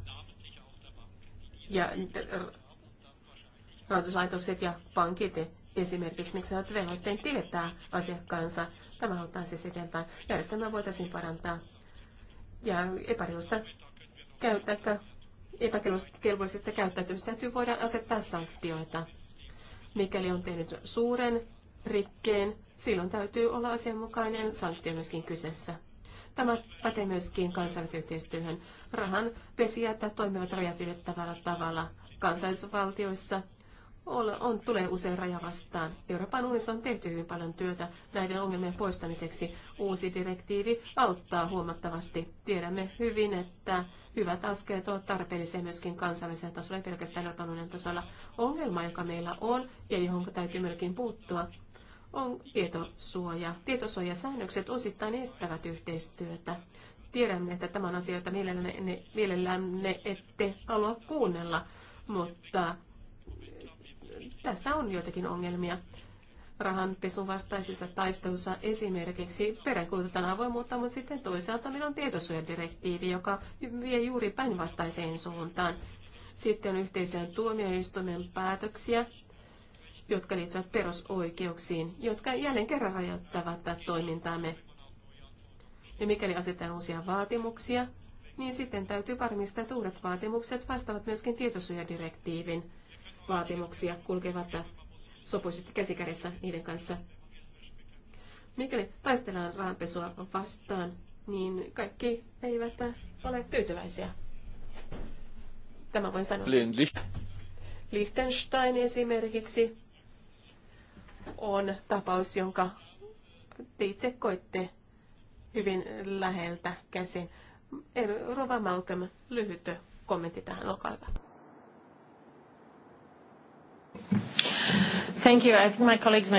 ja äh, rahoituslaitokset ja pankit esimerkiksi, miksi ovat velvoitteen tietää asiakkaansa. Tämä auttaa siis eteenpäin. Järjestelmää voitaisiin parantaa. Ja epäreilusta käyttää, epäkelvollisista käyttäytymistä täytyy voida asettaa sanktioita. Mikäli on tehnyt suuren rikkeen, silloin täytyy olla asianmukainen sanktio myöskin kyseessä. Tämä pätee myöskin kansainväliseen yhteistyöhön. Rahan pesijät toimivat rajat ylittävällä tavalla kansallisvaltioissa. On, on, tulee usein raja vastaan. Euroopan unionissa on tehty hyvin paljon työtä näiden ongelmien poistamiseksi. Uusi direktiivi auttaa huomattavasti. Tiedämme hyvin, että hyvät askeleet ovat tarpeellisia myöskin kansallisella tasolla, ei pelkästään Euroopan unionin tasolla. Ongelma, joka meillä on ja johon täytyy myöskin puuttua, on tietosuoja. Tietosuojasäännökset osittain estävät yhteistyötä. Tiedämme, että tämä on asia, jota mielellänne, mielellänne ette halua kuunnella, mutta tässä on joitakin ongelmia. Rahanpesun vastaisessa taistelussa esimerkiksi peräkulutetaan avoimuutta, mutta sitten toisaalta meillä on tietosuojadirektiivi, joka vie juuri päinvastaiseen suuntaan. Sitten on yhteisöjen tuomioistuimen päätöksiä, jotka liittyvät perusoikeuksiin, jotka jälleen kerran rajoittavat toimintaamme. Ja mikäli asetetaan uusia vaatimuksia, niin sitten täytyy varmistaa, että uudet vaatimukset vastaavat myöskin tietosuojadirektiivin vaatimuksia, kulkevat sopuisesti käsikädessä niiden kanssa. Mikäli taistellaan rahanpesua vastaan, niin kaikki eivät ole tyytyväisiä. Tämä voin sanoa. Liechtenstein esimerkiksi on tapaus, jonka te itse koitte hyvin läheltä käsin. Rova Malcolm, lyhyt kommentti tähän, olkaa hyvä. Thank you. I think my colleagues...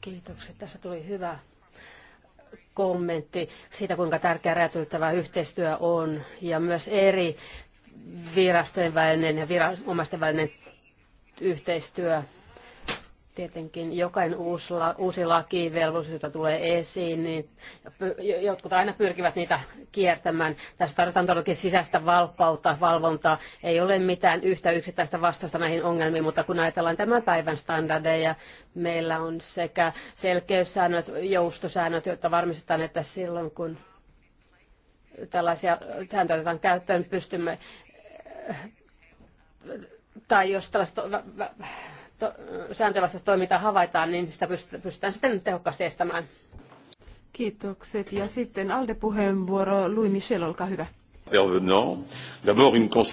Kiitokset. Tässä tuli hyvä kommentti siitä, kuinka tärkeä räätyltävä yhteistyö on ja myös eri virastojen välinen ja viranomaisten välinen yhteistyö Tietenkin jokainen uusi, la, uusi laki, velvollisuus, jota tulee esiin, niin jotkut aina pyrkivät niitä kiertämään. Tässä tarvitaan todellakin sisäistä valppautta, valvontaa. Ei ole mitään yhtä yksittäistä vastausta näihin ongelmiin, mutta kun ajatellaan tämän päivän standardeja, meillä on sekä selkeyssäännöt, joustosäännöt, jotta varmistetaan, että silloin kun tällaisia sääntöjä otetaan käyttöön, pystymme tai jos tällaista to, sääntölaista toimintaa havaitaan, niin sitä pystytään sitten tehokkaasti estämään. Kiitokset. Ja sitten Alde-puheenvuoro Louis Michel, olkaa hyvä.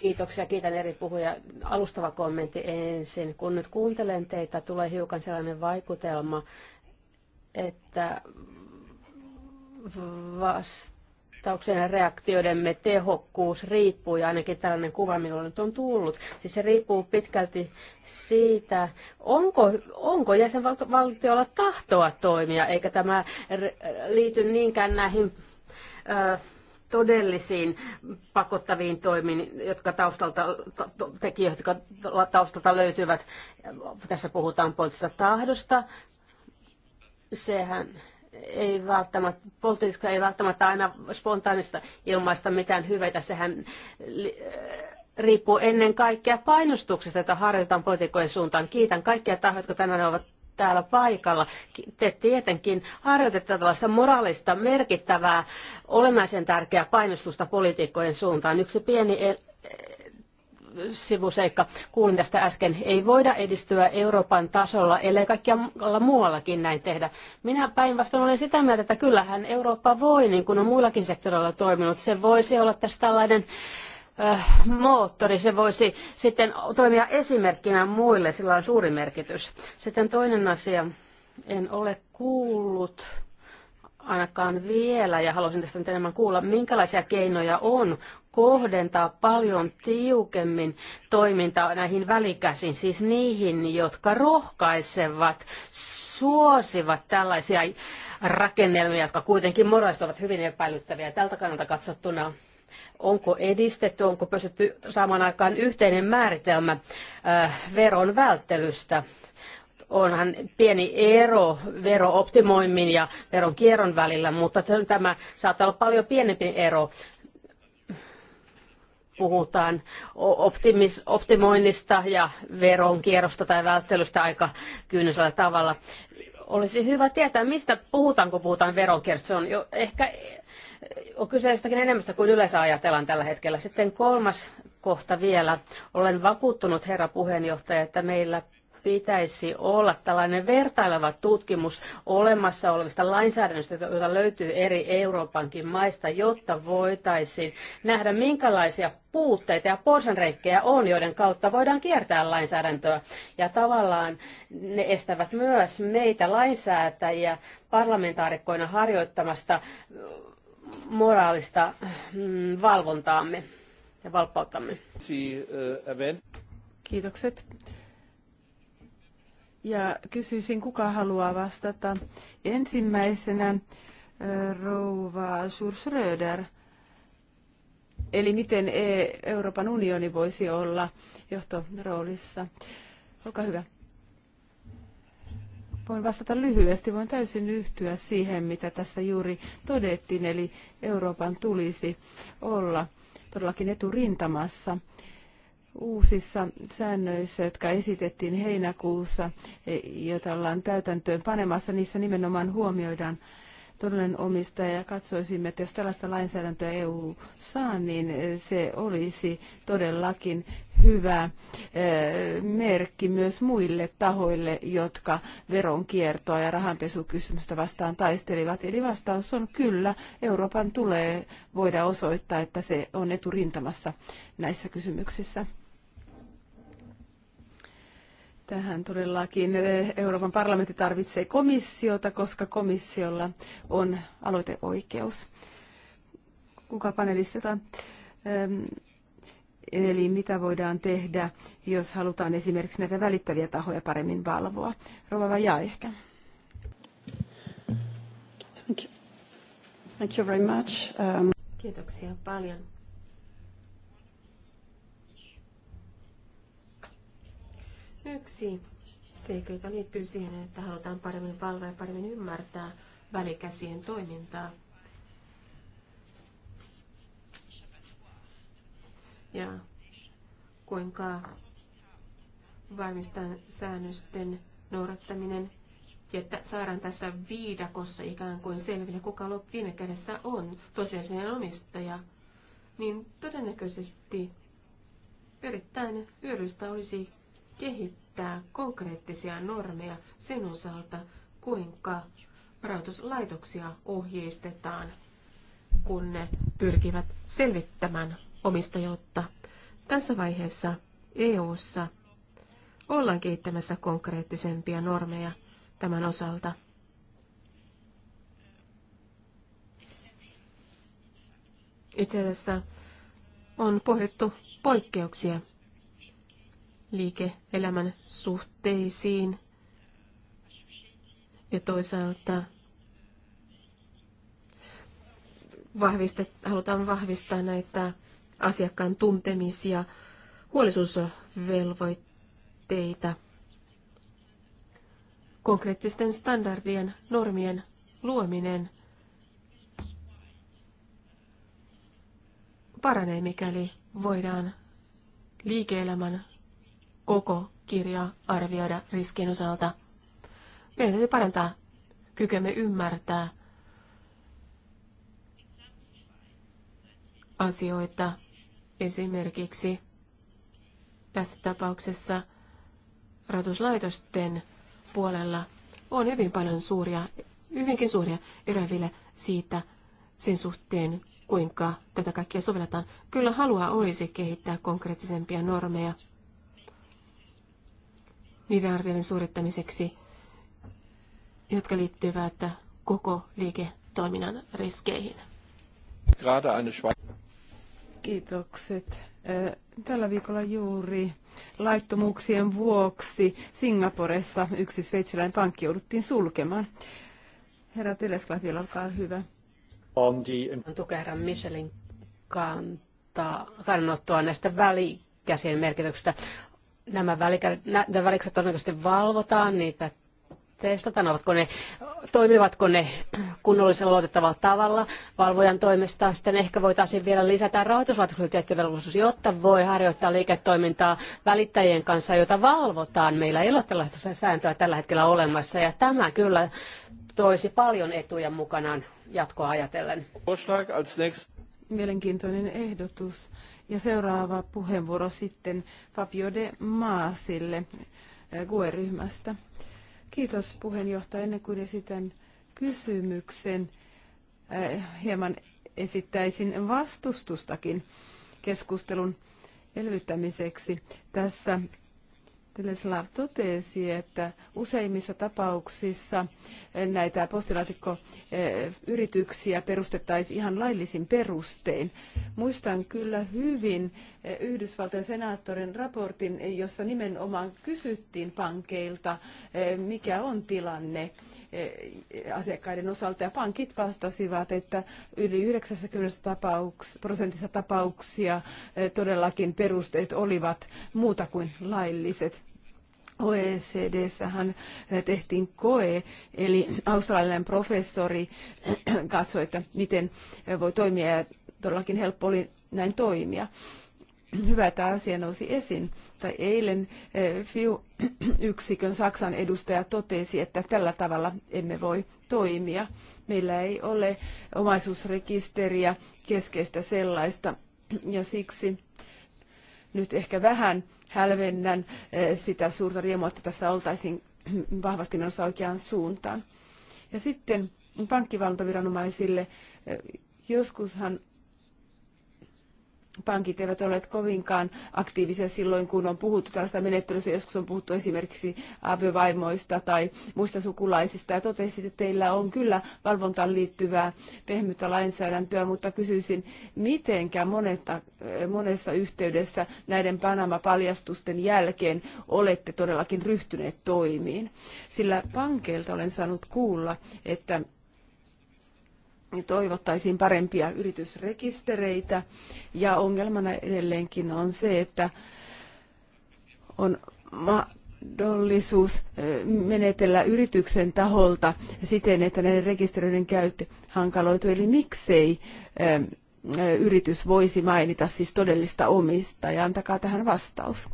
Kiitoksia, kiitän eri puhuja. Alustava kommentti ensin. Kun nyt kuuntelen teitä, tulee hiukan sellainen vaikutelma, että vast vastauksen ja reaktioidemme tehokkuus riippuu, ja ainakin tällainen kuva minulle nyt on tullut. Siis se riippuu pitkälti siitä, onko, onko jäsenvaltiolla tahtoa toimia, eikä tämä liity niinkään näihin ö, todellisiin pakottaviin toimiin, jotka taustalta, tekijät, jotka taustalta löytyvät. Tässä puhutaan poliittisesta tahdosta. Sehän ei välttämättä, politiikka ei välttämättä aina spontaanista ilmaista mitään hyveitä. Sehän riippuu ennen kaikkea painostuksesta, että harjoitetaan poliitikkojen suuntaan. Kiitän kaikkia tahoja, jotka tänään ovat täällä paikalla. Te tietenkin harjoitette tällaista moraalista merkittävää, olennaisen tärkeää painostusta poliitikkojen suuntaan. Yksi pieni e- sivuseikka. Kuulin tästä äsken. Ei voida edistyä Euroopan tasolla, ellei kaikkialla muuallakin näin tehdä. Minä päinvastoin olen sitä mieltä, että kyllähän Eurooppa voi, niin kuin on muillakin sektoreilla toiminut. Se voisi olla tässä tällainen äh, moottori, se voisi sitten toimia esimerkkinä muille, sillä on suuri merkitys. Sitten toinen asia, en ole kuullut ainakaan vielä, ja haluaisin tästä nyt enemmän kuulla, minkälaisia keinoja on kohdentaa paljon tiukemmin toimintaa näihin välikäsiin, siis niihin, jotka rohkaisevat, suosivat tällaisia rakennelmia, jotka kuitenkin moraalisesti ovat hyvin epäilyttäviä. Tältä kannalta katsottuna onko edistetty, onko pystytty saamaan aikaan yhteinen määritelmä äh, veron välttelystä onhan pieni ero verooptimoinnin ja veronkierron välillä, mutta tämä saattaa olla paljon pienempi ero. Puhutaan optimis, optimoinnista ja veronkierrosta tai välttelystä aika kyynisellä tavalla. Olisi hyvä tietää, mistä puhutaan, kun puhutaan veronkierrosta. Se on jo ehkä on kyse jostakin enemmästä kuin yleensä ajatellaan tällä hetkellä. Sitten kolmas kohta vielä. Olen vakuuttunut, herra puheenjohtaja, että meillä pitäisi olla tällainen vertaileva tutkimus olemassa olevista lainsäädännöstä, jota löytyy eri Euroopankin maista, jotta voitaisiin nähdä, minkälaisia puutteita ja porsanreikkejä on, joiden kautta voidaan kiertää lainsäädäntöä. Ja tavallaan ne estävät myös meitä lainsäätäjiä parlamentaarikkoina harjoittamasta mm, moraalista mm, valvontaamme ja valppauttamme. Eh, Kiitokset. Ja kysyisin, kuka haluaa vastata ensimmäisenä rouva Schröder. Eli miten e- Euroopan unioni voisi olla johtoroolissa? Olkaa hyvä. Voin vastata lyhyesti. Voin täysin yhtyä siihen, mitä tässä juuri todettiin. Eli Euroopan tulisi olla todellakin eturintamassa uusissa säännöissä, jotka esitettiin heinäkuussa, e, joita ollaan täytäntöön panemassa, niissä nimenomaan huomioidaan todellinen omistaja ja katsoisimme, että jos tällaista lainsäädäntöä EU saa, niin se olisi todellakin hyvä e, merkki myös muille tahoille, jotka veronkiertoa ja rahanpesukysymystä vastaan taistelivat. Eli vastaus on kyllä, Euroopan tulee voida osoittaa, että se on eturintamassa näissä kysymyksissä. Tähän todellakin eh, Euroopan parlamentti tarvitsee komissiota, koska komissiolla on aloiteoikeus. Kuka panelisteta? Eli mitä voidaan tehdä, jos halutaan esimerkiksi näitä välittäviä tahoja paremmin valvoa? Rova Vajaa ehkä. Thank you. Thank you very much. Um... Kiitoksia paljon. Yksi seikka, joka liittyy siihen, että halutaan paremmin valvoa ja paremmin ymmärtää välikäsien toimintaa. Ja kuinka varmistan säännösten noudattaminen ja että saadaan tässä viidakossa ikään kuin selville, kuka viime kädessä on tosiasiallinen omistaja, niin todennäköisesti erittäin hyödyllistä olisi kehittää konkreettisia normeja sen osalta, kuinka rahoituslaitoksia ohjeistetaan, kun ne pyrkivät selvittämään omistajuutta. Tässä vaiheessa EU:ssa ollaan kehittämässä konkreettisempia normeja tämän osalta. Itse asiassa on pohdittu poikkeuksia liike-elämän suhteisiin ja toisaalta vahvistet, halutaan vahvistaa näitä asiakkaan tuntemisia huolisuusvelvoitteita konkreettisten standardien, normien luominen paranee, mikäli voidaan liike-elämän koko kirjaa arvioida riskien osalta. Meidän täytyy parantaa kykyämme ymmärtää asioita. Esimerkiksi tässä tapauksessa rahoituslaitosten puolella on hyvin paljon suuria, hyvinkin suuria eroja siitä sen suhteen, kuinka tätä kaikkea sovelletaan. Kyllä halua olisi kehittää konkreettisempia normeja niiden arvioiden suorittamiseksi, jotka liittyvät koko liiketoiminnan riskeihin. Kiitokset. Tällä viikolla juuri laittomuuksien vuoksi Singaporessa yksi sveitsiläinen pankki jouduttiin sulkemaan. Herra Telesklav, vielä olkaa hyvä. Tukea herran Michelin kantaa, kannattua näistä välikäsien merkityksestä nämä välikset todennäköisesti valvotaan, niitä testataan, ovatko ne, toimivatko ne kunnollisella luotettavalla tavalla valvojan toimesta. Sitten ehkä voitaisiin vielä lisätä rahoituslaitokselle tietty velvollisuus, jotta voi harjoittaa liiketoimintaa välittäjien kanssa, jota valvotaan. Meillä ei ole tällaista sääntöä tällä hetkellä olemassa ja tämä kyllä toisi paljon etuja mukanaan jatkoa ajatellen. Mielenkiintoinen ehdotus. Ja seuraava puheenvuoro sitten Fabio de Maasille eh, GUE-ryhmästä. Kiitos puheenjohtaja. Ennen kuin esitän kysymyksen, eh, hieman esittäisin vastustustakin keskustelun elvyttämiseksi. Tässä Teleslav totesi, että useimmissa tapauksissa näitä postilaatikkoyrityksiä eh, perustettaisiin ihan laillisin perustein. Muistan kyllä hyvin eh, Yhdysvaltojen senaattorin raportin, jossa nimenomaan kysyttiin pankeilta, eh, mikä on tilanne asiakkaiden osalta. Ja pankit vastasivat, että yli 90 tapauks, prosentissa tapauksia todellakin perusteet olivat muuta kuin lailliset E hän eh, tehtiin koe, eli australialainen professori eh, katsoi, että miten eh, voi toimia ja todellakin helppo oli näin toimia. Hyvä, että asia nousi esiin. Tai eilen FIU-yksikön Saksan edustaja totesi, että tällä tavalla emme voi toimia. Meillä ei ole omaisuusrekisteriä, keskeistä sellaista, ja siksi nyt ehkä vähän hälvennän eh, sitä suurta riemua, että tässä oltaisiin vahvasti menossa oikeaan suuntaan. Ja sitten pankkivalvontaviranomaisille eh, joskushan pankit eivät olleet kovinkaan aktiivisia silloin, kun on puhuttu tällaista menettelystä. Joskus on puhuttu esimerkiksi aviovaimoista tai muista sukulaisista. Ja totesit, että teillä on kyllä valvontaan liittyvää pehmyttä lainsäädäntöä, mutta kysyisin, mitenkä monetta, monessa yhteydessä näiden Panama-paljastusten jälkeen olette todellakin ryhtyneet toimiin? Sillä pankeilta olen saanut kuulla, että niin toivottaisiin parempia yritysrekistereitä ja ongelmana edelleenkin on se, että on mahdollisuus menetellä yrityksen taholta siten, että näiden rekisteröiden käyttö hankaloituu. Eli miksei yritys voisi mainita siis todellista omistajaa? Antakaa tähän vastaus.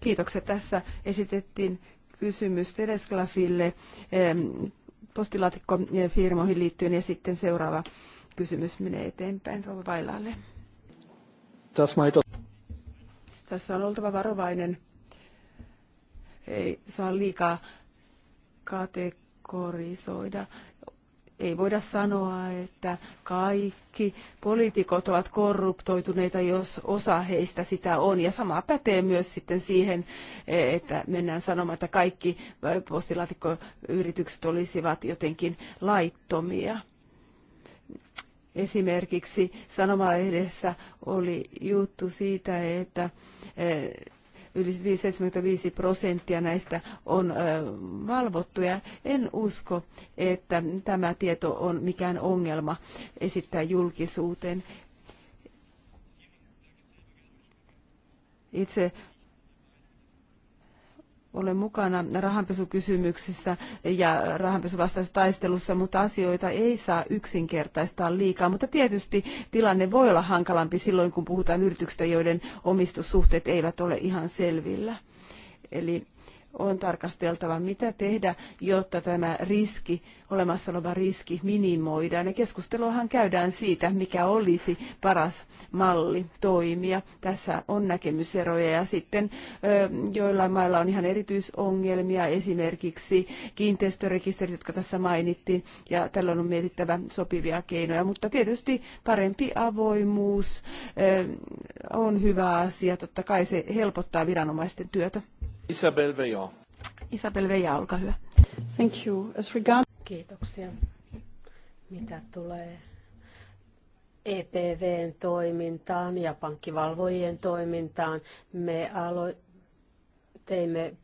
Kiitokset. Tässä esitettiin kysymys Teresklafille postilaatikkofirmoihin eh, liittyen ja sitten seuraava kysymys menee eteenpäin Rouva Vailaalle. Tässä on oltava varovainen. Ei saa liikaa kategorisoida ei voida sanoa, että kaikki poliitikot ovat korruptoituneita, jos osa heistä sitä on. Ja sama pätee myös sitten siihen, että mennään sanomaan, että kaikki postilaatikkoyritykset olisivat jotenkin laittomia. Esimerkiksi sanomalehdessä oli juttu siitä, että eh, yli 75 prosenttia näistä on valvottuja. En usko, että tämä tieto on mikään ongelma esittää julkisuuteen. Itse ole mukana rahanpesukysymyksissä ja rahanpesuvastaisessa taistelussa, mutta asioita ei saa yksinkertaistaa liikaa. Mutta tietysti tilanne voi olla hankalampi silloin, kun puhutaan yrityksistä, joiden omistussuhteet eivät ole ihan selvillä. Eli on tarkasteltava, mitä tehdä, jotta tämä riski, olemassa oleva riski minimoidaan. Ja keskusteluahan käydään siitä, mikä olisi paras malli toimia. Tässä on näkemyseroja ja sitten joillain mailla on ihan erityisongelmia, esimerkiksi kiinteistörekisterit, jotka tässä mainittiin, ja tällöin on mietittävä sopivia keinoja. Mutta tietysti parempi avoimuus on hyvä asia, totta kai se helpottaa viranomaisten työtä. Isabel Veja. Isabel Veja, olkaa hyvä. Thank you. As regard... Kiitoksia. Mitä tulee EPVn toimintaan ja pankkivalvojien toimintaan, me alo- teimme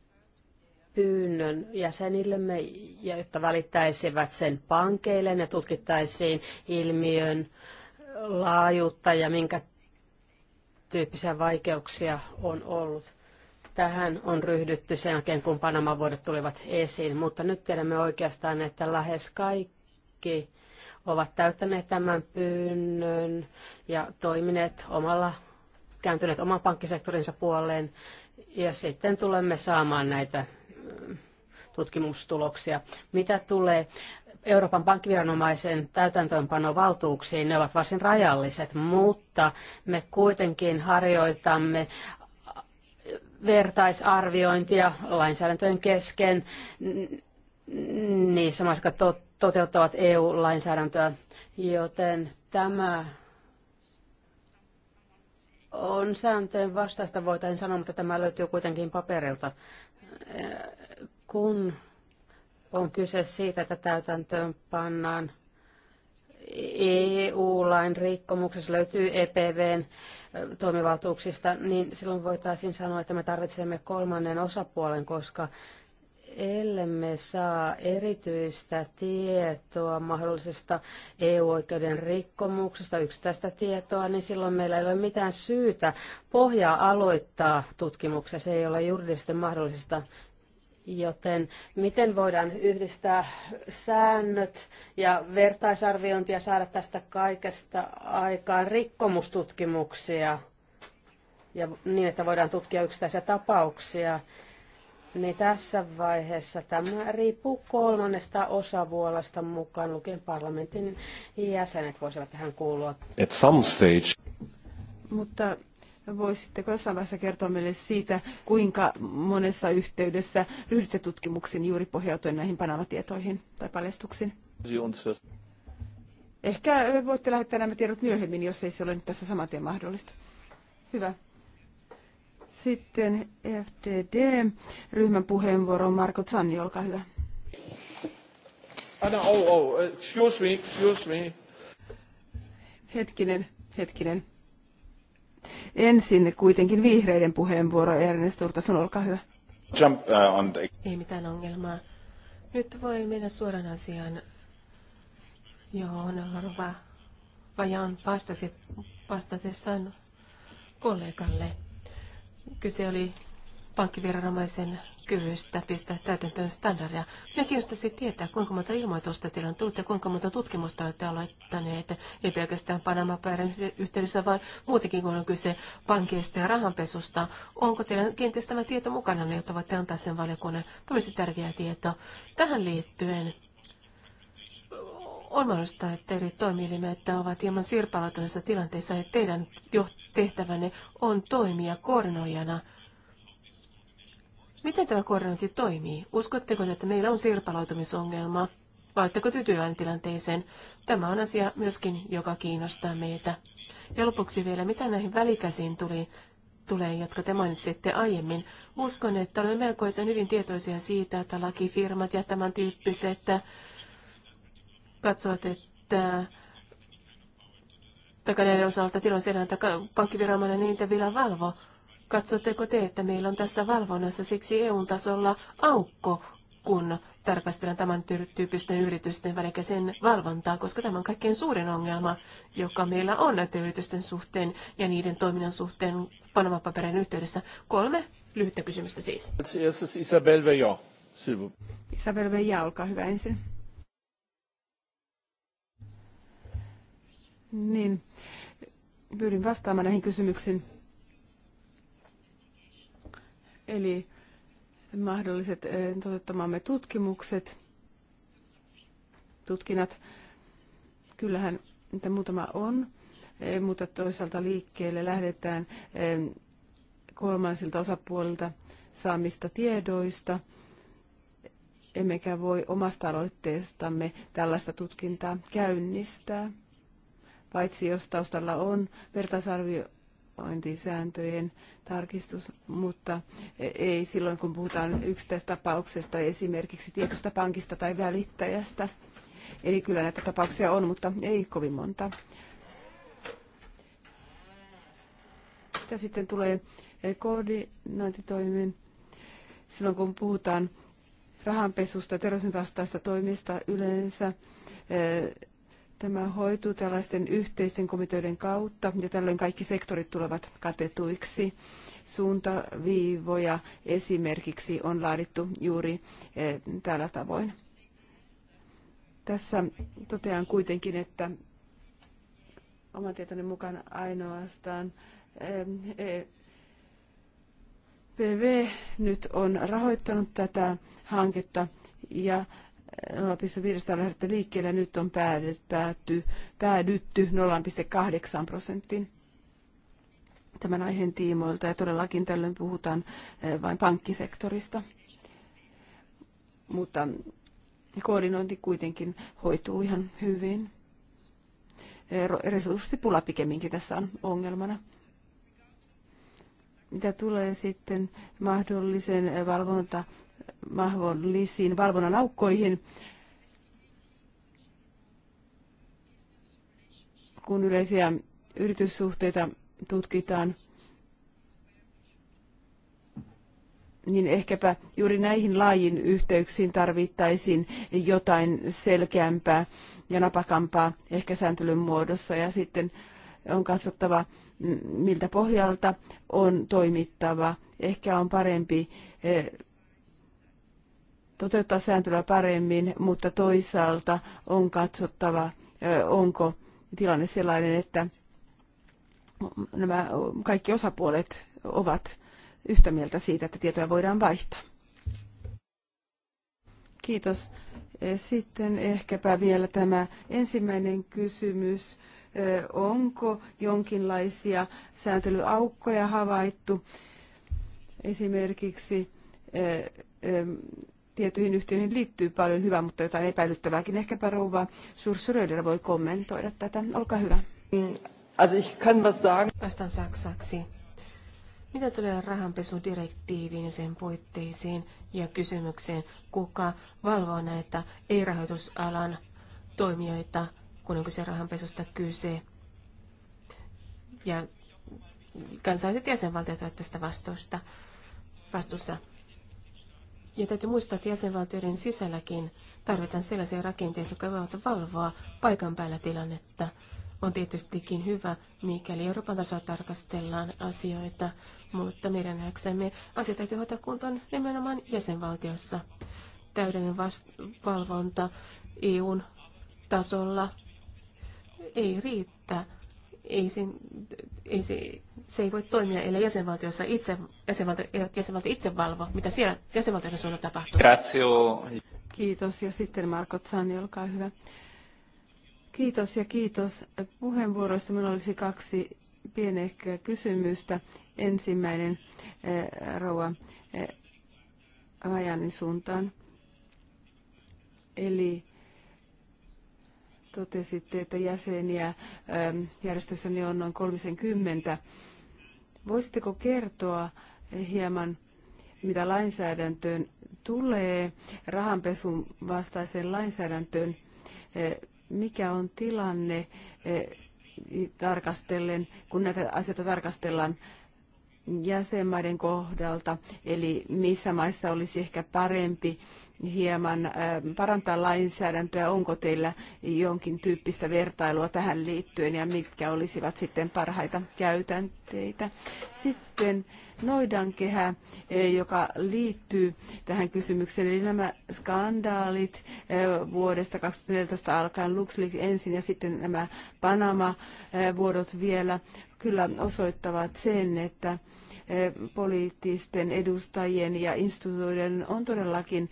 pyynnön jäsenillemme, jotta välittäisivät sen pankeille ja tutkittaisiin ilmiön laajuutta ja minkä tyyppisiä vaikeuksia on ollut. Tähän on ryhdytty sen jälkeen, kun Panaman vuodet tulivat esiin, mutta nyt tiedämme oikeastaan, että lähes kaikki ovat täyttäneet tämän pyynnön ja toimineet omalla, kääntyneet oman pankkisektorinsa puoleen. Ja sitten tulemme saamaan näitä mm, tutkimustuloksia. Mitä tulee Euroopan pankkiviranomaisen täytäntöönpanovaltuuksiin, ne ovat varsin rajalliset, mutta me kuitenkin harjoitamme vertaisarviointia lainsäädäntöjen kesken niissä maissa, jotka toteuttavat EU-lainsäädäntöä, joten tämä on sääntöjen vastaista, voitaisiin sanoa, mutta tämä löytyy kuitenkin paperilta. Kun on kyse siitä, että täytäntöön pannaan EU-lain e rikkomuksessa löytyy EPVn toimivaltuuksista, niin silloin voitaisiin sanoa, että me tarvitsemme kolmannen osapuolen, koska ellemme saa erityistä tietoa mahdollisesta EU-oikeuden rikkomuksesta, yksittäistä tietoa, niin silloin meillä ei ole mitään syytä pohjaa aloittaa tutkimuksessa. Se ei ole juridisesti mahdollista. Joten miten voidaan yhdistää säännöt ja vertaisarviointia saada tästä kaikesta aikaan rikkomustutkimuksia ja niin, että voidaan tutkia yksittäisiä tapauksia, niin tässä vaiheessa tämä riippuu kolmannesta osavuolasta mukaan lukien parlamentin jäsenet voisivat tähän kuulua. At some stage. Mutta Voisitteko jossain vaiheessa kertoa meille siitä, kuinka monessa yhteydessä ryhdytte tutkimuksiin juuri pohjautuen näihin Panama-tietoihin tai paljastuksiin? Ehkä voitte lähettää nämä tiedot myöhemmin, jos ei se ole nyt tässä saman tien mahdollista. Hyvä. Sitten FDD-ryhmän puheenvuoro Marko Zanni, olkaa hyvä. Oh, no, oh, oh, excuse me, excuse me. Hetkinen, hetkinen. Ensin kuitenkin vihreiden puheenvuoro, Ernest Urtason, olkaa hyvä. Jump, uh, on the... Ei mitään ongelmaa. Nyt voi mennä suoraan asiaan, johon Arva Vajan vastasi, vastatessaan kollegalle. Kyse oli pankkiviranomaisen kyvystä pistää täytäntöön standardia. Minä kiinnostaisin tietää, kuinka monta ilmoitusta teillä on tullut ja kuinka monta tutkimusta olette aloittaneet, ei pelkästään panama yhteydessä, vaan muutenkin, kun on kyse pankeista ja rahanpesusta. Onko teillä kenties tämä tieto mukana, jotta voitte antaa sen valiokunnan? Tulisi tärkeä tieto. Tähän liittyen on mahdollista, että eri toimielimet ovat hieman sirpaloituneessa tilanteessa ja teidän tehtävänne on toimia koordinoijana – Miten tämä koordinointi toimii? Uskotteko, että meillä on sirpaloitumisongelma? Vai oletteko tyytyväinen tilanteeseen? Tämä on asia myöskin, joka kiinnostaa meitä. Ja lopuksi vielä, mitä näihin välikäsiin tuli, tulee, jotka te mainitsitte aiemmin. Uskon, että olemme melkoisen hyvin tietoisia siitä, että lakifirmat ja tämän tyyppiset katsovat, että takaneiden näiden osalta tilanne että pankkiviranomainen niitä vielä valvoo. Katsotteko te, että meillä on tässä valvonnassa siksi EU-tasolla aukko, kun tarkastellaan tämän tyyppisten yritysten välikäisen valvontaa, koska tämä on kaikkein suurin ongelma, joka meillä on näiden yritysten suhteen ja niiden toiminnan suhteen Panama-paperin yhteydessä. Kolme lyhyttä kysymystä siis. Isabel Veja, Isabel Veja, olkaa hyvä ensin. Niin, pyydin vastaamaan näihin kysymyksiin Eli mahdolliset eh, toteuttamamme tutkimukset, tutkinnat, kyllähän niitä muutama on, eh, mutta toisaalta liikkeelle lähdetään eh, kolmansilta osapuolilta saamista tiedoista, emmekä voi omasta aloitteestamme tällaista tutkintaa käynnistää. Paitsi jos taustalla on vertaisarvio raportointisääntöjen tarkistus, mutta ei silloin, kun puhutaan tapauksesta, esimerkiksi tietystä pankista tai välittäjästä. Eli kyllä näitä tapauksia on, mutta ei kovin monta. Mitä sitten tulee koordinointitoimiin? Silloin kun puhutaan rahanpesusta, terrorismin vastaista toimista yleensä, eh, Tämä hoituu tällaisten yhteisten komiteoiden kautta ja tällöin kaikki sektorit tulevat katetuiksi. Suuntaviivoja esimerkiksi on laadittu juuri eh, tällä tavoin. Tässä totean kuitenkin, että oman tietoni mukaan ainoastaan eh, e PV nyt on rahoittanut tätä hanketta ja 0,5 on lähdetty liikkeelle ja nyt on päädytty, päädytty 0,8 prosenttiin tämän aiheen tiimoilta ja todellakin tällöin puhutaan eh, vain pankkisektorista. Mutta koordinointi kuitenkin hoituu ihan hyvin. Eh, resurssipula pikemminkin tässä on ongelmana. Mitä tulee sitten mahdollisen eh, valvonta mahdollisiin valvonnan aukkoihin, kun yleisiä yrityssuhteita tutkitaan, niin ehkäpä juuri näihin laajin yhteyksiin tarvittaisiin jotain selkeämpää ja napakampaa ehkä sääntelyn muodossa. Ja sitten on katsottava, miltä pohjalta on toimittava. Ehkä on parempi eh, toteuttaa sääntelyä paremmin, mutta toisaalta on katsottava, onko tilanne sellainen, että nämä kaikki osapuolet ovat yhtä mieltä siitä, että tietoja voidaan vaihtaa. Kiitos. E, sitten ehkäpä vielä tämä ensimmäinen kysymys. E, onko jonkinlaisia sääntelyaukkoja havaittu? Esimerkiksi e, tiettyihin yhtiöihin liittyy paljon hyvää, mutta jotain epäilyttävääkin. Ehkäpä rouva Sursuröder voi kommentoida tätä. Olkaa hyvä. Also ich kann was sagen. Vastaan saksaksi. Mitä tulee rahanpesudirektiiviin sen puitteisiin ja kysymykseen, kuka valvoo näitä ei-rahoitusalan toimijoita, kun onko se rahanpesusta kyse? Ja kansalliset jäsenvaltiot ovat tästä vastuusta, vastuussa. Ja täytyy muistaa, että jäsenvaltioiden sisälläkin tarvitaan sellaisia rakenteita, jotka voivat valvoa paikan päällä tilannetta. On tietystikin hyvä, mikäli Euroopan tasolla tarkastellaan asioita, mutta meidän nähdäksemme asia täytyy hoitaa kuntoon nimenomaan jäsenvaltiossa. Täydellinen valvonta EUn tasolla ei riittää ei, sen, ei se, se, ei voi toimia, ellei jäsenvaltiossa itse, jäsenvaltio, jäsenvaltio itse valvo, mitä siellä jäsenvaltioiden suunnalla tapahtuu. Grazio. Kiitos ja sitten Marko Tsani, olkaa hyvä. Kiitos ja kiitos puheenvuoroista. Minulla olisi kaksi pienehköä kysymystä. Ensimmäinen eh, rouva eh, Rajanin suuntaan. Eli Totesitte, että jäseniä ähm, järjestössäni on noin 30. Voisitteko kertoa hieman, mitä lainsäädäntöön tulee, rahanpesun vastaiseen lainsäädäntöön? Äh, mikä on tilanne äh, tarkastellen, kun näitä asioita tarkastellaan jäsenmaiden kohdalta, eli missä maissa olisi ehkä parempi hieman parantaa lainsäädäntöä? Onko teillä jonkin tyyppistä vertailua tähän liittyen ja mitkä olisivat sitten parhaita käytäntöjä? jännitteitä. Sitten noidankehä, eh, joka liittyy tähän kysymykseen, eli nämä skandaalit eh, vuodesta 2014 alkaen, LuxLeaks ensin ja sitten nämä Panama-vuodot eh, vielä, kyllä osoittavat sen, että poliittisten edustajien ja instituutioiden on todellakin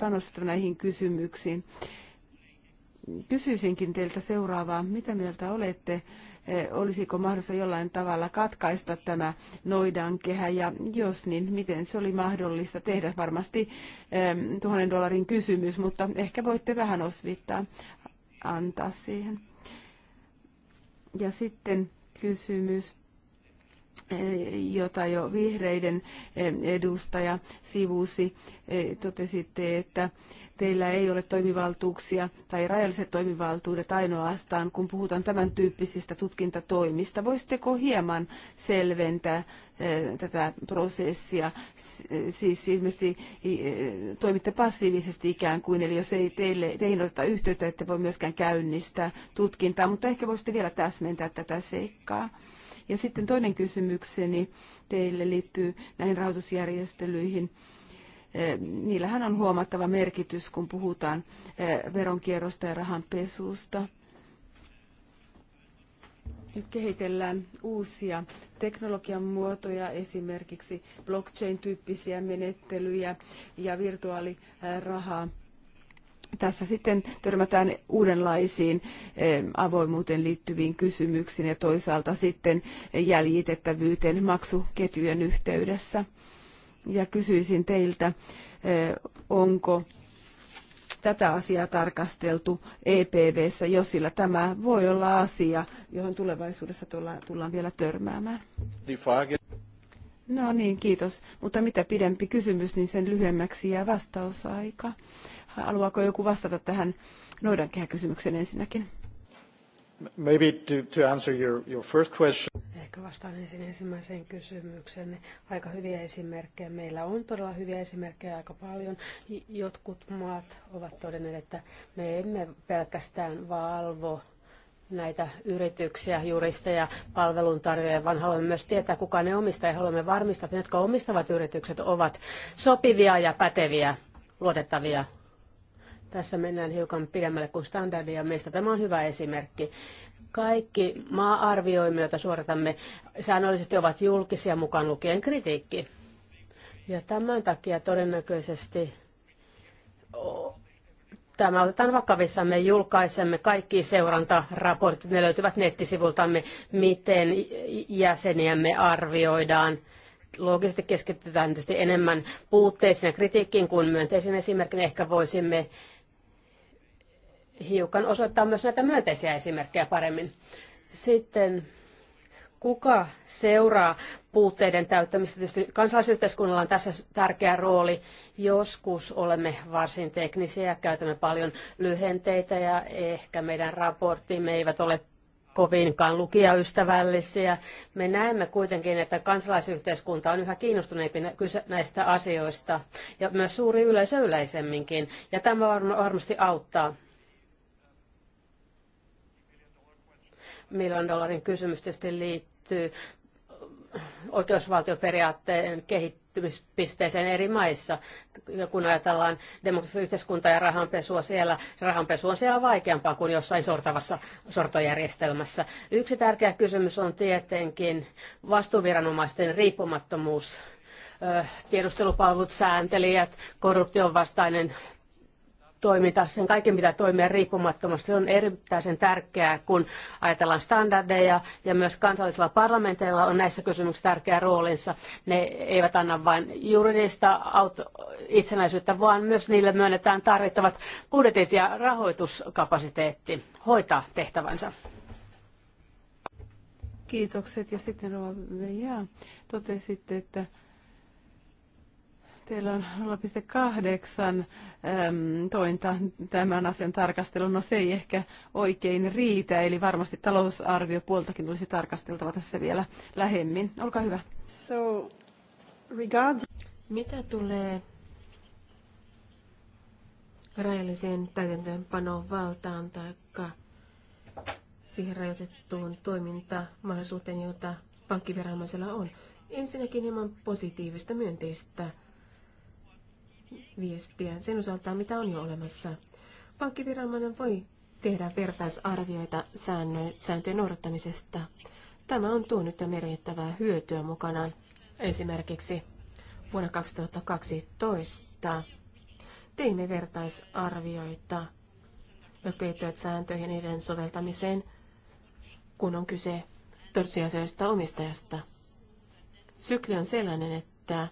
panostettu näihin kysymyksiin. Kysyisinkin teiltä seuraavaa. Mitä mieltä olette Eh, olisiko mahdollista jollain tavalla katkaista tämä noidankehä ja jos niin, miten se oli mahdollista tehdä? Varmasti tuhannen dollarin kysymys, mutta ehkä voitte vähän osvittaa antaa siihen. Ja sitten kysymys jota jo vihreiden eh, edustaja sivusi. Eh, totesitte, että teillä ei ole toimivaltuuksia tai rajalliset toimivaltuudet ainoastaan, kun puhutaan tämän tyyppisistä tutkintatoimista. Voisitteko hieman selventää eh, tätä prosessia? Siis ilmeisesti toimitte passiivisesti ikään kuin, eli jos ei teille, teihin oteta yhteyttä, ette voi myöskään käynnistää tutkintaa, mutta ehkä voisitte vielä täsmentää tätä seikkaa. Ja sitten toinen kysymykseni teille liittyy näihin rahoitusjärjestelyihin. Eh, niillähän on huomattava merkitys, kun puhutaan eh, veronkierrosta ja rahanpesusta nyt kehitellään uusia teknologian muotoja, esimerkiksi blockchain-tyyppisiä menettelyjä ja virtuaalirahaa tässä sitten törmätään uudenlaisiin eh, avoimuuteen liittyviin kysymyksiin ja toisaalta sitten jäljitettävyyteen maksuketjujen yhteydessä. Ja kysyisin teiltä, eh, onko tätä asiaa tarkasteltu EPVssä, jos sillä tämä voi olla asia, johon tulevaisuudessa tullaan vielä törmäämään. No niin, kiitos. Mutta mitä pidempi kysymys, niin sen lyhyemmäksi jää vastausaika. Haluaako joku vastata tähän noidankehäkysymykseen ensinnäkin? Maybe to, to answer your, your first question. Ehkä vastaan ensin ensimmäiseen kysymykseen. Aika hyviä esimerkkejä. Meillä on todella hyviä esimerkkejä aika paljon. Jotkut maat ovat todenneet, että me emme pelkästään valvo näitä yrityksiä, juristeja, palveluntarjoajia, vaan haluamme myös tietää, kuka ne omistaa ja haluamme varmistaa, että ne, jotka omistavat yritykset, ovat sopivia ja päteviä, luotettavia tässä mennään hiukan pidemmälle kuin standardia. Meistä tämä on hyvä esimerkki. Kaikki maa-arvioimme, joita suoritamme, säännöllisesti ovat julkisia mukaan lukien kritiikki. Ja tämän takia todennäköisesti tämä otetaan vakavissamme, julkaisemme kaikki seurantaraportit, ne löytyvät nettisivultamme, miten jäseniämme arvioidaan. Loogisesti keskitytään tietysti enemmän puutteisiin ja kritiikkiin kuin myönteisiin esimerkkinä. Ehkä voisimme hiukan osoittaa myös näitä myönteisiä esimerkkejä paremmin. Sitten kuka seuraa puutteiden täyttämistä. Tietysti kansalaisyhteiskunnalla on tässä tärkeä rooli. Joskus olemme varsin teknisiä, käytämme paljon lyhenteitä ja ehkä meidän raporttimme eivät ole kovinkaan lukijaystävällisiä. Me näemme kuitenkin, että kansalaisyhteiskunta on yhä kiinnostuneempi näistä asioista ja myös suuri yleisö yleisemminkin. Ja tämä varmasti auttaa miljoonan dollarin kysymys tietysti liittyy oikeusvaltioperiaatteen kehittymispisteeseen eri maissa. Ja kun ajatellaan demokratista yhteiskuntaa ja rahanpesua siellä, rahanpesu on siellä vaikeampaa kuin jossain sortavassa sortojärjestelmässä. Yksi tärkeä kysymys on tietenkin vastuuviranomaisten riippumattomuus tiedustelupalvelut, sääntelijät, korruption vastainen toiminta, sen kaiken pitää toimia riippumattomasti. Se on erittäin tärkeää, kun ajatellaan standardeja ja myös kansallisilla parlamenteilla on näissä kysymyksissä tärkeä roolinsa. Ne eivät anna vain juridista itsenäisyyttä, vaan myös niille myönnetään tarvittavat budjetit ja rahoituskapasiteetti hoitaa tehtävänsä. Kiitokset ja sitten Rova Veijaa. Totesitte, että Teillä on 0,8 tointa tämän asian tarkastelun. No se ei ehkä oikein riitä, eli varmasti talousarvio puoltakin olisi tarkasteltava tässä vielä lähemmin. Olkaa hyvä. So, regards... Mitä tulee rajalliseen täytäntöönpanoon valtaan tai siihen rajoitettuun toimintamahdollisuuteen, jota pankkiviranomaisella on? Ensinnäkin hieman positiivista myönteistä viestiä sen osalta, mitä on jo olemassa. Pankkiviranomainen voi tehdä vertaisarvioita sääntöjen noudattamisesta. Tämä on tuonut jo merkittävää hyötyä mukanaan. Esimerkiksi vuonna 2012 teimme vertaisarvioita, jotka sääntöihin ja niiden soveltamiseen, kun on kyse tosiasiallisesta omistajasta. Sykli on sellainen, että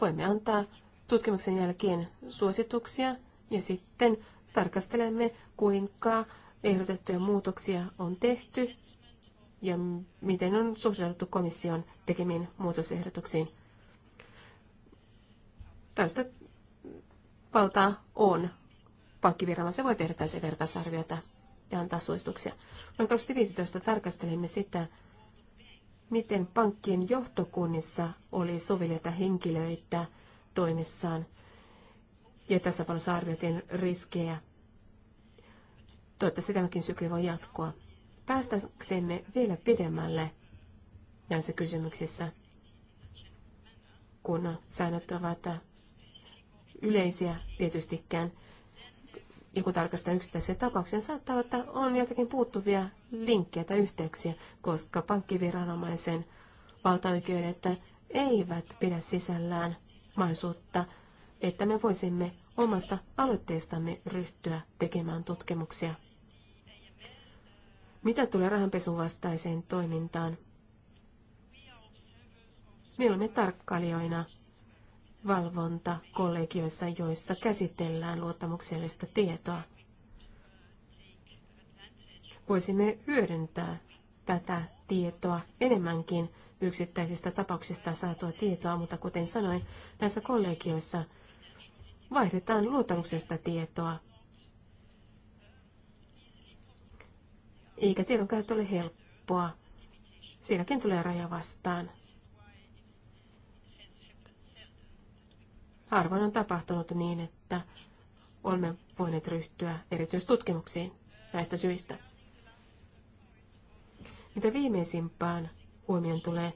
voimme antaa tutkimuksen jälkeen suosituksia ja sitten tarkastelemme, kuinka ehdotettuja muutoksia on tehty ja miten on suhtauduttu komission tekemiin muutosehdotuksiin. Tästä valtaa on. Pankkiviranomaisen voi tehdä tällaisia vertaisarvioita ja antaa suosituksia. Noin 2015 tarkastelimme sitä, miten pankkien johtokunnissa oli sovelleita henkilöitä – toimissaan ja tässä valossa arvioitiin riskejä. Toivottavasti tämäkin sykli voi jatkua. Päästäksemme vielä pidemmälle näissä kysymyksissä, kun säännöt ovat yleisiä tietystikään, ja kun tarkastetaan yksittäisiä tapauksia, niin saattaa olla, että on jotakin puuttuvia linkkejä tai yhteyksiä, koska pankkiviranomaisen valtaoikeudet eivät pidä sisällään – mahdollisuutta, että me voisimme omasta aloitteestamme ryhtyä tekemään tutkimuksia. Mitä tulee rahanpesun vastaiseen toimintaan? Me olemme tarkkailijoina valvontakollegioissa, joissa käsitellään luottamuksellista tietoa. Voisimme hyödyntää tätä tietoa, enemmänkin yksittäisistä tapauksista saatua tietoa, mutta kuten sanoin, näissä kollegioissa vaihdetaan luottamuksesta tietoa. Eikä tiedon käyttö ole helppoa. Siinäkin tulee raja vastaan. Harvoin on tapahtunut niin, että olemme voineet ryhtyä erityistutkimuksiin näistä syistä. Mitä viimeisimpään huomioon tulee,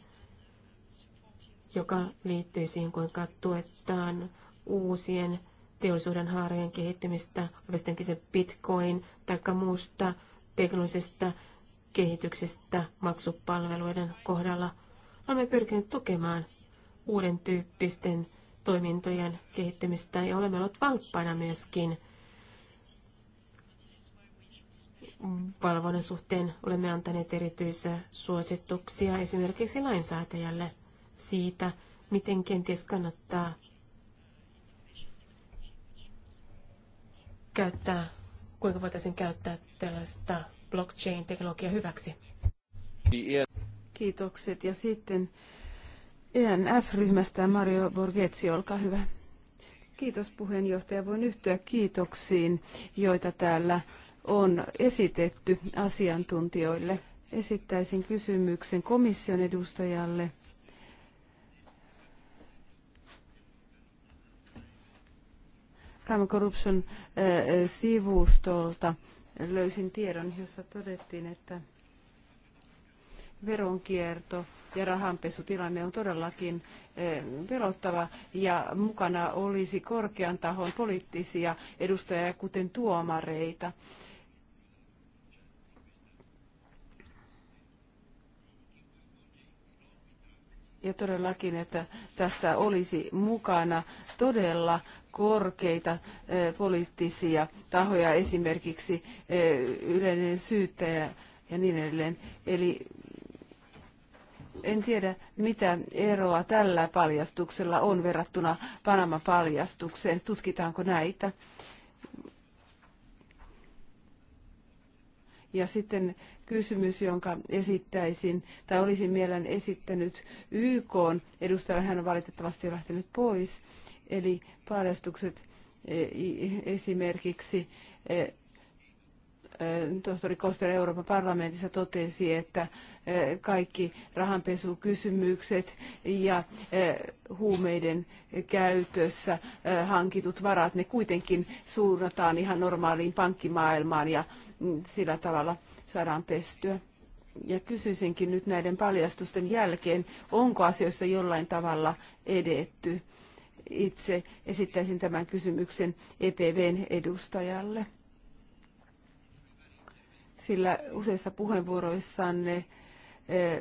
joka liittyy siihen, kuinka tuetaan uusien teollisuuden haarojen kehittämistä, sitten kyse bitcoin tai muusta teknologisesta kehityksestä maksupalveluiden kohdalla. Olemme pyrkineet tukemaan uuden tyyppisten toimintojen kehittämistä ja olemme olleet valppaina myöskin valvonnan suhteen olemme antaneet erityisiä suosituksia esimerkiksi lainsäätäjälle siitä, miten kenties kannattaa käyttää, kuinka voitaisiin käyttää tällaista blockchain-teknologiaa hyväksi. Kiitokset. Ja sitten ENF-ryhmästä Mario Borghetsi, olkaa hyvä. Kiitos puheenjohtaja. Voin yhtyä kiitoksiin, joita täällä on esitetty asiantuntijoille. Esittäisin kysymyksen komission edustajalle. Crime Corruption äh, sivustolta löysin tiedon, jossa todettiin, että veronkierto ja rahanpesutilanne on todellakin äh, pelottava ja mukana olisi korkean tahon poliittisia edustajia, kuten tuomareita. ja todellakin, että tässä olisi mukana todella korkeita eh, poliittisia tahoja, esimerkiksi eh, yleinen syyttäjä ja niin edelleen. Eli en tiedä, mitä eroa tällä paljastuksella on verrattuna Panama-paljastukseen. Tutkitaanko näitä? Ja sitten kysymys, jonka esittäisin, tai olisin mielen esittänyt YK edustajalle, hän on valitettavasti lähtenyt pois, eli paljastukset e, esimerkiksi e, tohtori Koster Euroopan parlamentissa totesi, että kaikki rahanpesukysymykset ja huumeiden käytössä hankitut varat, ne kuitenkin suunnataan ihan normaaliin pankkimaailmaan ja mm, sillä tavalla saadaan pestyä. Ja kysyisinkin nyt näiden paljastusten jälkeen, onko asioissa jollain tavalla edetty? Itse esittäisin tämän kysymyksen EPVn edustajalle sillä useissa puheenvuoroissanne eh,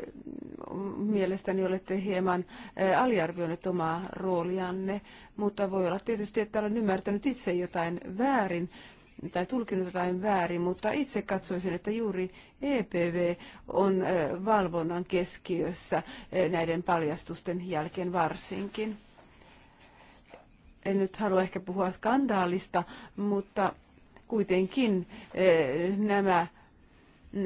mielestäni olette hieman eh, aliarvioineet omaa roolianne, mutta voi olla tietysti, että olen ymmärtänyt itse jotain väärin tai tulkinut jotain väärin, mutta itse katsoisin, että juuri EPV on eh, valvonnan keskiössä näiden paljastusten jälkeen varsinkin. En nyt halua ehkä puhua skandaalista, mutta kuitenkin nämä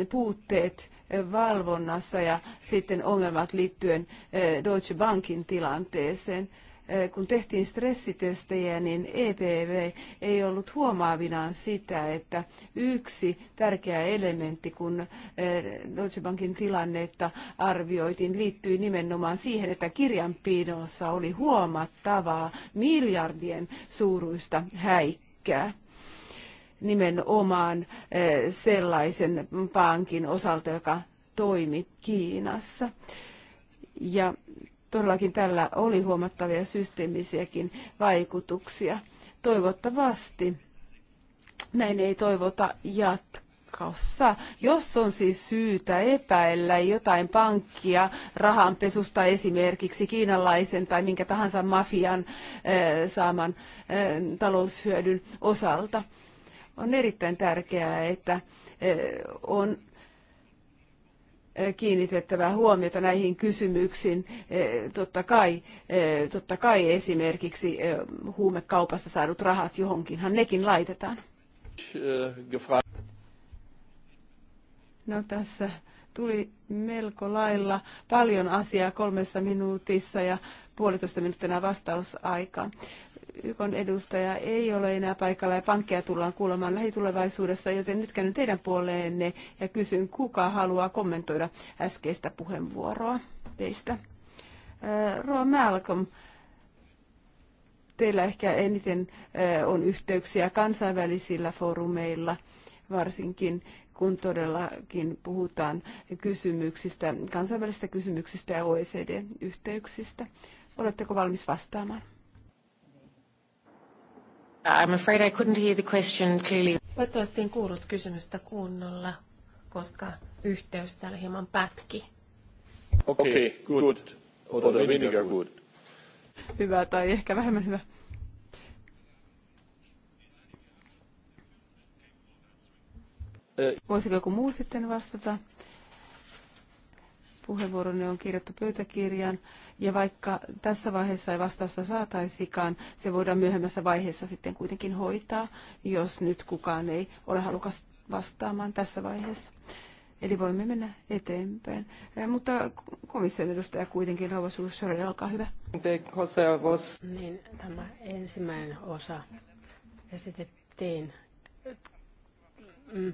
puutteet eh, valvonnassa ja sitten ongelmat liittyen eh, Deutsche Bankin tilanteeseen. Eh, kun tehtiin stressitestejä, niin EPV ei ollut huomaavinaan sitä, että yksi tärkeä elementti, kun Deutsche Bankin tilannetta arvioitiin, liittyi nimenomaan siihen, että kirjanpidossa oli huomattavaa miljardien suuruista häikkää nimenomaan eh, sellaisen pankin osalta, joka toimi Kiinassa. Ja todellakin tällä oli huomattavia systeemisiäkin vaikutuksia. Toivottavasti näin ei toivota jatkossa. Jos on siis syytä epäillä jotain pankkia rahanpesusta esimerkiksi kiinalaisen tai minkä tahansa mafian eh, saaman eh, taloushyödyn osalta, on erittäin tärkeää, että eh, on eh, kiinnitettävä huomiota näihin kysymyksiin. Eh, totta kai, totta kai esimerkiksi huumekaupasta saadut rahat johonkinhan nekin laitetaan. No tässä tuli melko lailla paljon asiaa kolmessa minuutissa ja puolitoista minuuttia vastausaikaa. YKn edustaja ei ole enää paikalla ja pankkeja tullaan kuulemaan lähitulevaisuudessa, joten nyt käyn teidän puoleenne ja kysyn, kuka haluaa kommentoida äskeistä puheenvuoroa teistä. Äh, Roa Malcolm, teillä ehkä eniten äh, on yhteyksiä kansainvälisillä foorumeilla, varsinkin kun todellakin puhutaan kysymyksistä, kansainvälisistä kysymyksistä ja OECD-yhteyksistä. Oletteko valmis vastaamaan? Uh, I'm afraid I couldn't hear the question clearly. Toivottavasti en kuullut kysymystä kunnolla, koska yhteys täällä hieman pätki. Okei, okay, good. good. the weniger good. Hyvä tai ehkä vähemmän hyvä. Voisiko joku muu sitten vastata? puheenvuoronne on kirjattu pöytäkirjaan, ja vaikka tässä vaiheessa ei vastausta saataisikaan, se voidaan myöhemmässä vaiheessa sitten kuitenkin hoitaa, jos nyt kukaan ei ole halukas vastaamaan tässä vaiheessa. Eli voimme mennä eteenpäin. Eh, mutta komission edustaja kuitenkin, Rova Suussori, olkaa hyvä. Niin, tämä ensimmäinen osa esitettiin mm,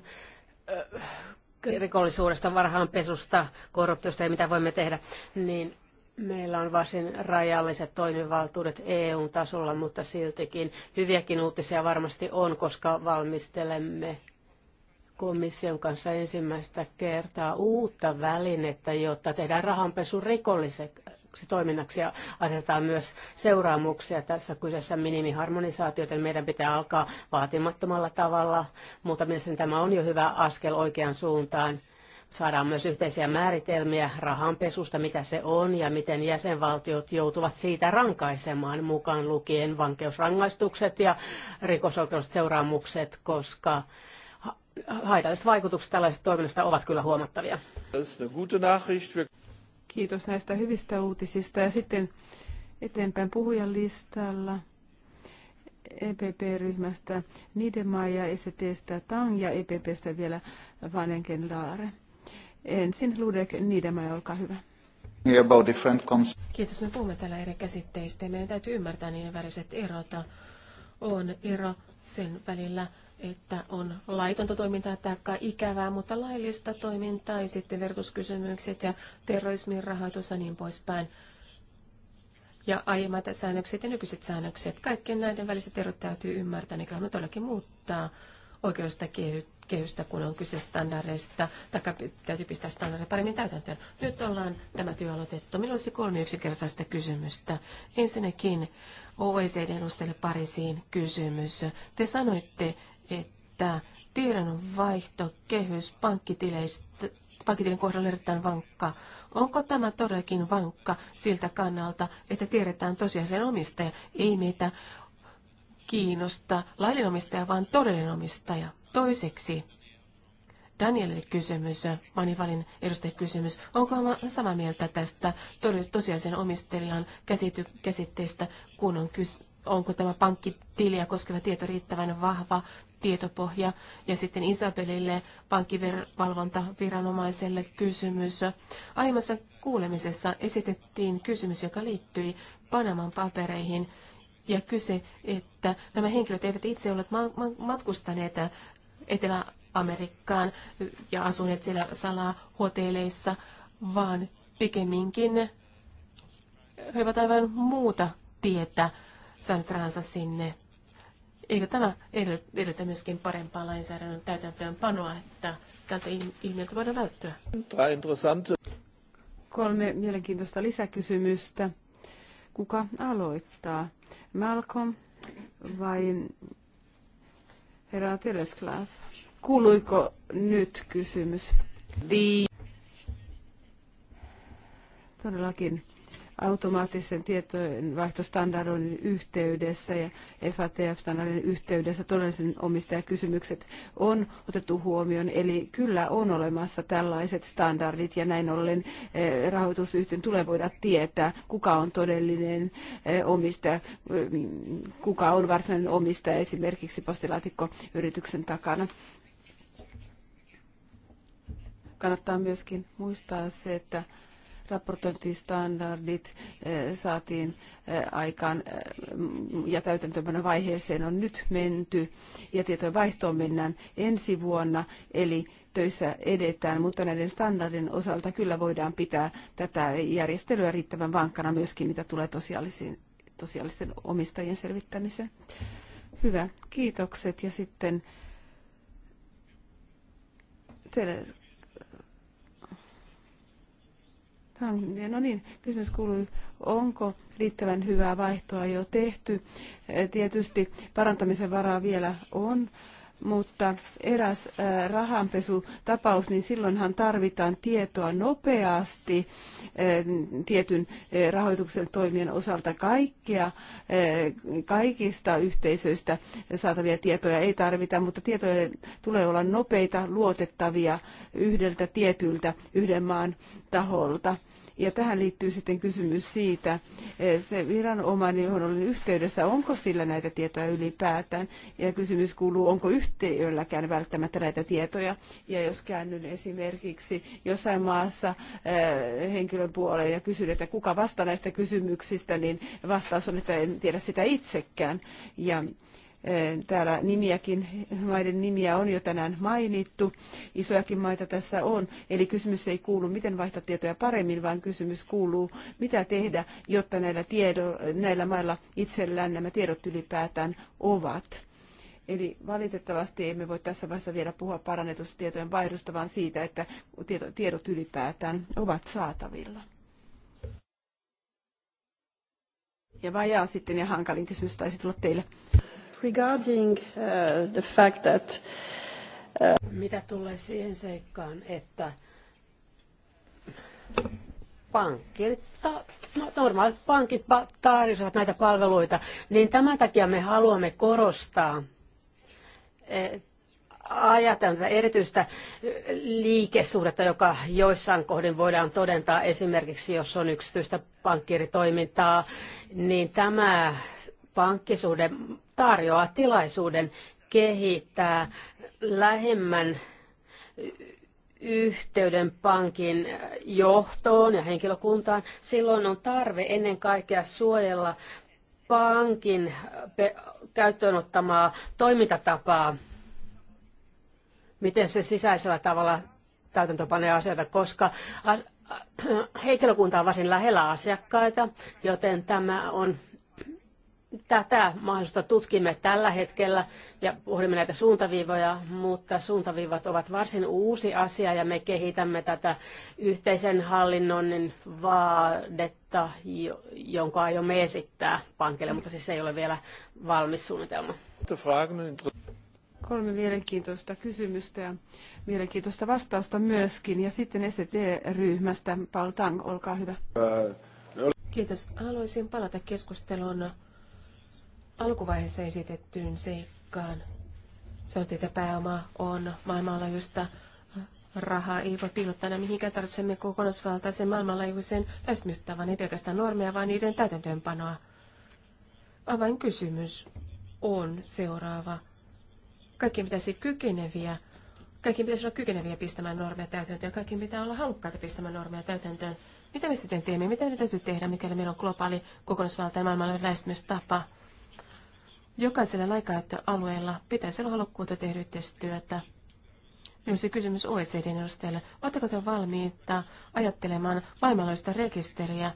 rikollisuudesta, varhaanpesusta, korruptiosta ja mitä voimme tehdä, niin meillä on varsin rajalliset toimivaltuudet EU-tasolla, mutta siltikin hyviäkin uutisia varmasti on, koska valmistelemme komission kanssa ensimmäistä kertaa uutta välinettä, jotta tehdään rahanpesu toiminnaksi, toiminnaksi ja asetetaan myös seuraamuksia. Tässä kyseessä minimiharmonisaatio, joten meidän pitää alkaa vaatimattomalla tavalla, mutta mielestäni tämä on jo hyvä askel oikeaan suuntaan saadaan myös yhteisiä määritelmiä rahanpesusta, mitä se on ja miten jäsenvaltiot joutuvat siitä rankaisemaan mukaan lukien vankeusrangaistukset ja rikosoikeudelliset seuraamukset, koska haitalliset vaikutukset tällaisesta toiminnasta ovat kyllä huomattavia. Kiitos näistä hyvistä uutisista. Ja sitten eteenpäin puhujan listalla EPP-ryhmästä Nidemaa ja STstä e Tang ja EPPstä vielä Vanenken Laare. Ensin Ludek Nidemaa, olkaa hyvä. Kiitos. Me puhumme täällä eri käsitteistä meidän täytyy ymmärtää niiden väliset erot. On ero sen välillä, että on laitonta toimintaa tai ikävää, mutta laillista toimintaa ja sitten verotuskysymykset ja terrorismin rahoitus ja niin poispäin. Ja aiemmat säännökset ja nykyiset säännökset. Kaikkien näiden väliset erot täytyy ymmärtää, kyllä me todellakin muuttaa oikeudesta kehystä, kun on kyse standardeista, tai täytyy pistää standardeja paremmin täytäntöön. Nyt ollaan tämä työ aloitettu. Minulla olisi kolme yksinkertaista kysymystä. Ensinnäkin OECD-edustajalle Pariisiin kysymys. Te sanoitte, että tiedonvaihto kehys pankkitilien kohdalla erittäin vankka. Onko tämä todellakin vankka siltä kannalta, että tiedetään tosiaan sen omistaja, ei meitä kiinnosta laillinen omistaja, vaan todellinen omistaja? Toiseksi, Danielille kysymys, Manivalin edustajan kysymys. Onko samaa mieltä tästä sen omistajan käsitteestä, kun on kys, onko tämä pankkitiliä koskeva tieto riittävän vahva tietopohja. Ja sitten Isabelille, pankkivalvontaviranomaiselle kysymys. Aiemmassa kuulemisessa esitettiin kysymys, joka liittyi Panaman papereihin. Ja kyse, että nämä henkilöt eivät itse ole matkustaneet Etelä-Amerikkaan ja asuneet siellä salaa hotelleissa, vaan pikemminkin he ovat aivan muuta tietä saanut rahansa sinne. Eikö tämä edellytä myöskin parempaa lainsäädännön täytäntöönpanoa, että tältä ilmiöltä voidaan välttyä? Kolme mielenkiintoista lisäkysymystä. Kuka aloittaa? Malcolm vai herra Telesklav? Kuuluiko nyt kysymys? The... Todellakin automaattisen tietojenvaihtostandardoinnin yhteydessä ja FATF-standardin yhteydessä todellisen omistajakysymykset on otettu huomioon. Eli kyllä on olemassa tällaiset standardit ja näin ollen eh, rahoitusyhtiön tulee voida tietää, kuka on todellinen eh, omistaja, mm, kuka on varsinainen omistaja esimerkiksi postilaatikkoyrityksen takana kannattaa myöskin muistaa se, että raportointistandardit eh, saatiin eh, aikaan eh, ja täytäntöönpano vaiheeseen on nyt menty ja tietojen vaihtoon mennään ensi vuonna, eli töissä edetään, mutta näiden standardin osalta kyllä voidaan pitää tätä järjestelyä riittävän vankkana myöskin, mitä tulee tosiaalisten omistajien selvittämiseen. Hyvä, kiitokset ja sitten Teres No niin, kysymys kuuluu, onko riittävän hyvää vaihtoa jo tehty? Tietysti parantamisen varaa vielä on, mutta eräs äh, rahanpesutapaus, niin silloinhan tarvitaan tietoa nopeasti äh, tietyn äh, rahoituksen toimien osalta kaikkea, kaikista yhteisöistä saatavia tietoja ei tarvita, mutta tietoja tulee olla nopeita, luotettavia yhdeltä tietyltä yhden maan taholta ja tähän liittyy sitten kysymys siitä, eh, se viranomainen, johon olen yhteydessä, onko sillä näitä tietoja ylipäätään? Ja kysymys kuuluu, onko yhteydelläkään välttämättä näitä tietoja? Ja jos käännyn esimerkiksi jossain maassa eh, henkilön puoleen ja kysyn, että kuka vastaa näistä kysymyksistä, niin vastaus on, että en tiedä sitä itsekään. Ja Eh, täällä nimiäkin, maiden nimiä on jo tänään mainittu. Isojakin maita tässä on. Eli kysymys ei kuulu, miten vaihtaa tietoja paremmin, vaan kysymys kuuluu, mitä tehdä, jotta näillä, tiedo, näillä mailla itsellään nämä tiedot ylipäätään ovat. Eli valitettavasti emme voi tässä vaiheessa vielä puhua parannetusta tietojen vaihdosta, vaan siitä, että tiedot ylipäätään ovat saatavilla. Ja vajaa sitten ja hankalin kysymys taisi tulla teille regarding uh, the fact that uh, mitä tulee siihen seikkaan, että pankkit, no, normaalit pankit tarjoavat näitä palveluita, niin tämän takia me haluamme korostaa e, ajatella tätä erityistä liikesuhdetta, joka joissain kohdin voidaan todentaa, esimerkiksi jos on yksityistä pankkiiritoimintaa, niin tämä pankkisuhde tarjoaa tilaisuuden kehittää lähemmän yhteyden pankin johtoon ja henkilökuntaan. Silloin on tarve ennen kaikkea suojella pankin käyttöön ottamaa toimintatapaa, miten se sisäisellä tavalla täytäntöpanee asioita, koska henkilökunta on varsin lähellä asiakkaita, joten tämä on tätä mahdollista tutkimme tällä hetkellä ja pohdimme näitä suuntaviivoja, mutta suuntaviivat ovat varsin uusi asia ja me kehitämme tätä yhteisen hallinnoinnin vaadetta, jonka aiomme esittää pankille, mutta siis ei ole vielä valmis suunnitelma. Kolme mielenkiintoista kysymystä ja mielenkiintoista vastausta myöskin. Ja sitten ST-ryhmästä Paul Tang, olkaa hyvä. Kiitos. Haluaisin palata keskusteluun alkuvaiheessa esitettyyn seikkaan. on että pääoma on maailmanlaajuista rahaa ei voi piilottaa näin mihinkään. Tarvitsemme kokonaisvaltaisen maailmanlaajuisen lähestymistavan, ei pelkästään normeja, vaan niiden täytäntöönpanoa. Avain kysymys on seuraava. Kaikki pitäisi kykeneviä, kaikki pitäisi olla kykeneviä pistämään normeja täytäntöön, kaikki pitää olla halukkaita pistämään normeja täytäntöön. Mitä me sitten teemme? Mitä meidän täytyy tehdä, mikäli meillä on globaali kokonaisvaltainen maailmanlaajuinen lähestymistapa? Jokaisella laikäyttöalueella pitäisi olla halukkuutta tehdä yhteistyötä. se kysymys OECDn edustajalle. Oletteko te valmiita ajattelemaan maailmanlaista rekisteriä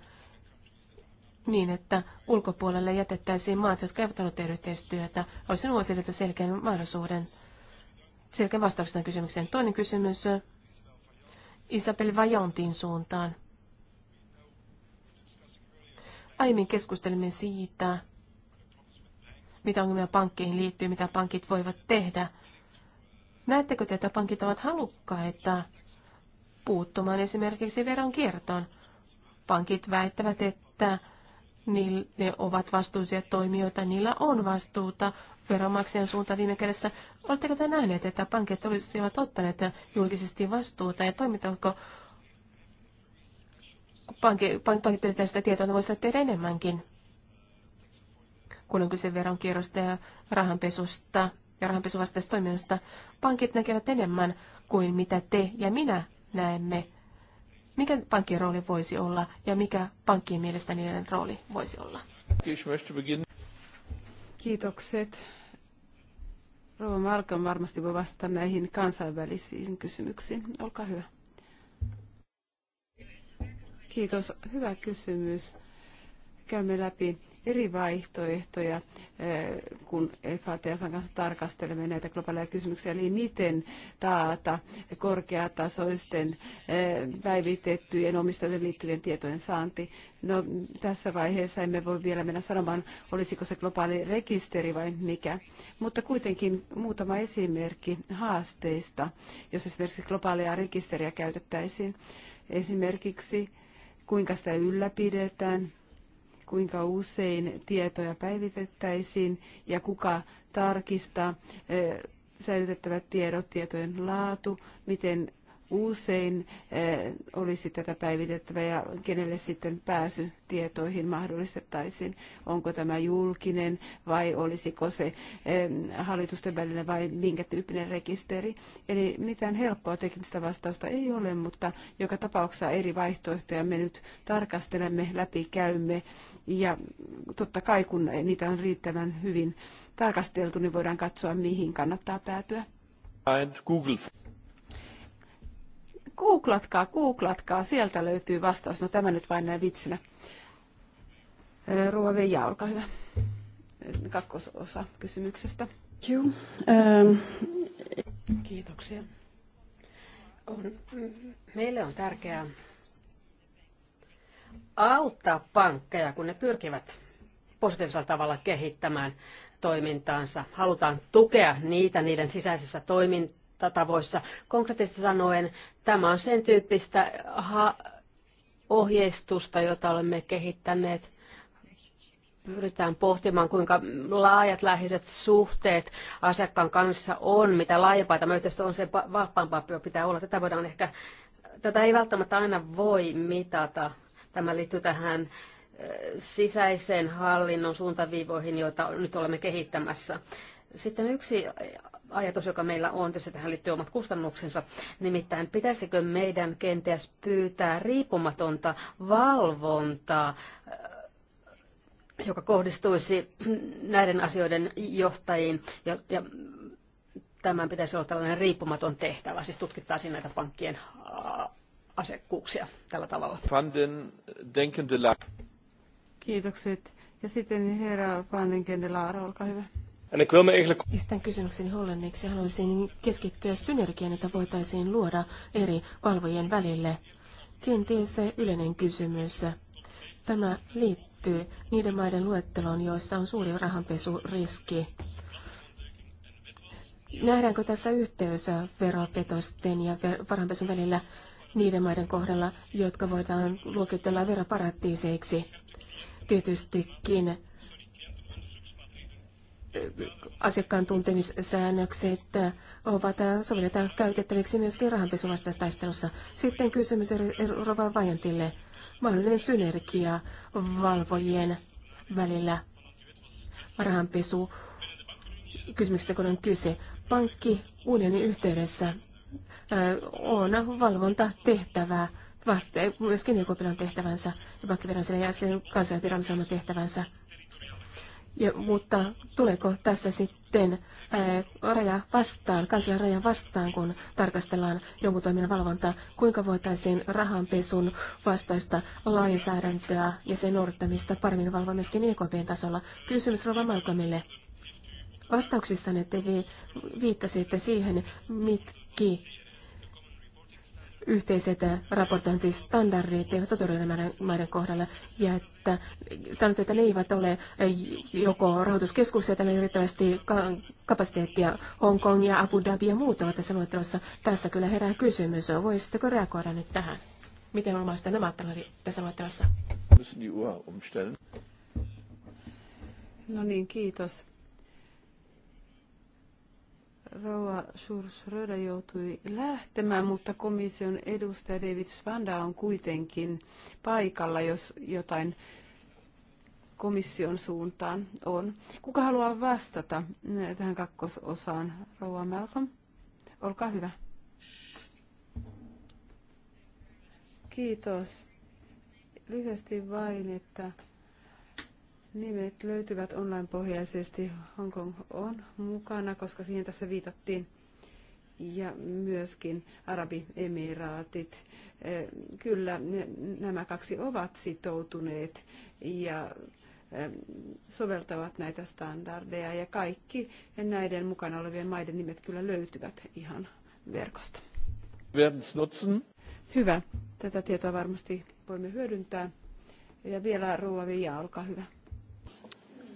niin, että ulkopuolelle jätettäisiin maat, jotka eivät halua tehdä yhteistyötä? Olisin OECDltä selkeän mahdollisuuden, selkeän vastauksen kysymykseen. Toinen kysymys Isabel Vajontin suuntaan. Aiemmin keskustelimme siitä, mitä ongelmia pankkeihin liittyy, mitä pankit voivat tehdä. Näettekö te, että pankit ovat halukkaita puuttumaan esimerkiksi veronkiertoon? Pankit väittävät, että ne ovat vastuullisia toimijoita, niillä on vastuuta veronmaksajan suuntaan viime kädessä. Oletteko te nähneet, että pankit olisivat ottaneet julkisesti vastuuta ja toimittavatko pankit, pankit sitä tietoa, että voisivat tehdä enemmänkin? kun on kyse veronkierrosta ja rahanpesusta ja rahanpesuvastaisesta toiminnasta. Pankit näkevät enemmän kuin mitä te ja minä näemme. Mikä pankkien rooli voisi olla ja mikä pankkien mielestä niiden rooli voisi olla? Kiitokset. Rova Malkan varmasti voi vastata näihin kansainvälisiin kysymyksiin. Olkaa hyvä. Kiitos. Hyvä kysymys käymme läpi eri vaihtoehtoja, eh, kun FATFn kanssa tarkastelemme näitä globaaleja kysymyksiä, eli niin miten taata korkeatasoisten eh, päivitettyjen omistajien liittyvien tietojen saanti. No, tässä vaiheessa emme voi vielä mennä sanomaan, olisiko se globaali rekisteri vai mikä, mutta kuitenkin muutama esimerkki haasteista, jos esimerkiksi globaalia rekisteriä käytettäisiin. Esimerkiksi kuinka sitä ylläpidetään, kuinka usein tietoja päivitettäisiin ja kuka tarkistaa eh, säilytettävät tiedot, tietojen laatu, miten usein eh, olisi tätä päivitettävä ja kenelle sitten pääsy tietoihin mahdollistettaisiin. Onko tämä julkinen vai olisiko se hallitusten välillä vai minkä tyyppinen rekisteri. Eli mitään helppoa teknistä vastausta ei ole, mutta joka tapauksessa eri vaihtoehtoja me nyt tarkastelemme, käymme ja totta kai kun niitä on riittävän hyvin tarkasteltu, niin voidaan katsoa mihin kannattaa päätyä. Google Googlatkaa, googlatkaa, sieltä löytyy vastaus. No tämä nyt vain näin vitsinä. Ruova Veija, olkaa hyvä. Kakkososa kysymyksestä. Joo. Ähm. Kiitoksia. On, meille on tärkeää auttaa pankkeja, kun ne pyrkivät positiivisella tavalla kehittämään toimintaansa. Halutaan tukea niitä niiden sisäisessä toimintaansa tavoissa. Konkreettisesti sanoen tämä on sen tyyppistä ohjeistusta, jota olemme kehittäneet pyritään pohtimaan, kuinka laajat läheiset suhteet asiakkaan kanssa on, mitä laajempaa tämä yhteistyö on, se vapaampaa pitää olla. Tätä voidaan ehkä, tätä ei välttämättä aina voi mitata. Tämä liittyy tähän eh, sisäiseen hallinnon suuntaviivoihin, joita nyt olemme kehittämässä. Sitten yksi ajatus, joka meillä on, tässä tähän liittyy omat kustannuksensa. Nimittäin pitäisikö meidän kenties pyytää riippumatonta valvontaa, joka kohdistuisi näiden asioiden johtajiin ja, ja tämän pitäisi olla tällainen riippumaton tehtävä, siis tutkittaisiin näitä pankkien asiakkuuksia tällä tavalla. Kiitokset. Ja sitten herra Fanden olkaa hyvä. En ik wil me eigenlijk... Esitän kysymykseni hollanniksi. Haluaisin keskittyä synergiaan, jota voitaisiin luoda eri valvojien välille. Kenties se yleinen kysymys. Tämä liittyy niiden maiden luetteloon, joissa on suuri rahanpesuriski. Nähdäänkö tässä yhteys veropetosten ja rahanpesun välillä niiden maiden kohdalla, jotka voidaan luokitella veroparatiiseiksi? Tietystikin asiakkaan tuntemissäännökset ovat sovelletaan käytettäviksi myöskin rahanpesuvastaisessa taistelussa. Sitten kysymys Rova Vajantille. Mahdollinen synergia valvojien välillä rahanpesu kysymyksestä, kun on kyse. Pankki unionin yhteydessä on valvontatehtävää, myöskin EKPllä on tehtävänsä ja pankkiviranomaisella ja kansalaisviranomaisella on tehtävänsä ja, mutta tuleeko tässä sitten ää, raja vastaan, kansallinen raja vastaan, kun tarkastellaan jonkun toiminnan valvontaa, kuinka voitaisiin rahanpesun vastaista lainsäädäntöä ja sen noudattamista paremmin valvoa myöskin EKPn tasolla? Kysymys Rova Malkomille. Vastauksissanne te viittasitte siihen, mitkä yhteiset äh, raportointistandardit toteutuneiden kohdalla, ja että sanotaan, että ne eivät ole äh, joko rahoituskeskuksia, että ne riittävästi kapasiteettia. Kong ja Abu Dhabi ja muut ovat tässä luettelossa. Tässä kyllä herää kysymys. Voisitteko reagoida nyt tähän? Miten omaista nämä tässä luettelossa? No niin, kiitos. Rouva Röda joutui lähtemään, mutta komission edustaja David Svanda on kuitenkin paikalla, jos jotain komission suuntaan on. Kuka haluaa vastata tähän kakkososaan? Rouva Malcolm, olkaa hyvä. Kiitos. Lyhyesti vain, että Nimet löytyvät online-pohjaisesti. Hongkong on mukana, koska siihen tässä viitattiin. Ja myöskin Arabiemiraatit. Eh, kyllä nämä kaksi ovat sitoutuneet ja eh, soveltavat näitä standardeja ja kaikki näiden mukana olevien maiden nimet kyllä löytyvät ihan verkosta. Hyvä. Tätä tietoa varmasti voimme hyödyntää. Ja vielä Rouva Via, olkaa hyvä.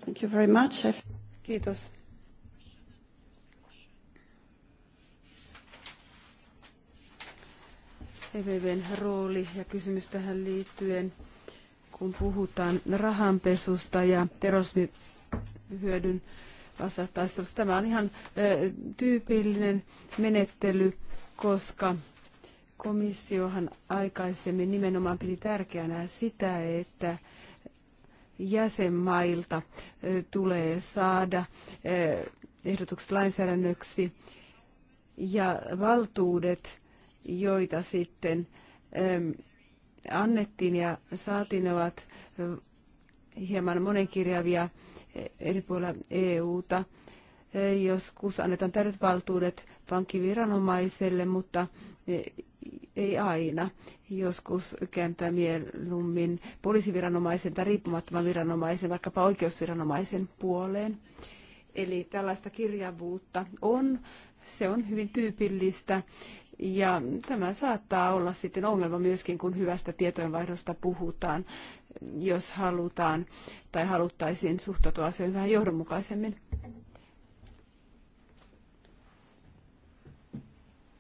Thank you very much. Kiitos. EVVn rooli ja kysymys tähän liittyen, kun puhutaan rahanpesusta ja terrorismihyödyn vastataistelusta. Tämä on ihan ö, tyypillinen menettely, koska komissiohan aikaisemmin nimenomaan piti tärkeänä sitä, että jäsenmailta tulee saada ehdotukset lainsäädännöksi ja valtuudet, joita sitten annettiin ja saatiin, ovat hieman monenkirjavia e, eri puolilla EUta. Joskus annetaan täydet valtuudet pankkiviranomaiselle, mutta e, ei aina. Joskus kääntää mieluummin poliisiviranomaisen tai riippumattoman viranomaisen, vaikkapa oikeusviranomaisen puoleen. Eli tällaista kirjavuutta on. Se on hyvin tyypillistä. Ja tämä saattaa olla sitten ongelma myöskin, kun hyvästä tietojenvaihdosta puhutaan, jos halutaan tai haluttaisiin suhtautua asioihin vähän johdonmukaisemmin.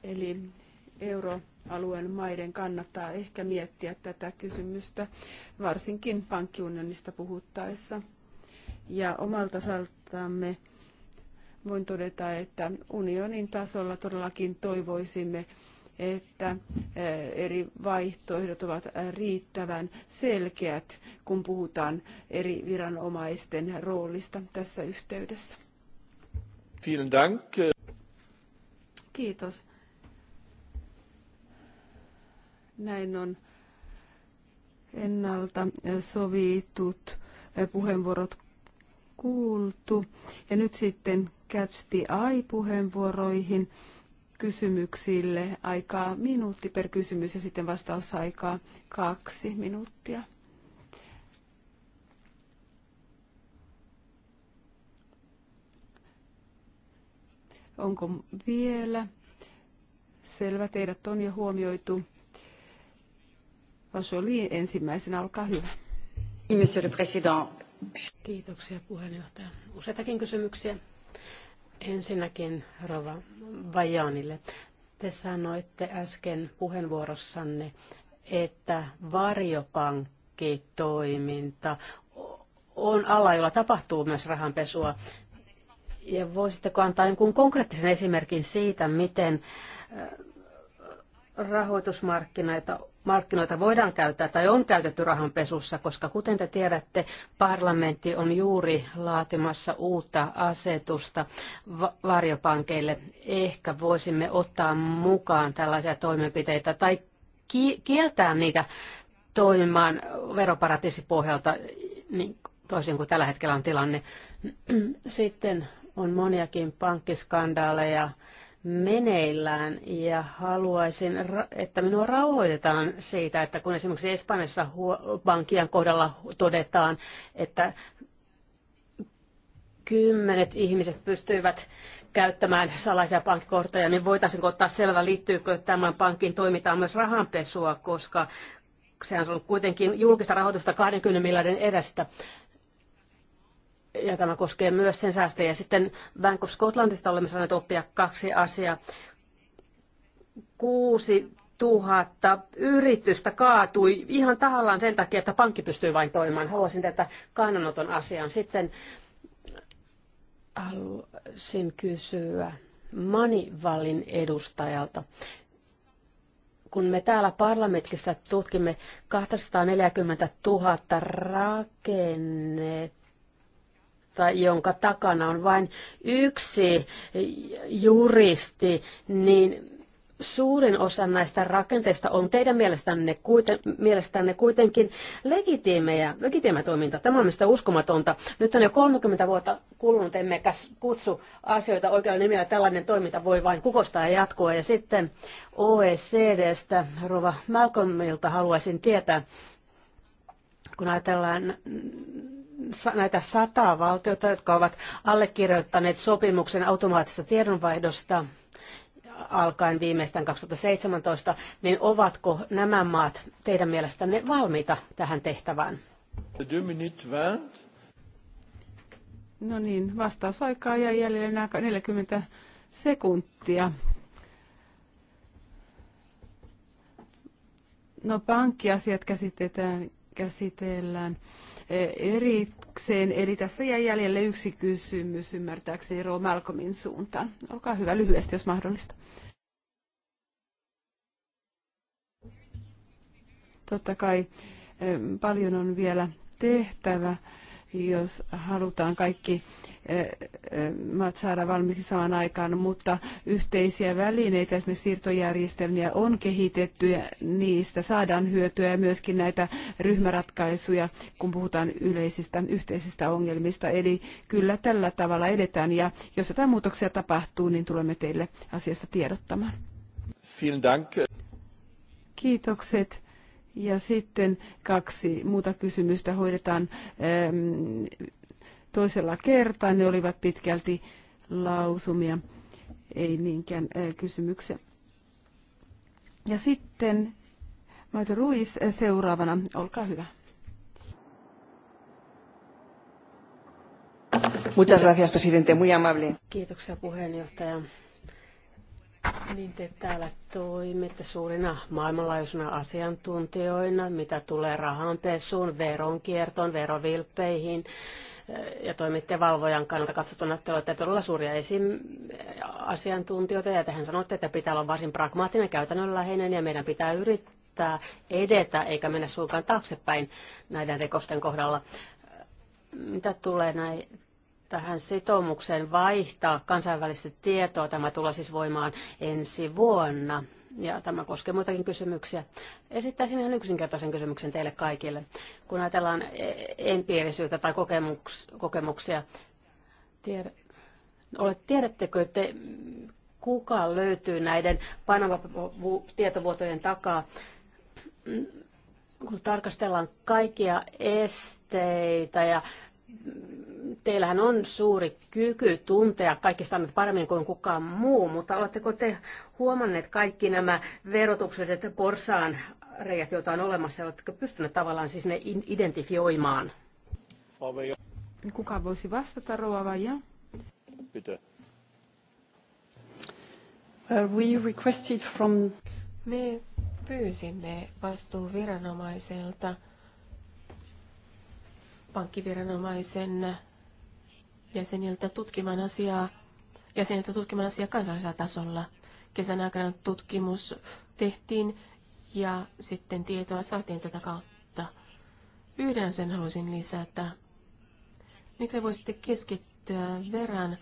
Eli euro alueen maiden kannattaa ehkä miettiä tätä kysymystä, varsinkin pankkiunionista puhuttaessa. Ja omalta saltamme voin todeta, että unionin tasolla todellakin toivoisimme, että eh, eri vaihtoehdot ovat eh, riittävän selkeät, kun puhutaan eri viranomaisten roolista tässä yhteydessä. Vielen Dank. Kiitos. Näin on ennalta sovitut puheenvuorot kuultu. Ja nyt sitten Catch the Eye-puheenvuoroihin kysymyksille aikaa minuutti per kysymys ja sitten vastausaikaa kaksi minuuttia. Onko vielä? Selvä, teidät on jo huomioitu Vasoli ensimmäisenä, olkaa hyvä. Monsieur le Président. Kiitoksia puheenjohtaja. Useitakin kysymyksiä. Ensinnäkin Rova Vajanille. Te sanoitte äsken puheenvuorossanne, että varjopankkitoiminta on ala, jolla tapahtuu myös rahanpesua. Ja voisitteko antaa jonkun konkreettisen esimerkin siitä, miten äh, rahoitusmarkkinoita markkinoita voidaan käyttää tai on käytetty rahanpesussa, koska kuten te tiedätte, parlamentti on juuri laatimassa uutta asetusta varjopankeille. Ehkä voisimme ottaa mukaan tällaisia toimenpiteitä tai kieltää niitä toimimaan veroparatiisipohjalta, niin toisin kuin tällä hetkellä on tilanne. Sitten on moniakin pankkiskandaaleja meneillään ja haluaisin, että minua rauhoitetaan siitä, että kun esimerkiksi Espanjassa pankkien kohdalla todetaan, että kymmenet ihmiset pystyivät käyttämään salaisia pankkikortteja, niin voitaisiinko ottaa selvä, liittyykö tämän pankin toimintaan myös rahanpesua, koska sehän on ollut kuitenkin julkista rahoitusta 20 miljardin edestä ja tämä koskee myös sen säästöjä. Sitten Bank of Scotlandista olemme saaneet oppia kaksi asiaa. Kuusi tuhatta yritystä kaatui ihan tahallaan sen takia, että pankki pystyy vain toimimaan. Haluaisin tätä kannanoton asiaan. Sitten haluaisin kysyä Manivalin edustajalta. Kun me täällä parlamentissa tutkimme 240 000 rakennetta, maasta, jonka takana on vain yksi juristi, niin suurin osa näistä rakenteista on teidän mielestänne, kuiten, mielestänne kuitenkin legitiimejä, legitiimä toiminta. Tämä on mistä uskomatonta. Nyt on jo 30 vuotta kulunut, emme kutsu asioita oikealla nimellä. Tällainen toiminta voi vain kukostaa ja jatkua. Ja sitten OECDstä Rova Malcolmilta haluaisin tietää, kun ajatellaan näitä sataa valtiota, jotka ovat allekirjoittaneet sopimuksen automaattisesta tiedonvaihdosta alkaen viimeistään 2017, niin ovatko nämä maat teidän mielestänne valmiita tähän tehtävään? No niin, vastausaikaa jäi jäljellä enää 40 sekuntia. No pankkiasiat käsitetään, käsitellään erikseen. Eli tässä jäi jäljelle yksi kysymys ymmärtääkseni Roo Malcolmin suuntaan. Olkaa hyvä lyhyesti, jos mahdollista. Totta kai paljon on vielä tehtävä, jos halutaan kaikki maat saada valmiiksi samaan aikaan, mutta yhteisiä välineitä, esimerkiksi siirtojärjestelmiä on kehitetty ja niistä saadaan hyötyä ja myöskin näitä ryhmäratkaisuja, kun puhutaan yleisistä yhteisistä ongelmista. Eli kyllä tällä tavalla edetään ja jos jotain muutoksia tapahtuu, niin tulemme teille asiasta tiedottamaan. Dank. Kiitokset. Ja sitten kaksi muuta kysymystä hoidetaan ähm, toisella kertaa. Ne olivat pitkälti lausumia, ei niinkään kysymyksiä. Ja sitten Maito Ruiz seuraavana, olkaa hyvä. Muchas gracias, presidente. Muy amable. Kiitoksia puheenjohtaja. Niin te täällä toimitte suurina maailmanlaajuisina asiantuntijoina, mitä tulee rahanpesuun, veronkiertoon, verovilppeihin, ja toimitte valvojan kannalta katsottuna, että olette todella suuria esim. asiantuntijoita ja tehän sanotte, että pitää olla varsin pragmaattinen, käytännönläheinen ja meidän pitää yrittää edetä eikä mennä suinkaan taaksepäin näiden rikosten kohdalla. Mitä tulee näin, tähän sitoumukseen vaihtaa kansainvälistä tietoa, tämä tulee siis voimaan ensi vuonna ja tämä koskee muitakin kysymyksiä. Esittäisin ihan yksinkertaisen kysymyksen teille kaikille. Kun ajatellaan e-, empiirisyyttä tai kokemuks- kokemuksia, tiedä, olet, tiedättekö te, kuka löytyy näiden painavatietovuotojen takaa? Kun tarkastellaan kaikkia esteitä ja teillähän on suuri kyky tuntea kaikki standardit paremmin kuin kukaan muu, mutta oletteko te huomanneet kaikki nämä verotukselliset porsaan reijät, joita on olemassa, oletteko pystyneet tavallaan siis ne identifioimaan? Kuka voisi vastata, Roa vai ja? Pitää. Uh, we requested from... Me pyysimme vastuuviranomaiselta pankkiviranomaisen jäseniltä tutkimaan asiaa, jäseniltä tutkimaan asiaa kansallisella tasolla. Kesän aikana tutkimus tehtiin ja sitten tietoa saatiin tätä kautta. Yhden sen halusin lisätä. Mikä voisitte keskittyä veran,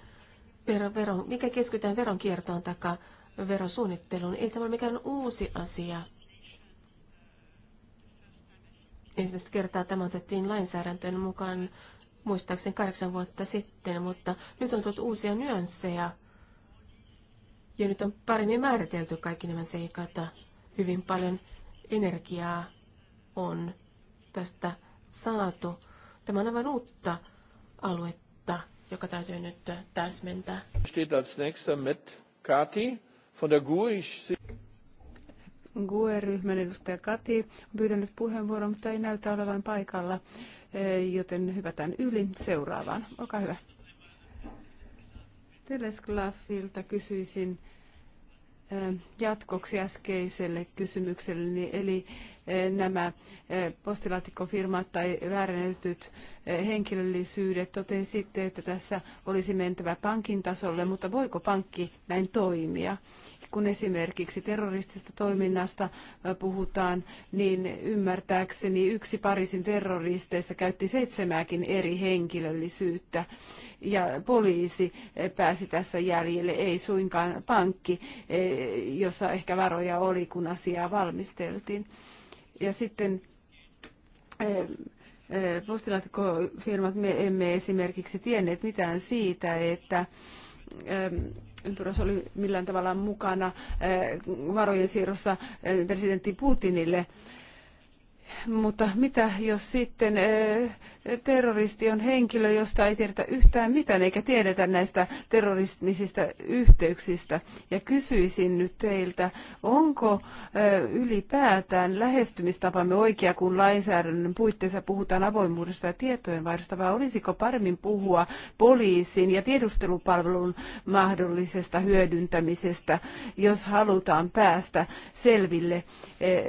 ver, veron, mikä keskitytään kiertoon takaa verosuunnitteluun? Ei tämä ole mikään uusi asia. Ensimmäistä kertaa tämä otettiin lainsäädäntöön mukaan muistaakseni kahdeksan vuotta sitten, mutta nyt on tullut uusia nyansseja. Ja nyt on paremmin määritelty kaikki nämä seikat. Hyvin paljon energiaa on tästä saatu. Tämä on aivan uutta aluetta, joka täytyy nyt täsmentää. Steht als nächster mit Kati von der GUE. GUE-ryhmän edustaja Kati on pyytänyt puheenvuoron, mutta ei näytä olevan paikalla. Eh, joten hyvätään yli seuraavaan. Olkaa hyvä. Telesklaffilta kysyisin eh, jatkoksi äskeiselle kysymykselleni, eli Eh, nämä eh, postilaatikkofirmat tai väärennetyt eh, henkilöllisyydet. Totesitte, että tässä olisi mentävä pankin tasolle, mutta voiko pankki näin toimia? Kun esimerkiksi terroristista toiminnasta puhutaan, niin ymmärtääkseni yksi Pariisin terroristeista käytti seitsemääkin eri henkilöllisyyttä ja poliisi pääsi tässä jäljelle, ei suinkaan pankki, jossa ehkä varoja oli, kun asiaa valmisteltiin. Ja sitten eh, eh, postilaatikkofirmat, me emme esimerkiksi tienneet mitään siitä, että Turos eh, oli millään tavalla mukana varojen siirrossa presidentti Putinille. Mutta mitä jos sitten eh, terroristi on henkilö, josta ei tiedetä yhtään mitään eikä tiedetä näistä terroristisista yhteyksistä? Ja kysyisin nyt teiltä, onko eh, ylipäätään lähestymistapamme oikea, kun lainsäädännön puitteissa puhutaan avoimuudesta ja vaihdosta, vai olisiko paremmin puhua poliisin ja tiedustelupalvelun mahdollisesta hyödyntämisestä, jos halutaan päästä selville eh,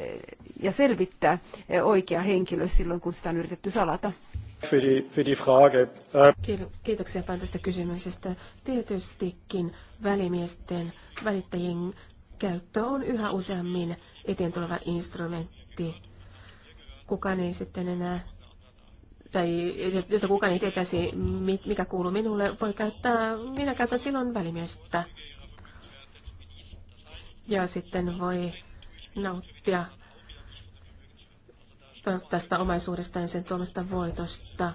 ja selvittää oikea henkilö silloin, kun sitä on yritetty salata. Äh, kiitoksia paljon tästä kysymyksestä. Tietystikin välimiesten välittäjien käyttö on yhä useammin eteen tuleva instrumentti. Kukaan ei sitten enää tai jota kukaan ei tietäisi, mikä kuuluu minulle, voi käyttää, minä käytän silloin välimiestä. Ja sitten voi nauttia tästä omaisuudestaan sen tuomasta voitosta.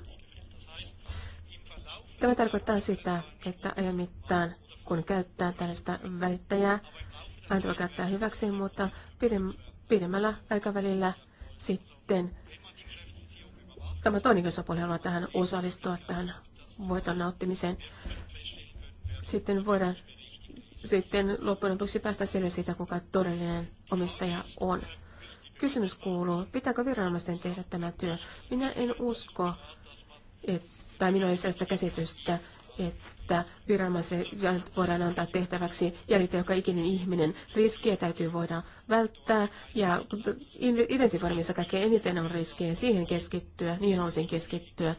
Tämä tarkoittaa sitä, että ajan mittaan, kun käyttää tällaista välittäjää, aina voi käyttää hyväksi, mutta pidemmällä aikavälillä sitten tämä toinen osapuoli haluaa tähän osallistua tähän voiton nauttimiseen. Sitten voidaan sitten loppujen lopuksi päästä selville siitä, kuka todellinen omistaja on. Kysymys kuuluu, pitääkö viranomaisten tehdä tämä työ? Minä en usko, että, tai minulla ei sellaista käsitystä, että viranomaisille voidaan antaa tehtäväksi jäljittää joka ikinen ihminen. Riskiä täytyy voida välttää ja identifioimissa kaikkein eniten on riskejä, siihen keskittyä, niin haluaisin keskittyä.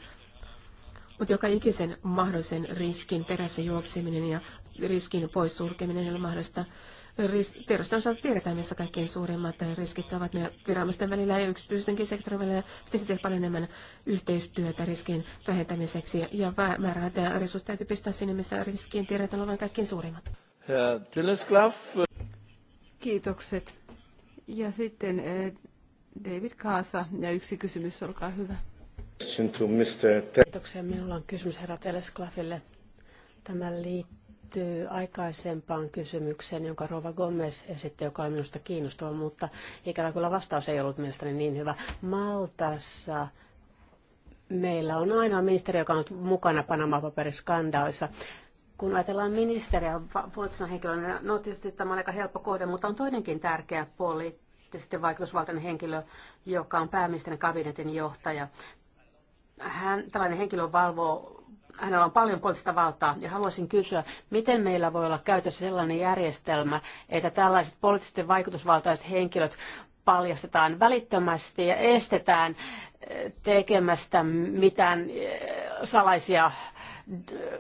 Mutta joka ikisen mahdollisen riskin perässä juokseminen ja riskin poissulkeminen ei ole mahdollista on saatu tietää, missä kaikkein suurimmat riskit ovat viranomaisten välillä ja yksityistenkin sektorin välillä. Pitäisi tehdä paljon enemmän yhteistyötä riskin vähentämiseksi ja määrärahat ja resurssit täytyy pistää sinne, missä riskien tiedetään olevan kaikkein suurimmat. Kiitokset. Ja sitten eh, David Kaasa ja yksi kysymys, olkaa hyvä. Kiitoksia. Minulla on kysymys herra Telesklafille. Tämä liittyy liittyy aikaisempaan kysymykseen, jonka Rova Gomez esitti, joka on minusta kiinnostava, mutta ikävä kyllä vastaus ei ollut mielestäni niin hyvä. Maltassa meillä on ainoa ministeri, joka on ollut mukana Panama-paperiskandaalissa kun ajatellaan ministeriä poliittisena henkilönä, no tietysti tämä on aika helppo kohde, mutta on toinenkin tärkeä poliittisesti vaikutusvaltainen henkilö, joka on pääministerin kabinetin johtaja. Hän, tällainen henkilö valvoo hänellä on paljon poliittista valtaa ja haluaisin kysyä, miten meillä voi olla käytössä sellainen järjestelmä, että tällaiset poliittisesti vaikutusvaltaiset henkilöt paljastetaan välittömästi ja estetään eh, tekemästä mitään eh, salaisia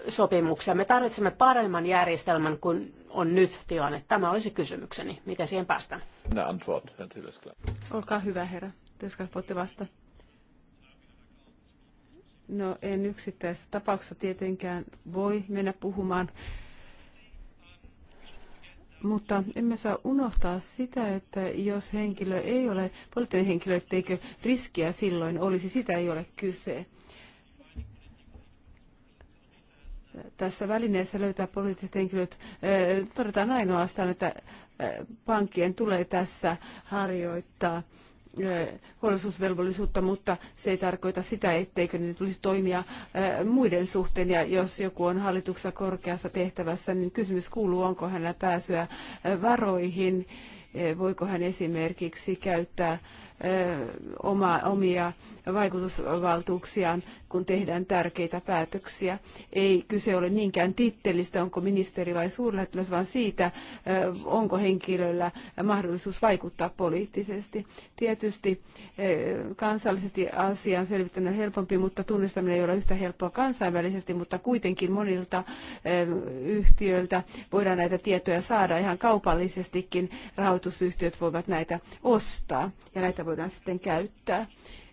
sopimuksia. Me tarvitsemme paremman järjestelmän kuin on nyt tilanne. Tämä olisi kysymykseni. Miten siihen päästään? Olkaa hyvä, herra. Tässä voitte vastata. No en yksittäisessä tapauksessa tietenkään voi mennä puhumaan, mutta emme saa unohtaa sitä, että jos henkilö ei ole poliittinen henkilö, etteikö riskiä silloin olisi, sitä ei ole kyse. Tässä välineessä löytää poliittiset henkilöt, todetaan ainoastaan, että pankkien tulee tässä harjoittaa huolellisuusvelvollisuutta, mutta se ei tarkoita sitä, etteikö ne tulisi toimia muiden suhteen. Ja jos joku on hallituksessa korkeassa tehtävässä, niin kysymys kuuluu, onko hänellä pääsyä varoihin, voiko hän esimerkiksi käyttää oma, omia vaikutusvaltuuksiaan, kun tehdään tärkeitä päätöksiä. Ei kyse ole niinkään tittelistä, onko ministeri vai suurlähettiläs, vaan siitä, onko henkilöllä mahdollisuus vaikuttaa poliittisesti. Tietysti kansallisesti asian selvittäminen on helpompi, mutta tunnistaminen ei ole yhtä helppoa kansainvälisesti, mutta kuitenkin monilta yhtiöiltä voidaan näitä tietoja saada ihan kaupallisestikin. Rahoitusyhtiöt voivat näitä ostaa ja näitä voidaan sitten käyttää.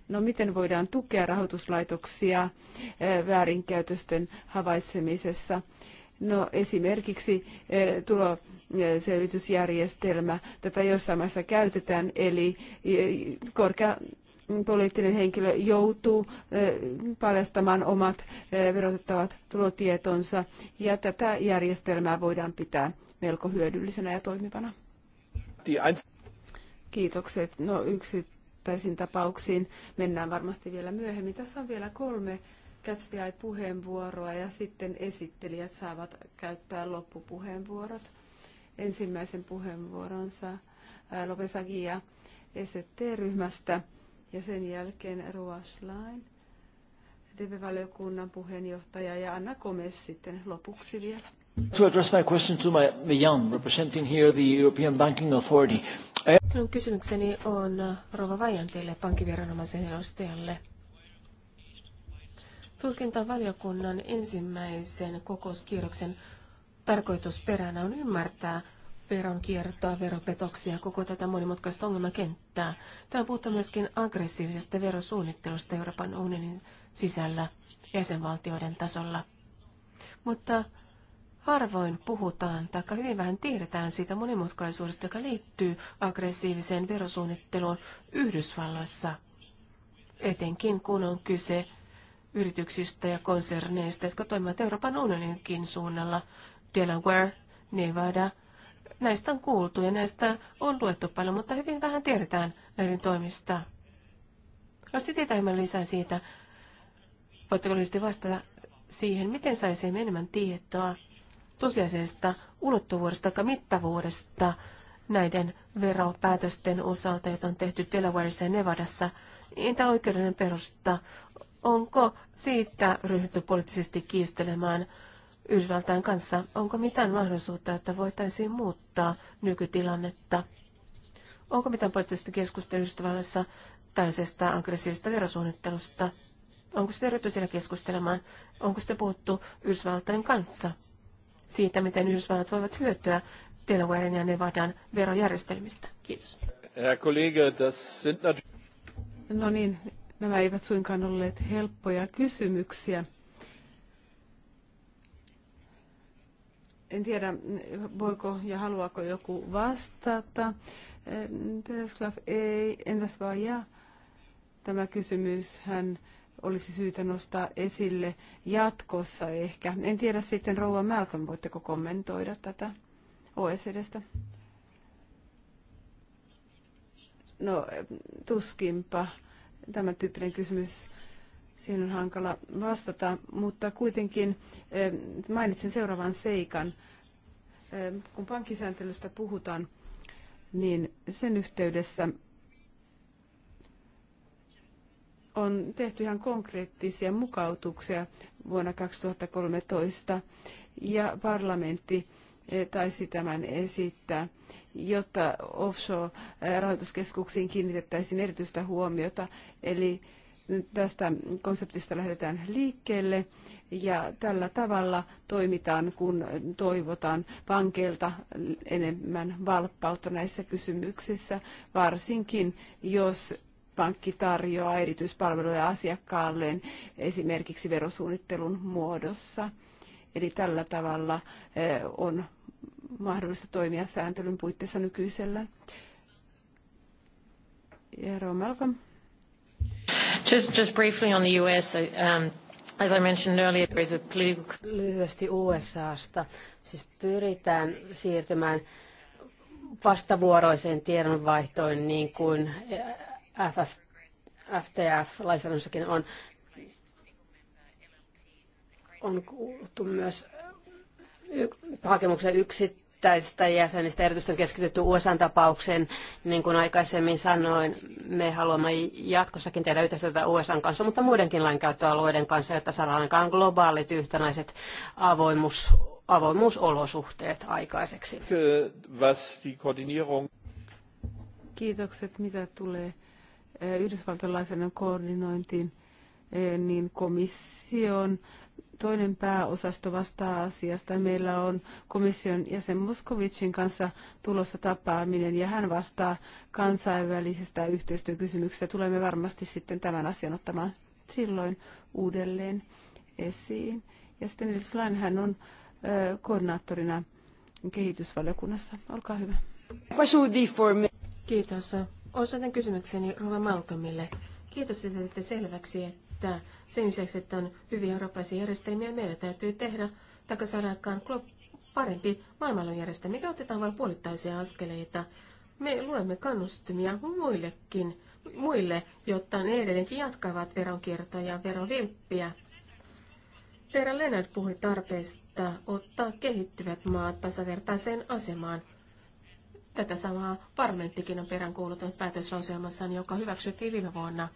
No miten voidaan tukea rahoituslaitoksia eh, väärinkäytösten havaitsemisessa? No esimerkiksi eh, tuloselvitysjärjestelmä, eh, tätä jossain maassa käytetään, eli korkea mm, poliittinen henkilö joutuu paljastamaan omat verotettavat tulotietonsa, ja tätä järjestelmää voidaan pitää melko hyödyllisenä ja toimivana. Kiitokset. No yksittäisiin tapauksiin mennään varmasti vielä myöhemmin. Tässä on vielä kolme catch the puheenvuoroa ja sitten esittelijät saavat käyttää loppupuheenvuorot. Ensimmäisen puheenvuoronsa Agia ST-ryhmästä ja sen jälkeen Ruaslain, DV-valiokunnan puheenjohtaja ja Anna Komes sitten lopuksi vielä. To address my question to my Jan, representing here the European Banking Authority. Minun kysymykseni on äh, Rova Vajan pankkiviranomaisen edustajalle. Tulkintavaliokunnan ensimmäisen kokouskierroksen tarkoitusperänä on ymmärtää veronkiertoa, veropetoksia, koko tätä monimutkaista ongelmakenttää. Täällä puhutaan myöskin aggressiivisesta verosuunnittelusta Euroopan unionin sisällä jäsenvaltioiden tasolla. Mutta Harvoin puhutaan tai hyvin vähän tiedetään siitä monimutkaisuudesta, joka liittyy aggressiiviseen verosuunnitteluun Yhdysvalloissa, etenkin kun on kyse yrityksistä ja konserneista, jotka toimivat Euroopan unioninkin suunnalla. Delaware, Nevada, näistä on kuultu ja näistä on luettu paljon, mutta hyvin vähän tiedetään näiden toimista. Haluaisin tietää hieman lisää siitä. Voitteko lyhyesti vastata siihen, miten saisimme enemmän tietoa tosiasiasta ulottuvuudesta tai mittavuudesta näiden veropäätösten osalta, joita on tehty Delawareissa ja Nevadassa. Entä oikeudellinen perusta? Onko siitä ryhdytty poliittisesti kiistelemään Yhdysvaltain kanssa? Onko mitään mahdollisuutta, että voitaisiin muuttaa nykytilannetta? Onko mitään poliittisesti keskustelua Yhdysvalloissa tällaisesta aggressiivisesta verosuunnittelusta? Onko sitä ryhdytty siellä keskustelemaan? Onko sitä puhuttu Yhdysvaltain kanssa? siitä, miten Yhdysvallat voivat hyötyä Delawarein ja Nevadan verojärjestelmistä. Kiitos. Herr Kollege, das sind No niin, nämä eivät suinkaan olleet helppoja kysymyksiä. En tiedä, voiko ja haluaako joku vastata. Telesklav ei, entäs vaan ja? Tämä kysymys hän olisi syytä nostaa esille jatkossa ehkä. En tiedä sitten, Rouva Malcolm, voitteko kommentoida tätä OECDstä? No, tuskinpa tämä tyyppinen kysymys. Siihen on hankala vastata, mutta kuitenkin eh, mainitsen seuraavan seikan. Eh, kun pankkisääntelystä puhutaan, niin sen yhteydessä on tehty ihan konkreettisia mukautuksia vuonna 2013 ja parlamentti eh, taisi tämän esittää, jotta offshore-rahoituskeskuksiin kiinnitettäisiin erityistä huomiota. Eli tästä konseptista lähdetään liikkeelle ja tällä tavalla toimitaan, kun toivotaan pankeilta enemmän valppautta näissä kysymyksissä, varsinkin jos pankki tarjoaa erityispalveluja asiakkaalleen esimerkiksi verosuunnittelun muodossa. Eli tällä tavalla eh, on mahdollista toimia sääntelyn puitteissa nykyisellä. Jero Malcolm. Just, just briefly on the US, uh, um, as I mentioned earlier, there is a political... Lyhyesti USAsta. Siis pyritään siirtymään vastavuoroiseen tiedonvaihtoon niin kuin eh, FFFTF lainsäädännössäkin on, on kuultu myös hakemuksen yksittäisistä jäsenistä, erityisesti keskitytty USA-tapaukseen. Niin kuin aikaisemmin sanoin, me haluamme jatkossakin tehdä yhteistyötä USA kanssa, mutta muidenkin lainkäyttöalueiden kanssa, että saadaan ainakaan globaalit yhtenäiset avoimuus, avoimuusolosuhteet aikaiseksi. Äh, Kiitokset, mitä tulee yhdysvaltalaisen koordinointiin, eh, niin komission toinen pääosasto vastaa asiasta. Meillä on komission jäsen Moskovicin kanssa tulossa tapaaminen ja hän vastaa kansainvälisestä yhteistyökysymyksestä. Tulemme varmasti sitten tämän asian ottamaan silloin uudelleen esiin. Ja sitten Nils Lain, hän on eh, koordinaattorina kehitysvaliokunnassa. Olkaa hyvä. Kiitos. Osoitan kysymykseni Rova Malcolmille. Kiitos, että teitte selväksi, että sen lisäksi, että on hyviä eurooppalaisia järjestelmiä, meidän täytyy tehdä tai saada aikaan parempi maailmanjärjestelmä. Mikä otetaan vain puolittaisia askeleita? Me luemme kannustimia muillekin, muille, jotta ne edelleenkin jatkavat veronkiertoja ja verovilppiä. Vera Leonard puhui tarpeesta ottaa kehittyvät maat tasavertaiseen asemaan – Tätä samaa parlamenttikin on peräänkuulutettu päätöslauselmassaan, joka hyväksyttiin viime vuonna.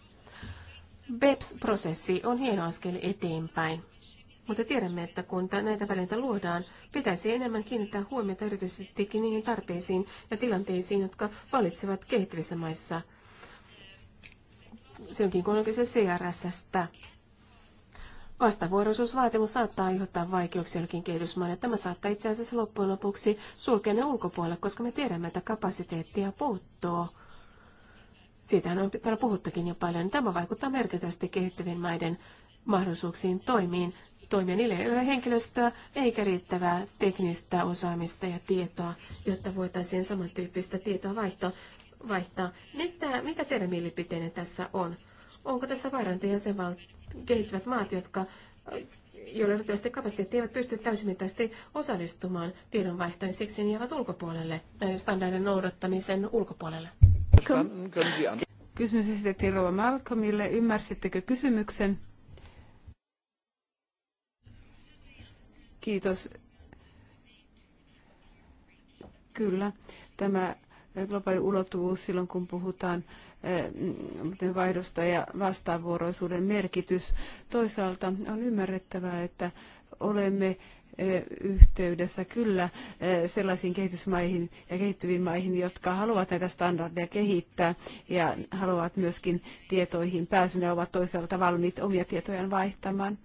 BEPS-prosessi on hieno askel eteenpäin. Mutta tiedämme, että kun näitä välineitä luodaan, pitäisi enemmän kiinnittää huomiota erityisesti niihin tarpeisiin ja tilanteisiin, jotka valitsevat kehittyvissä maissa. onkin kun on kyse CRSstä, Vastavuoroisuusvaatimus saattaa aiheuttaa vaikeuksia jokin kehitysmaan, ja tämä saattaa itse asiassa loppujen lopuksi sulkea ne ulkopuolelle, koska me tiedämme, että kapasiteettia puuttuu. Siitähän on täällä puhuttukin jo paljon. Tämä vaikuttaa merkittävästi kehittyvien maiden mahdollisuuksiin toimiin, toimia. Niille ei ole henkilöstöä eikä riittävää teknistä osaamista ja tietoa, jotta voitaisiin samantyyppistä tietoa vaihtaa. vaihtaa. Mitä, mikä teidän mielipiteenne tässä on? Onko tässä vaarantia jäsenvaltio kehittyvät maat, jotka äh, joilla riittävästi kapasiteetti, eivät pysty täysimittaisesti osallistumaan tiedonvaihtoon, siksi ne jäävät ulkopuolelle, näiden standardien noudattamisen ulkopuolelle. Kysymys esitettiin Rova Malcolmille. Ymmärsittekö kysymyksen? Kiitos. Kyllä, tämä globaali ulottuvuus silloin, kun puhutaan vaihdosta ja vastaavuoroisuuden merkitys. Toisaalta on ymmärrettävää, että olemme e, yhteydessä kyllä e, sellaisiin kehitysmaihin ja kehittyviin maihin, jotka haluavat näitä standardeja kehittää ja haluavat myöskin tietoihin pääsyn ja ovat toisaalta valmiit omia tietojaan vaihtamaan.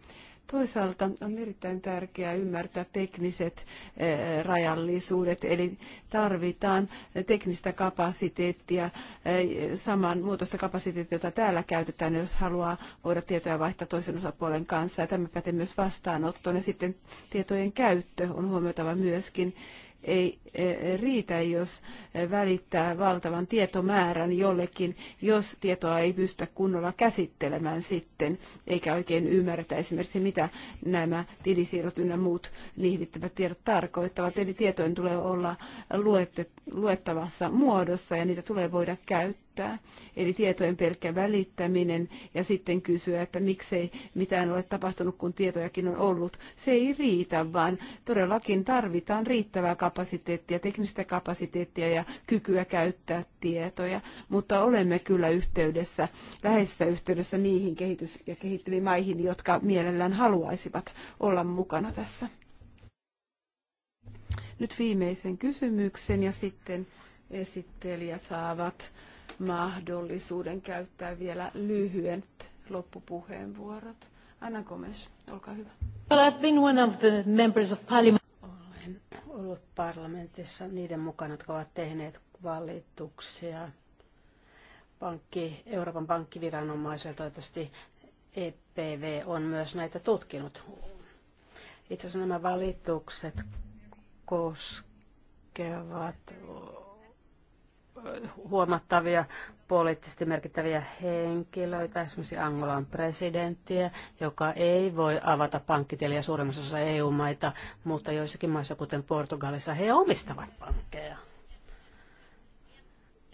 Toisaalta on erittäin tärkeää ymmärtää tekniset eh, rajallisuudet, eli tarvitaan teknistä kapasiteettia, eh, samanmuotoista kapasiteettia, jota täällä käytetään, jos haluaa voida tietoja vaihtaa toisen osapuolen kanssa. Ja tämä pätee myös vastaanottoon ja sitten tietojen käyttö on huomioitava myöskin ei eh, riitä, jos eh, välittää valtavan tietomäärän jollekin, jos tietoa ei pystytä kunnolla käsittelemään sitten, eikä oikein ymmärretä esimerkiksi, mitä nämä tilisiirrot ynnä muut liihdyttävät tiedot tarkoittavat. Eli tietojen tulee olla luette, luettavassa muodossa ja niitä tulee voida käyttää välittää. Eli tietojen pelkkä välittäminen ja sitten kysyä, että miksei mitään ole tapahtunut, kun tietojakin on ollut. Se ei riitä, vaan todellakin tarvitaan riittävää kapasiteettia, teknistä kapasiteettia ja kykyä käyttää tietoja. Mutta olemme kyllä yhteydessä, läheisessä yhteydessä niihin kehitys- ja kehittyviin maihin, jotka mielellään haluaisivat olla mukana tässä. Nyt viimeisen kysymyksen ja sitten esittelijät saavat mahdollisuuden käyttää vielä lyhyet loppupuheenvuorot. Anna Gomes, olkaa hyvä. Well, I've been one of the members of parliament. Olen ollut parlamentissa niiden mukana, jotka ovat tehneet valituksia pankki, Euroopan pankkiviranomaisilta. Toivottavasti EPV on myös näitä tutkinut. Itse asiassa nämä valitukset koskevat huomattavia poliittisesti merkittäviä henkilöitä, esimerkiksi Angolan presidenttiä, joka ei voi avata pankkitiliä suurimmassa osassa EU-maita, mutta joissakin maissa, kuten Portugalissa, he omistavat pankkeja.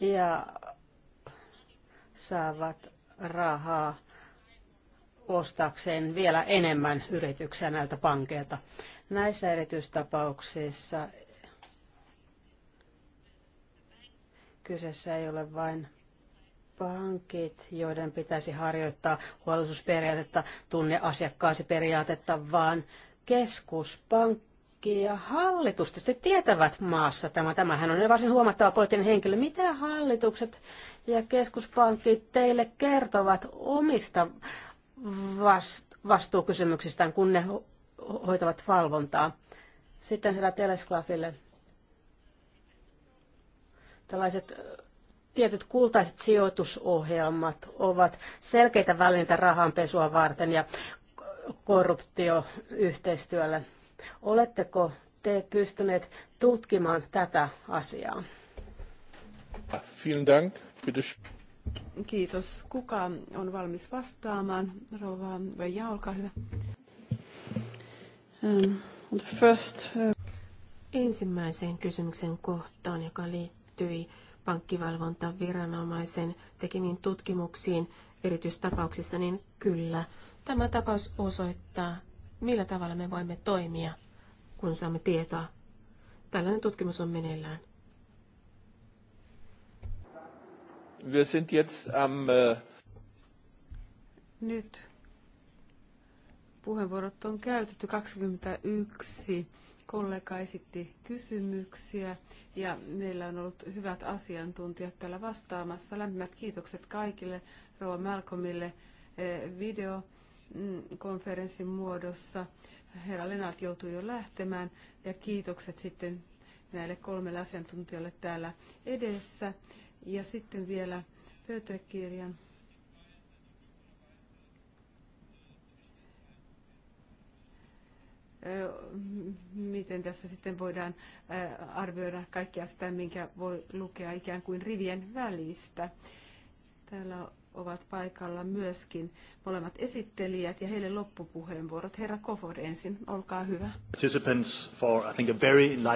Ja saavat rahaa ostakseen vielä enemmän yrityksiä näiltä pankeilta. Näissä erityistapauksissa Kyseessä ei ole vain pankit, joiden pitäisi harjoittaa huolellisuusperiaatetta, tunne asiakkaasi periaatetta, vaan keskuspankki ja hallitus tästä tietävät maassa tämä. Tämähän on varsin huomattava poliittinen henkilö. Mitä hallitukset ja keskuspankit teille kertovat omista vastuukysymyksistään, kun ne hoitavat valvontaa? Sitten herra Telesklafille Tällaiset tietyt kultaiset sijoitusohjelmat ovat selkeitä välineitä rahanpesua varten ja korruptioyhteistyölle. Oletteko te pystyneet tutkimaan tätä asiaa? Kiitos. Kuka on valmis vastaamaan? Rova Veija, olkaa hyvä. Um, first, uh... Ensimmäiseen kysymyksen kohtaan, joka liittyy liittyi pankkivalvontaviranomaisen tekemiin tutkimuksiin erityistapauksissa, niin kyllä tämä tapaus osoittaa, millä tavalla me voimme toimia, kun saamme tietoa. Tällainen tutkimus on meneillään. Wir sind jetzt am, äh... Nyt puheenvuorot on käytetty 21 kollega esitti kysymyksiä ja meillä on ollut hyvät asiantuntijat täällä vastaamassa. Lämpimät kiitokset kaikille Rova Malcolmille eh, videokonferenssin mm, muodossa. Herra Lennart joutui jo lähtemään ja kiitokset sitten näille kolmelle asiantuntijalle täällä edessä. Ja sitten vielä pöytäkirjan miten tässä sitten voidaan arvioida kaikkea sitä, minkä voi lukea ikään kuin rivien välistä. Täällä ovat paikalla myöskin molemmat esittelijät ja heille loppupuheenvuorot. Herra Kofor ensin, olkaa hyvä.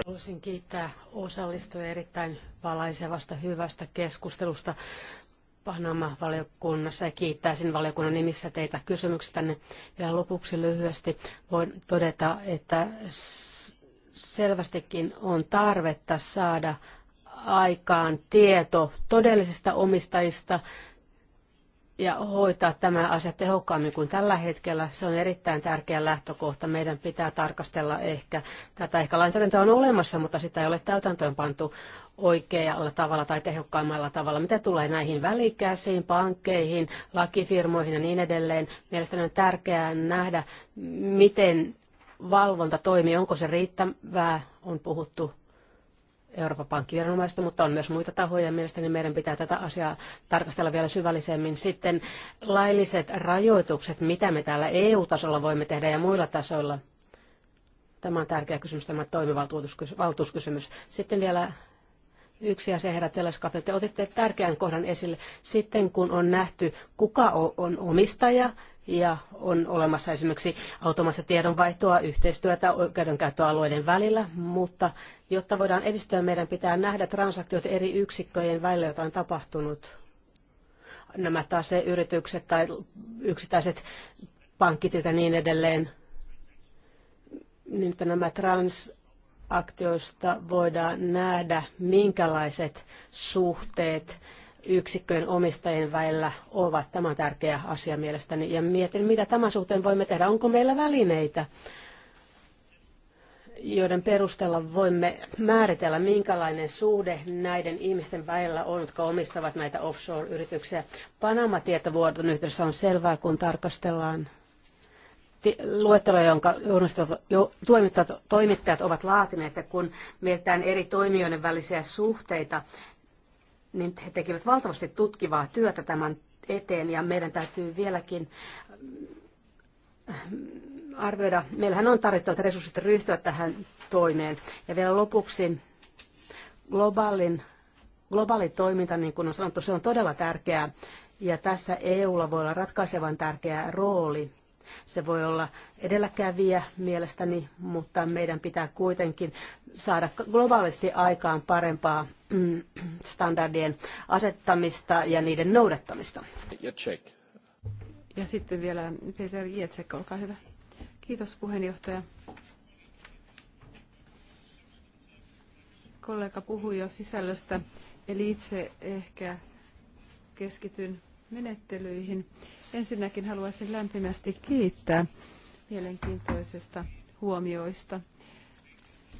Haluaisin kiittää osallistujia erittäin valaisevasta, hyvästä keskustelusta. Panama-valiokunnassa ja kiittäisin valiokunnan nimissä teitä kysymyksistänne. Vielä lopuksi lyhyesti voin todeta, että selvästikin on tarvetta saada aikaan tieto todellisista omistajista ja hoitaa tämä asia tehokkaammin kuin tällä hetkellä. Se on erittäin tärkeä lähtökohta. Meidän pitää tarkastella ehkä tätä. Ehkä lainsäädäntö on olemassa, mutta sitä ei ole täytäntöön pantu oikealla tavalla tai tehokkaimmalla tavalla. Mitä tulee näihin välikäsiin, pankkeihin, lakifirmoihin ja niin edelleen, mielestäni on tärkeää nähdä, miten valvonta toimii, onko se riittävää, on puhuttu Euroopan pankkiviranomaista, mutta on myös muita tahoja. Mielestäni meidän pitää tätä asiaa tarkastella vielä syvällisemmin. Sitten lailliset rajoitukset, mitä me täällä EU-tasolla voimme tehdä ja muilla tasoilla. Tämä on tärkeä kysymys, tämä toimivaltuuskysymys. Sitten vielä yksi asia herra Teleskafe, te otitte tärkeän kohdan esille. Sitten kun on nähty, kuka on omistaja ja on olemassa esimerkiksi automaattista tiedonvaihtoa, yhteistyötä oikeudenkäyttöalueiden välillä, mutta Jotta voidaan edistyä, meidän pitää nähdä transaktiot eri yksikköjen välillä, joita on tapahtunut. Nämä taseyritykset tai yksittäiset pankkit ja niin edelleen. Nyt nämä transaktioista voidaan nähdä, minkälaiset suhteet yksikköjen omistajien välillä ovat. Tämä on tärkeä asia mielestäni. Ja mietin, mitä tämän suhteen voimme tehdä. Onko meillä välineitä? joiden perusteella voimme määritellä, minkälainen suhde näiden ihmisten välillä on, jotka omistavat näitä offshore-yrityksiä. Panama-tietovuodon yhteydessä on selvää, kun tarkastellaan luetteloa, jonka toimittajat, ovat laatineet, että kun mietitään eri toimijoiden välisiä suhteita, niin he tekivät valtavasti tutkivaa työtä tämän eteen, ja meidän täytyy vieläkin arvioida. Meillähän on tarvittavat resurssit ryhtyä tähän toimeen. Ja vielä lopuksi globaalin, globaali toiminta, niin kuin on sanottu, se on todella tärkeää. Ja tässä EUlla voi olla ratkaisevan tärkeä rooli. Se voi olla edelläkävijä mielestäni, mutta meidän pitää kuitenkin saada globaalisti aikaan parempaa mm, standardien asettamista ja niiden noudattamista. Ja sitten vielä Peter Jetsek, olkaa hyvä. Kiitos puheenjohtaja. Kollega puhui jo sisällöstä, eli itse ehkä keskityn menettelyihin. Ensinnäkin haluaisin lämpimästi kiittää mielenkiintoisesta huomioista.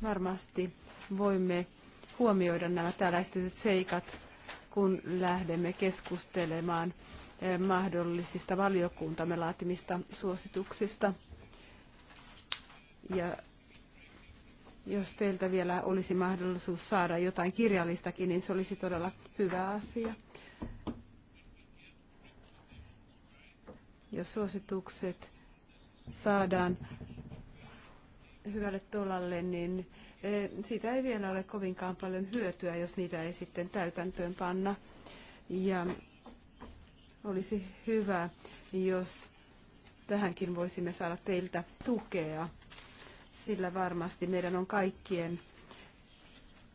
Varmasti voimme huomioida nämä täällä esitetyt seikat, kun lähdemme keskustelemaan eh, mahdollisista valiokuntamme laatimista suosituksista ja jos teiltä vielä olisi mahdollisuus saada jotain kirjallistakin, niin se olisi todella hyvä asia. Jos suositukset saadaan hyvälle tolalle, niin eh, siitä ei vielä ole kovinkaan paljon hyötyä, jos niitä ei sitten täytäntöön panna. Ja olisi hyvä, jos tähänkin voisimme saada teiltä tukea sillä varmasti meidän on kaikkien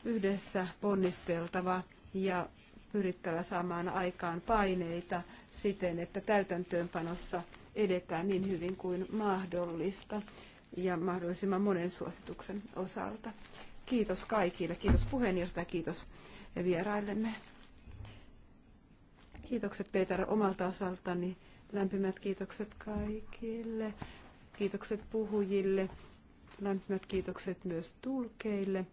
yhdessä ponnisteltava ja pyrittävä saamaan aikaan paineita siten, että täytäntöönpanossa edetään niin hyvin kuin mahdollista ja mahdollisimman monen suosituksen osalta. Kiitos kaikille. Kiitos puheenjohtaja, kiitos vieraillemme. Kiitokset Peter omalta osaltani. Lämpimät kiitokset kaikille. Kiitokset puhujille. Lämpimät kiitokset myös tulkeille.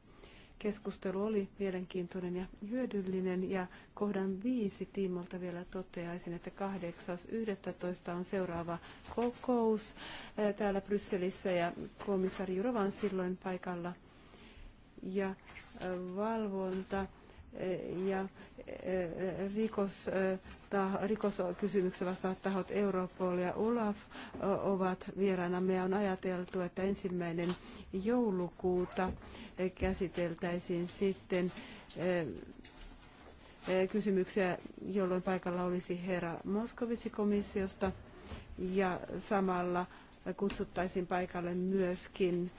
Keskustelu oli mielenkiintoinen ja hyödyllinen ja kohdan viisi tiimolta vielä toteaisin, että 8.11. on seuraava kokous eh, täällä Brysselissä ja komissari Jurova on silloin paikalla. Ja eh, valvonta ja eh, rikos, eh, ta, rikoskysymyksen vastaavat tahot Europol ja Olaf eh, ovat vieraana. me on ajateltu, että ensimmäinen joulukuuta käsiteltäisiin sitten kysymyksiä, jolloin paikalla olisi herra Moskovitsi komissiosta ja samalla kutsuttaisiin paikalle myöskin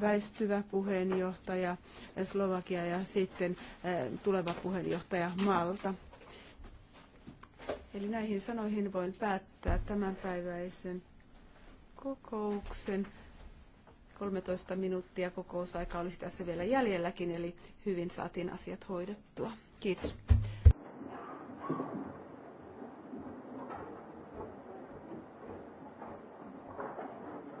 väistyvä puheenjohtaja Slovakia ja sitten eh, tuleva puheenjohtaja Malta. Eli näihin sanoihin voin päättää tämänpäiväisen kokouksen. 13 minuuttia kokousaika olisi tässä vielä jäljelläkin, eli hyvin saatiin asiat hoidettua. Kiitos.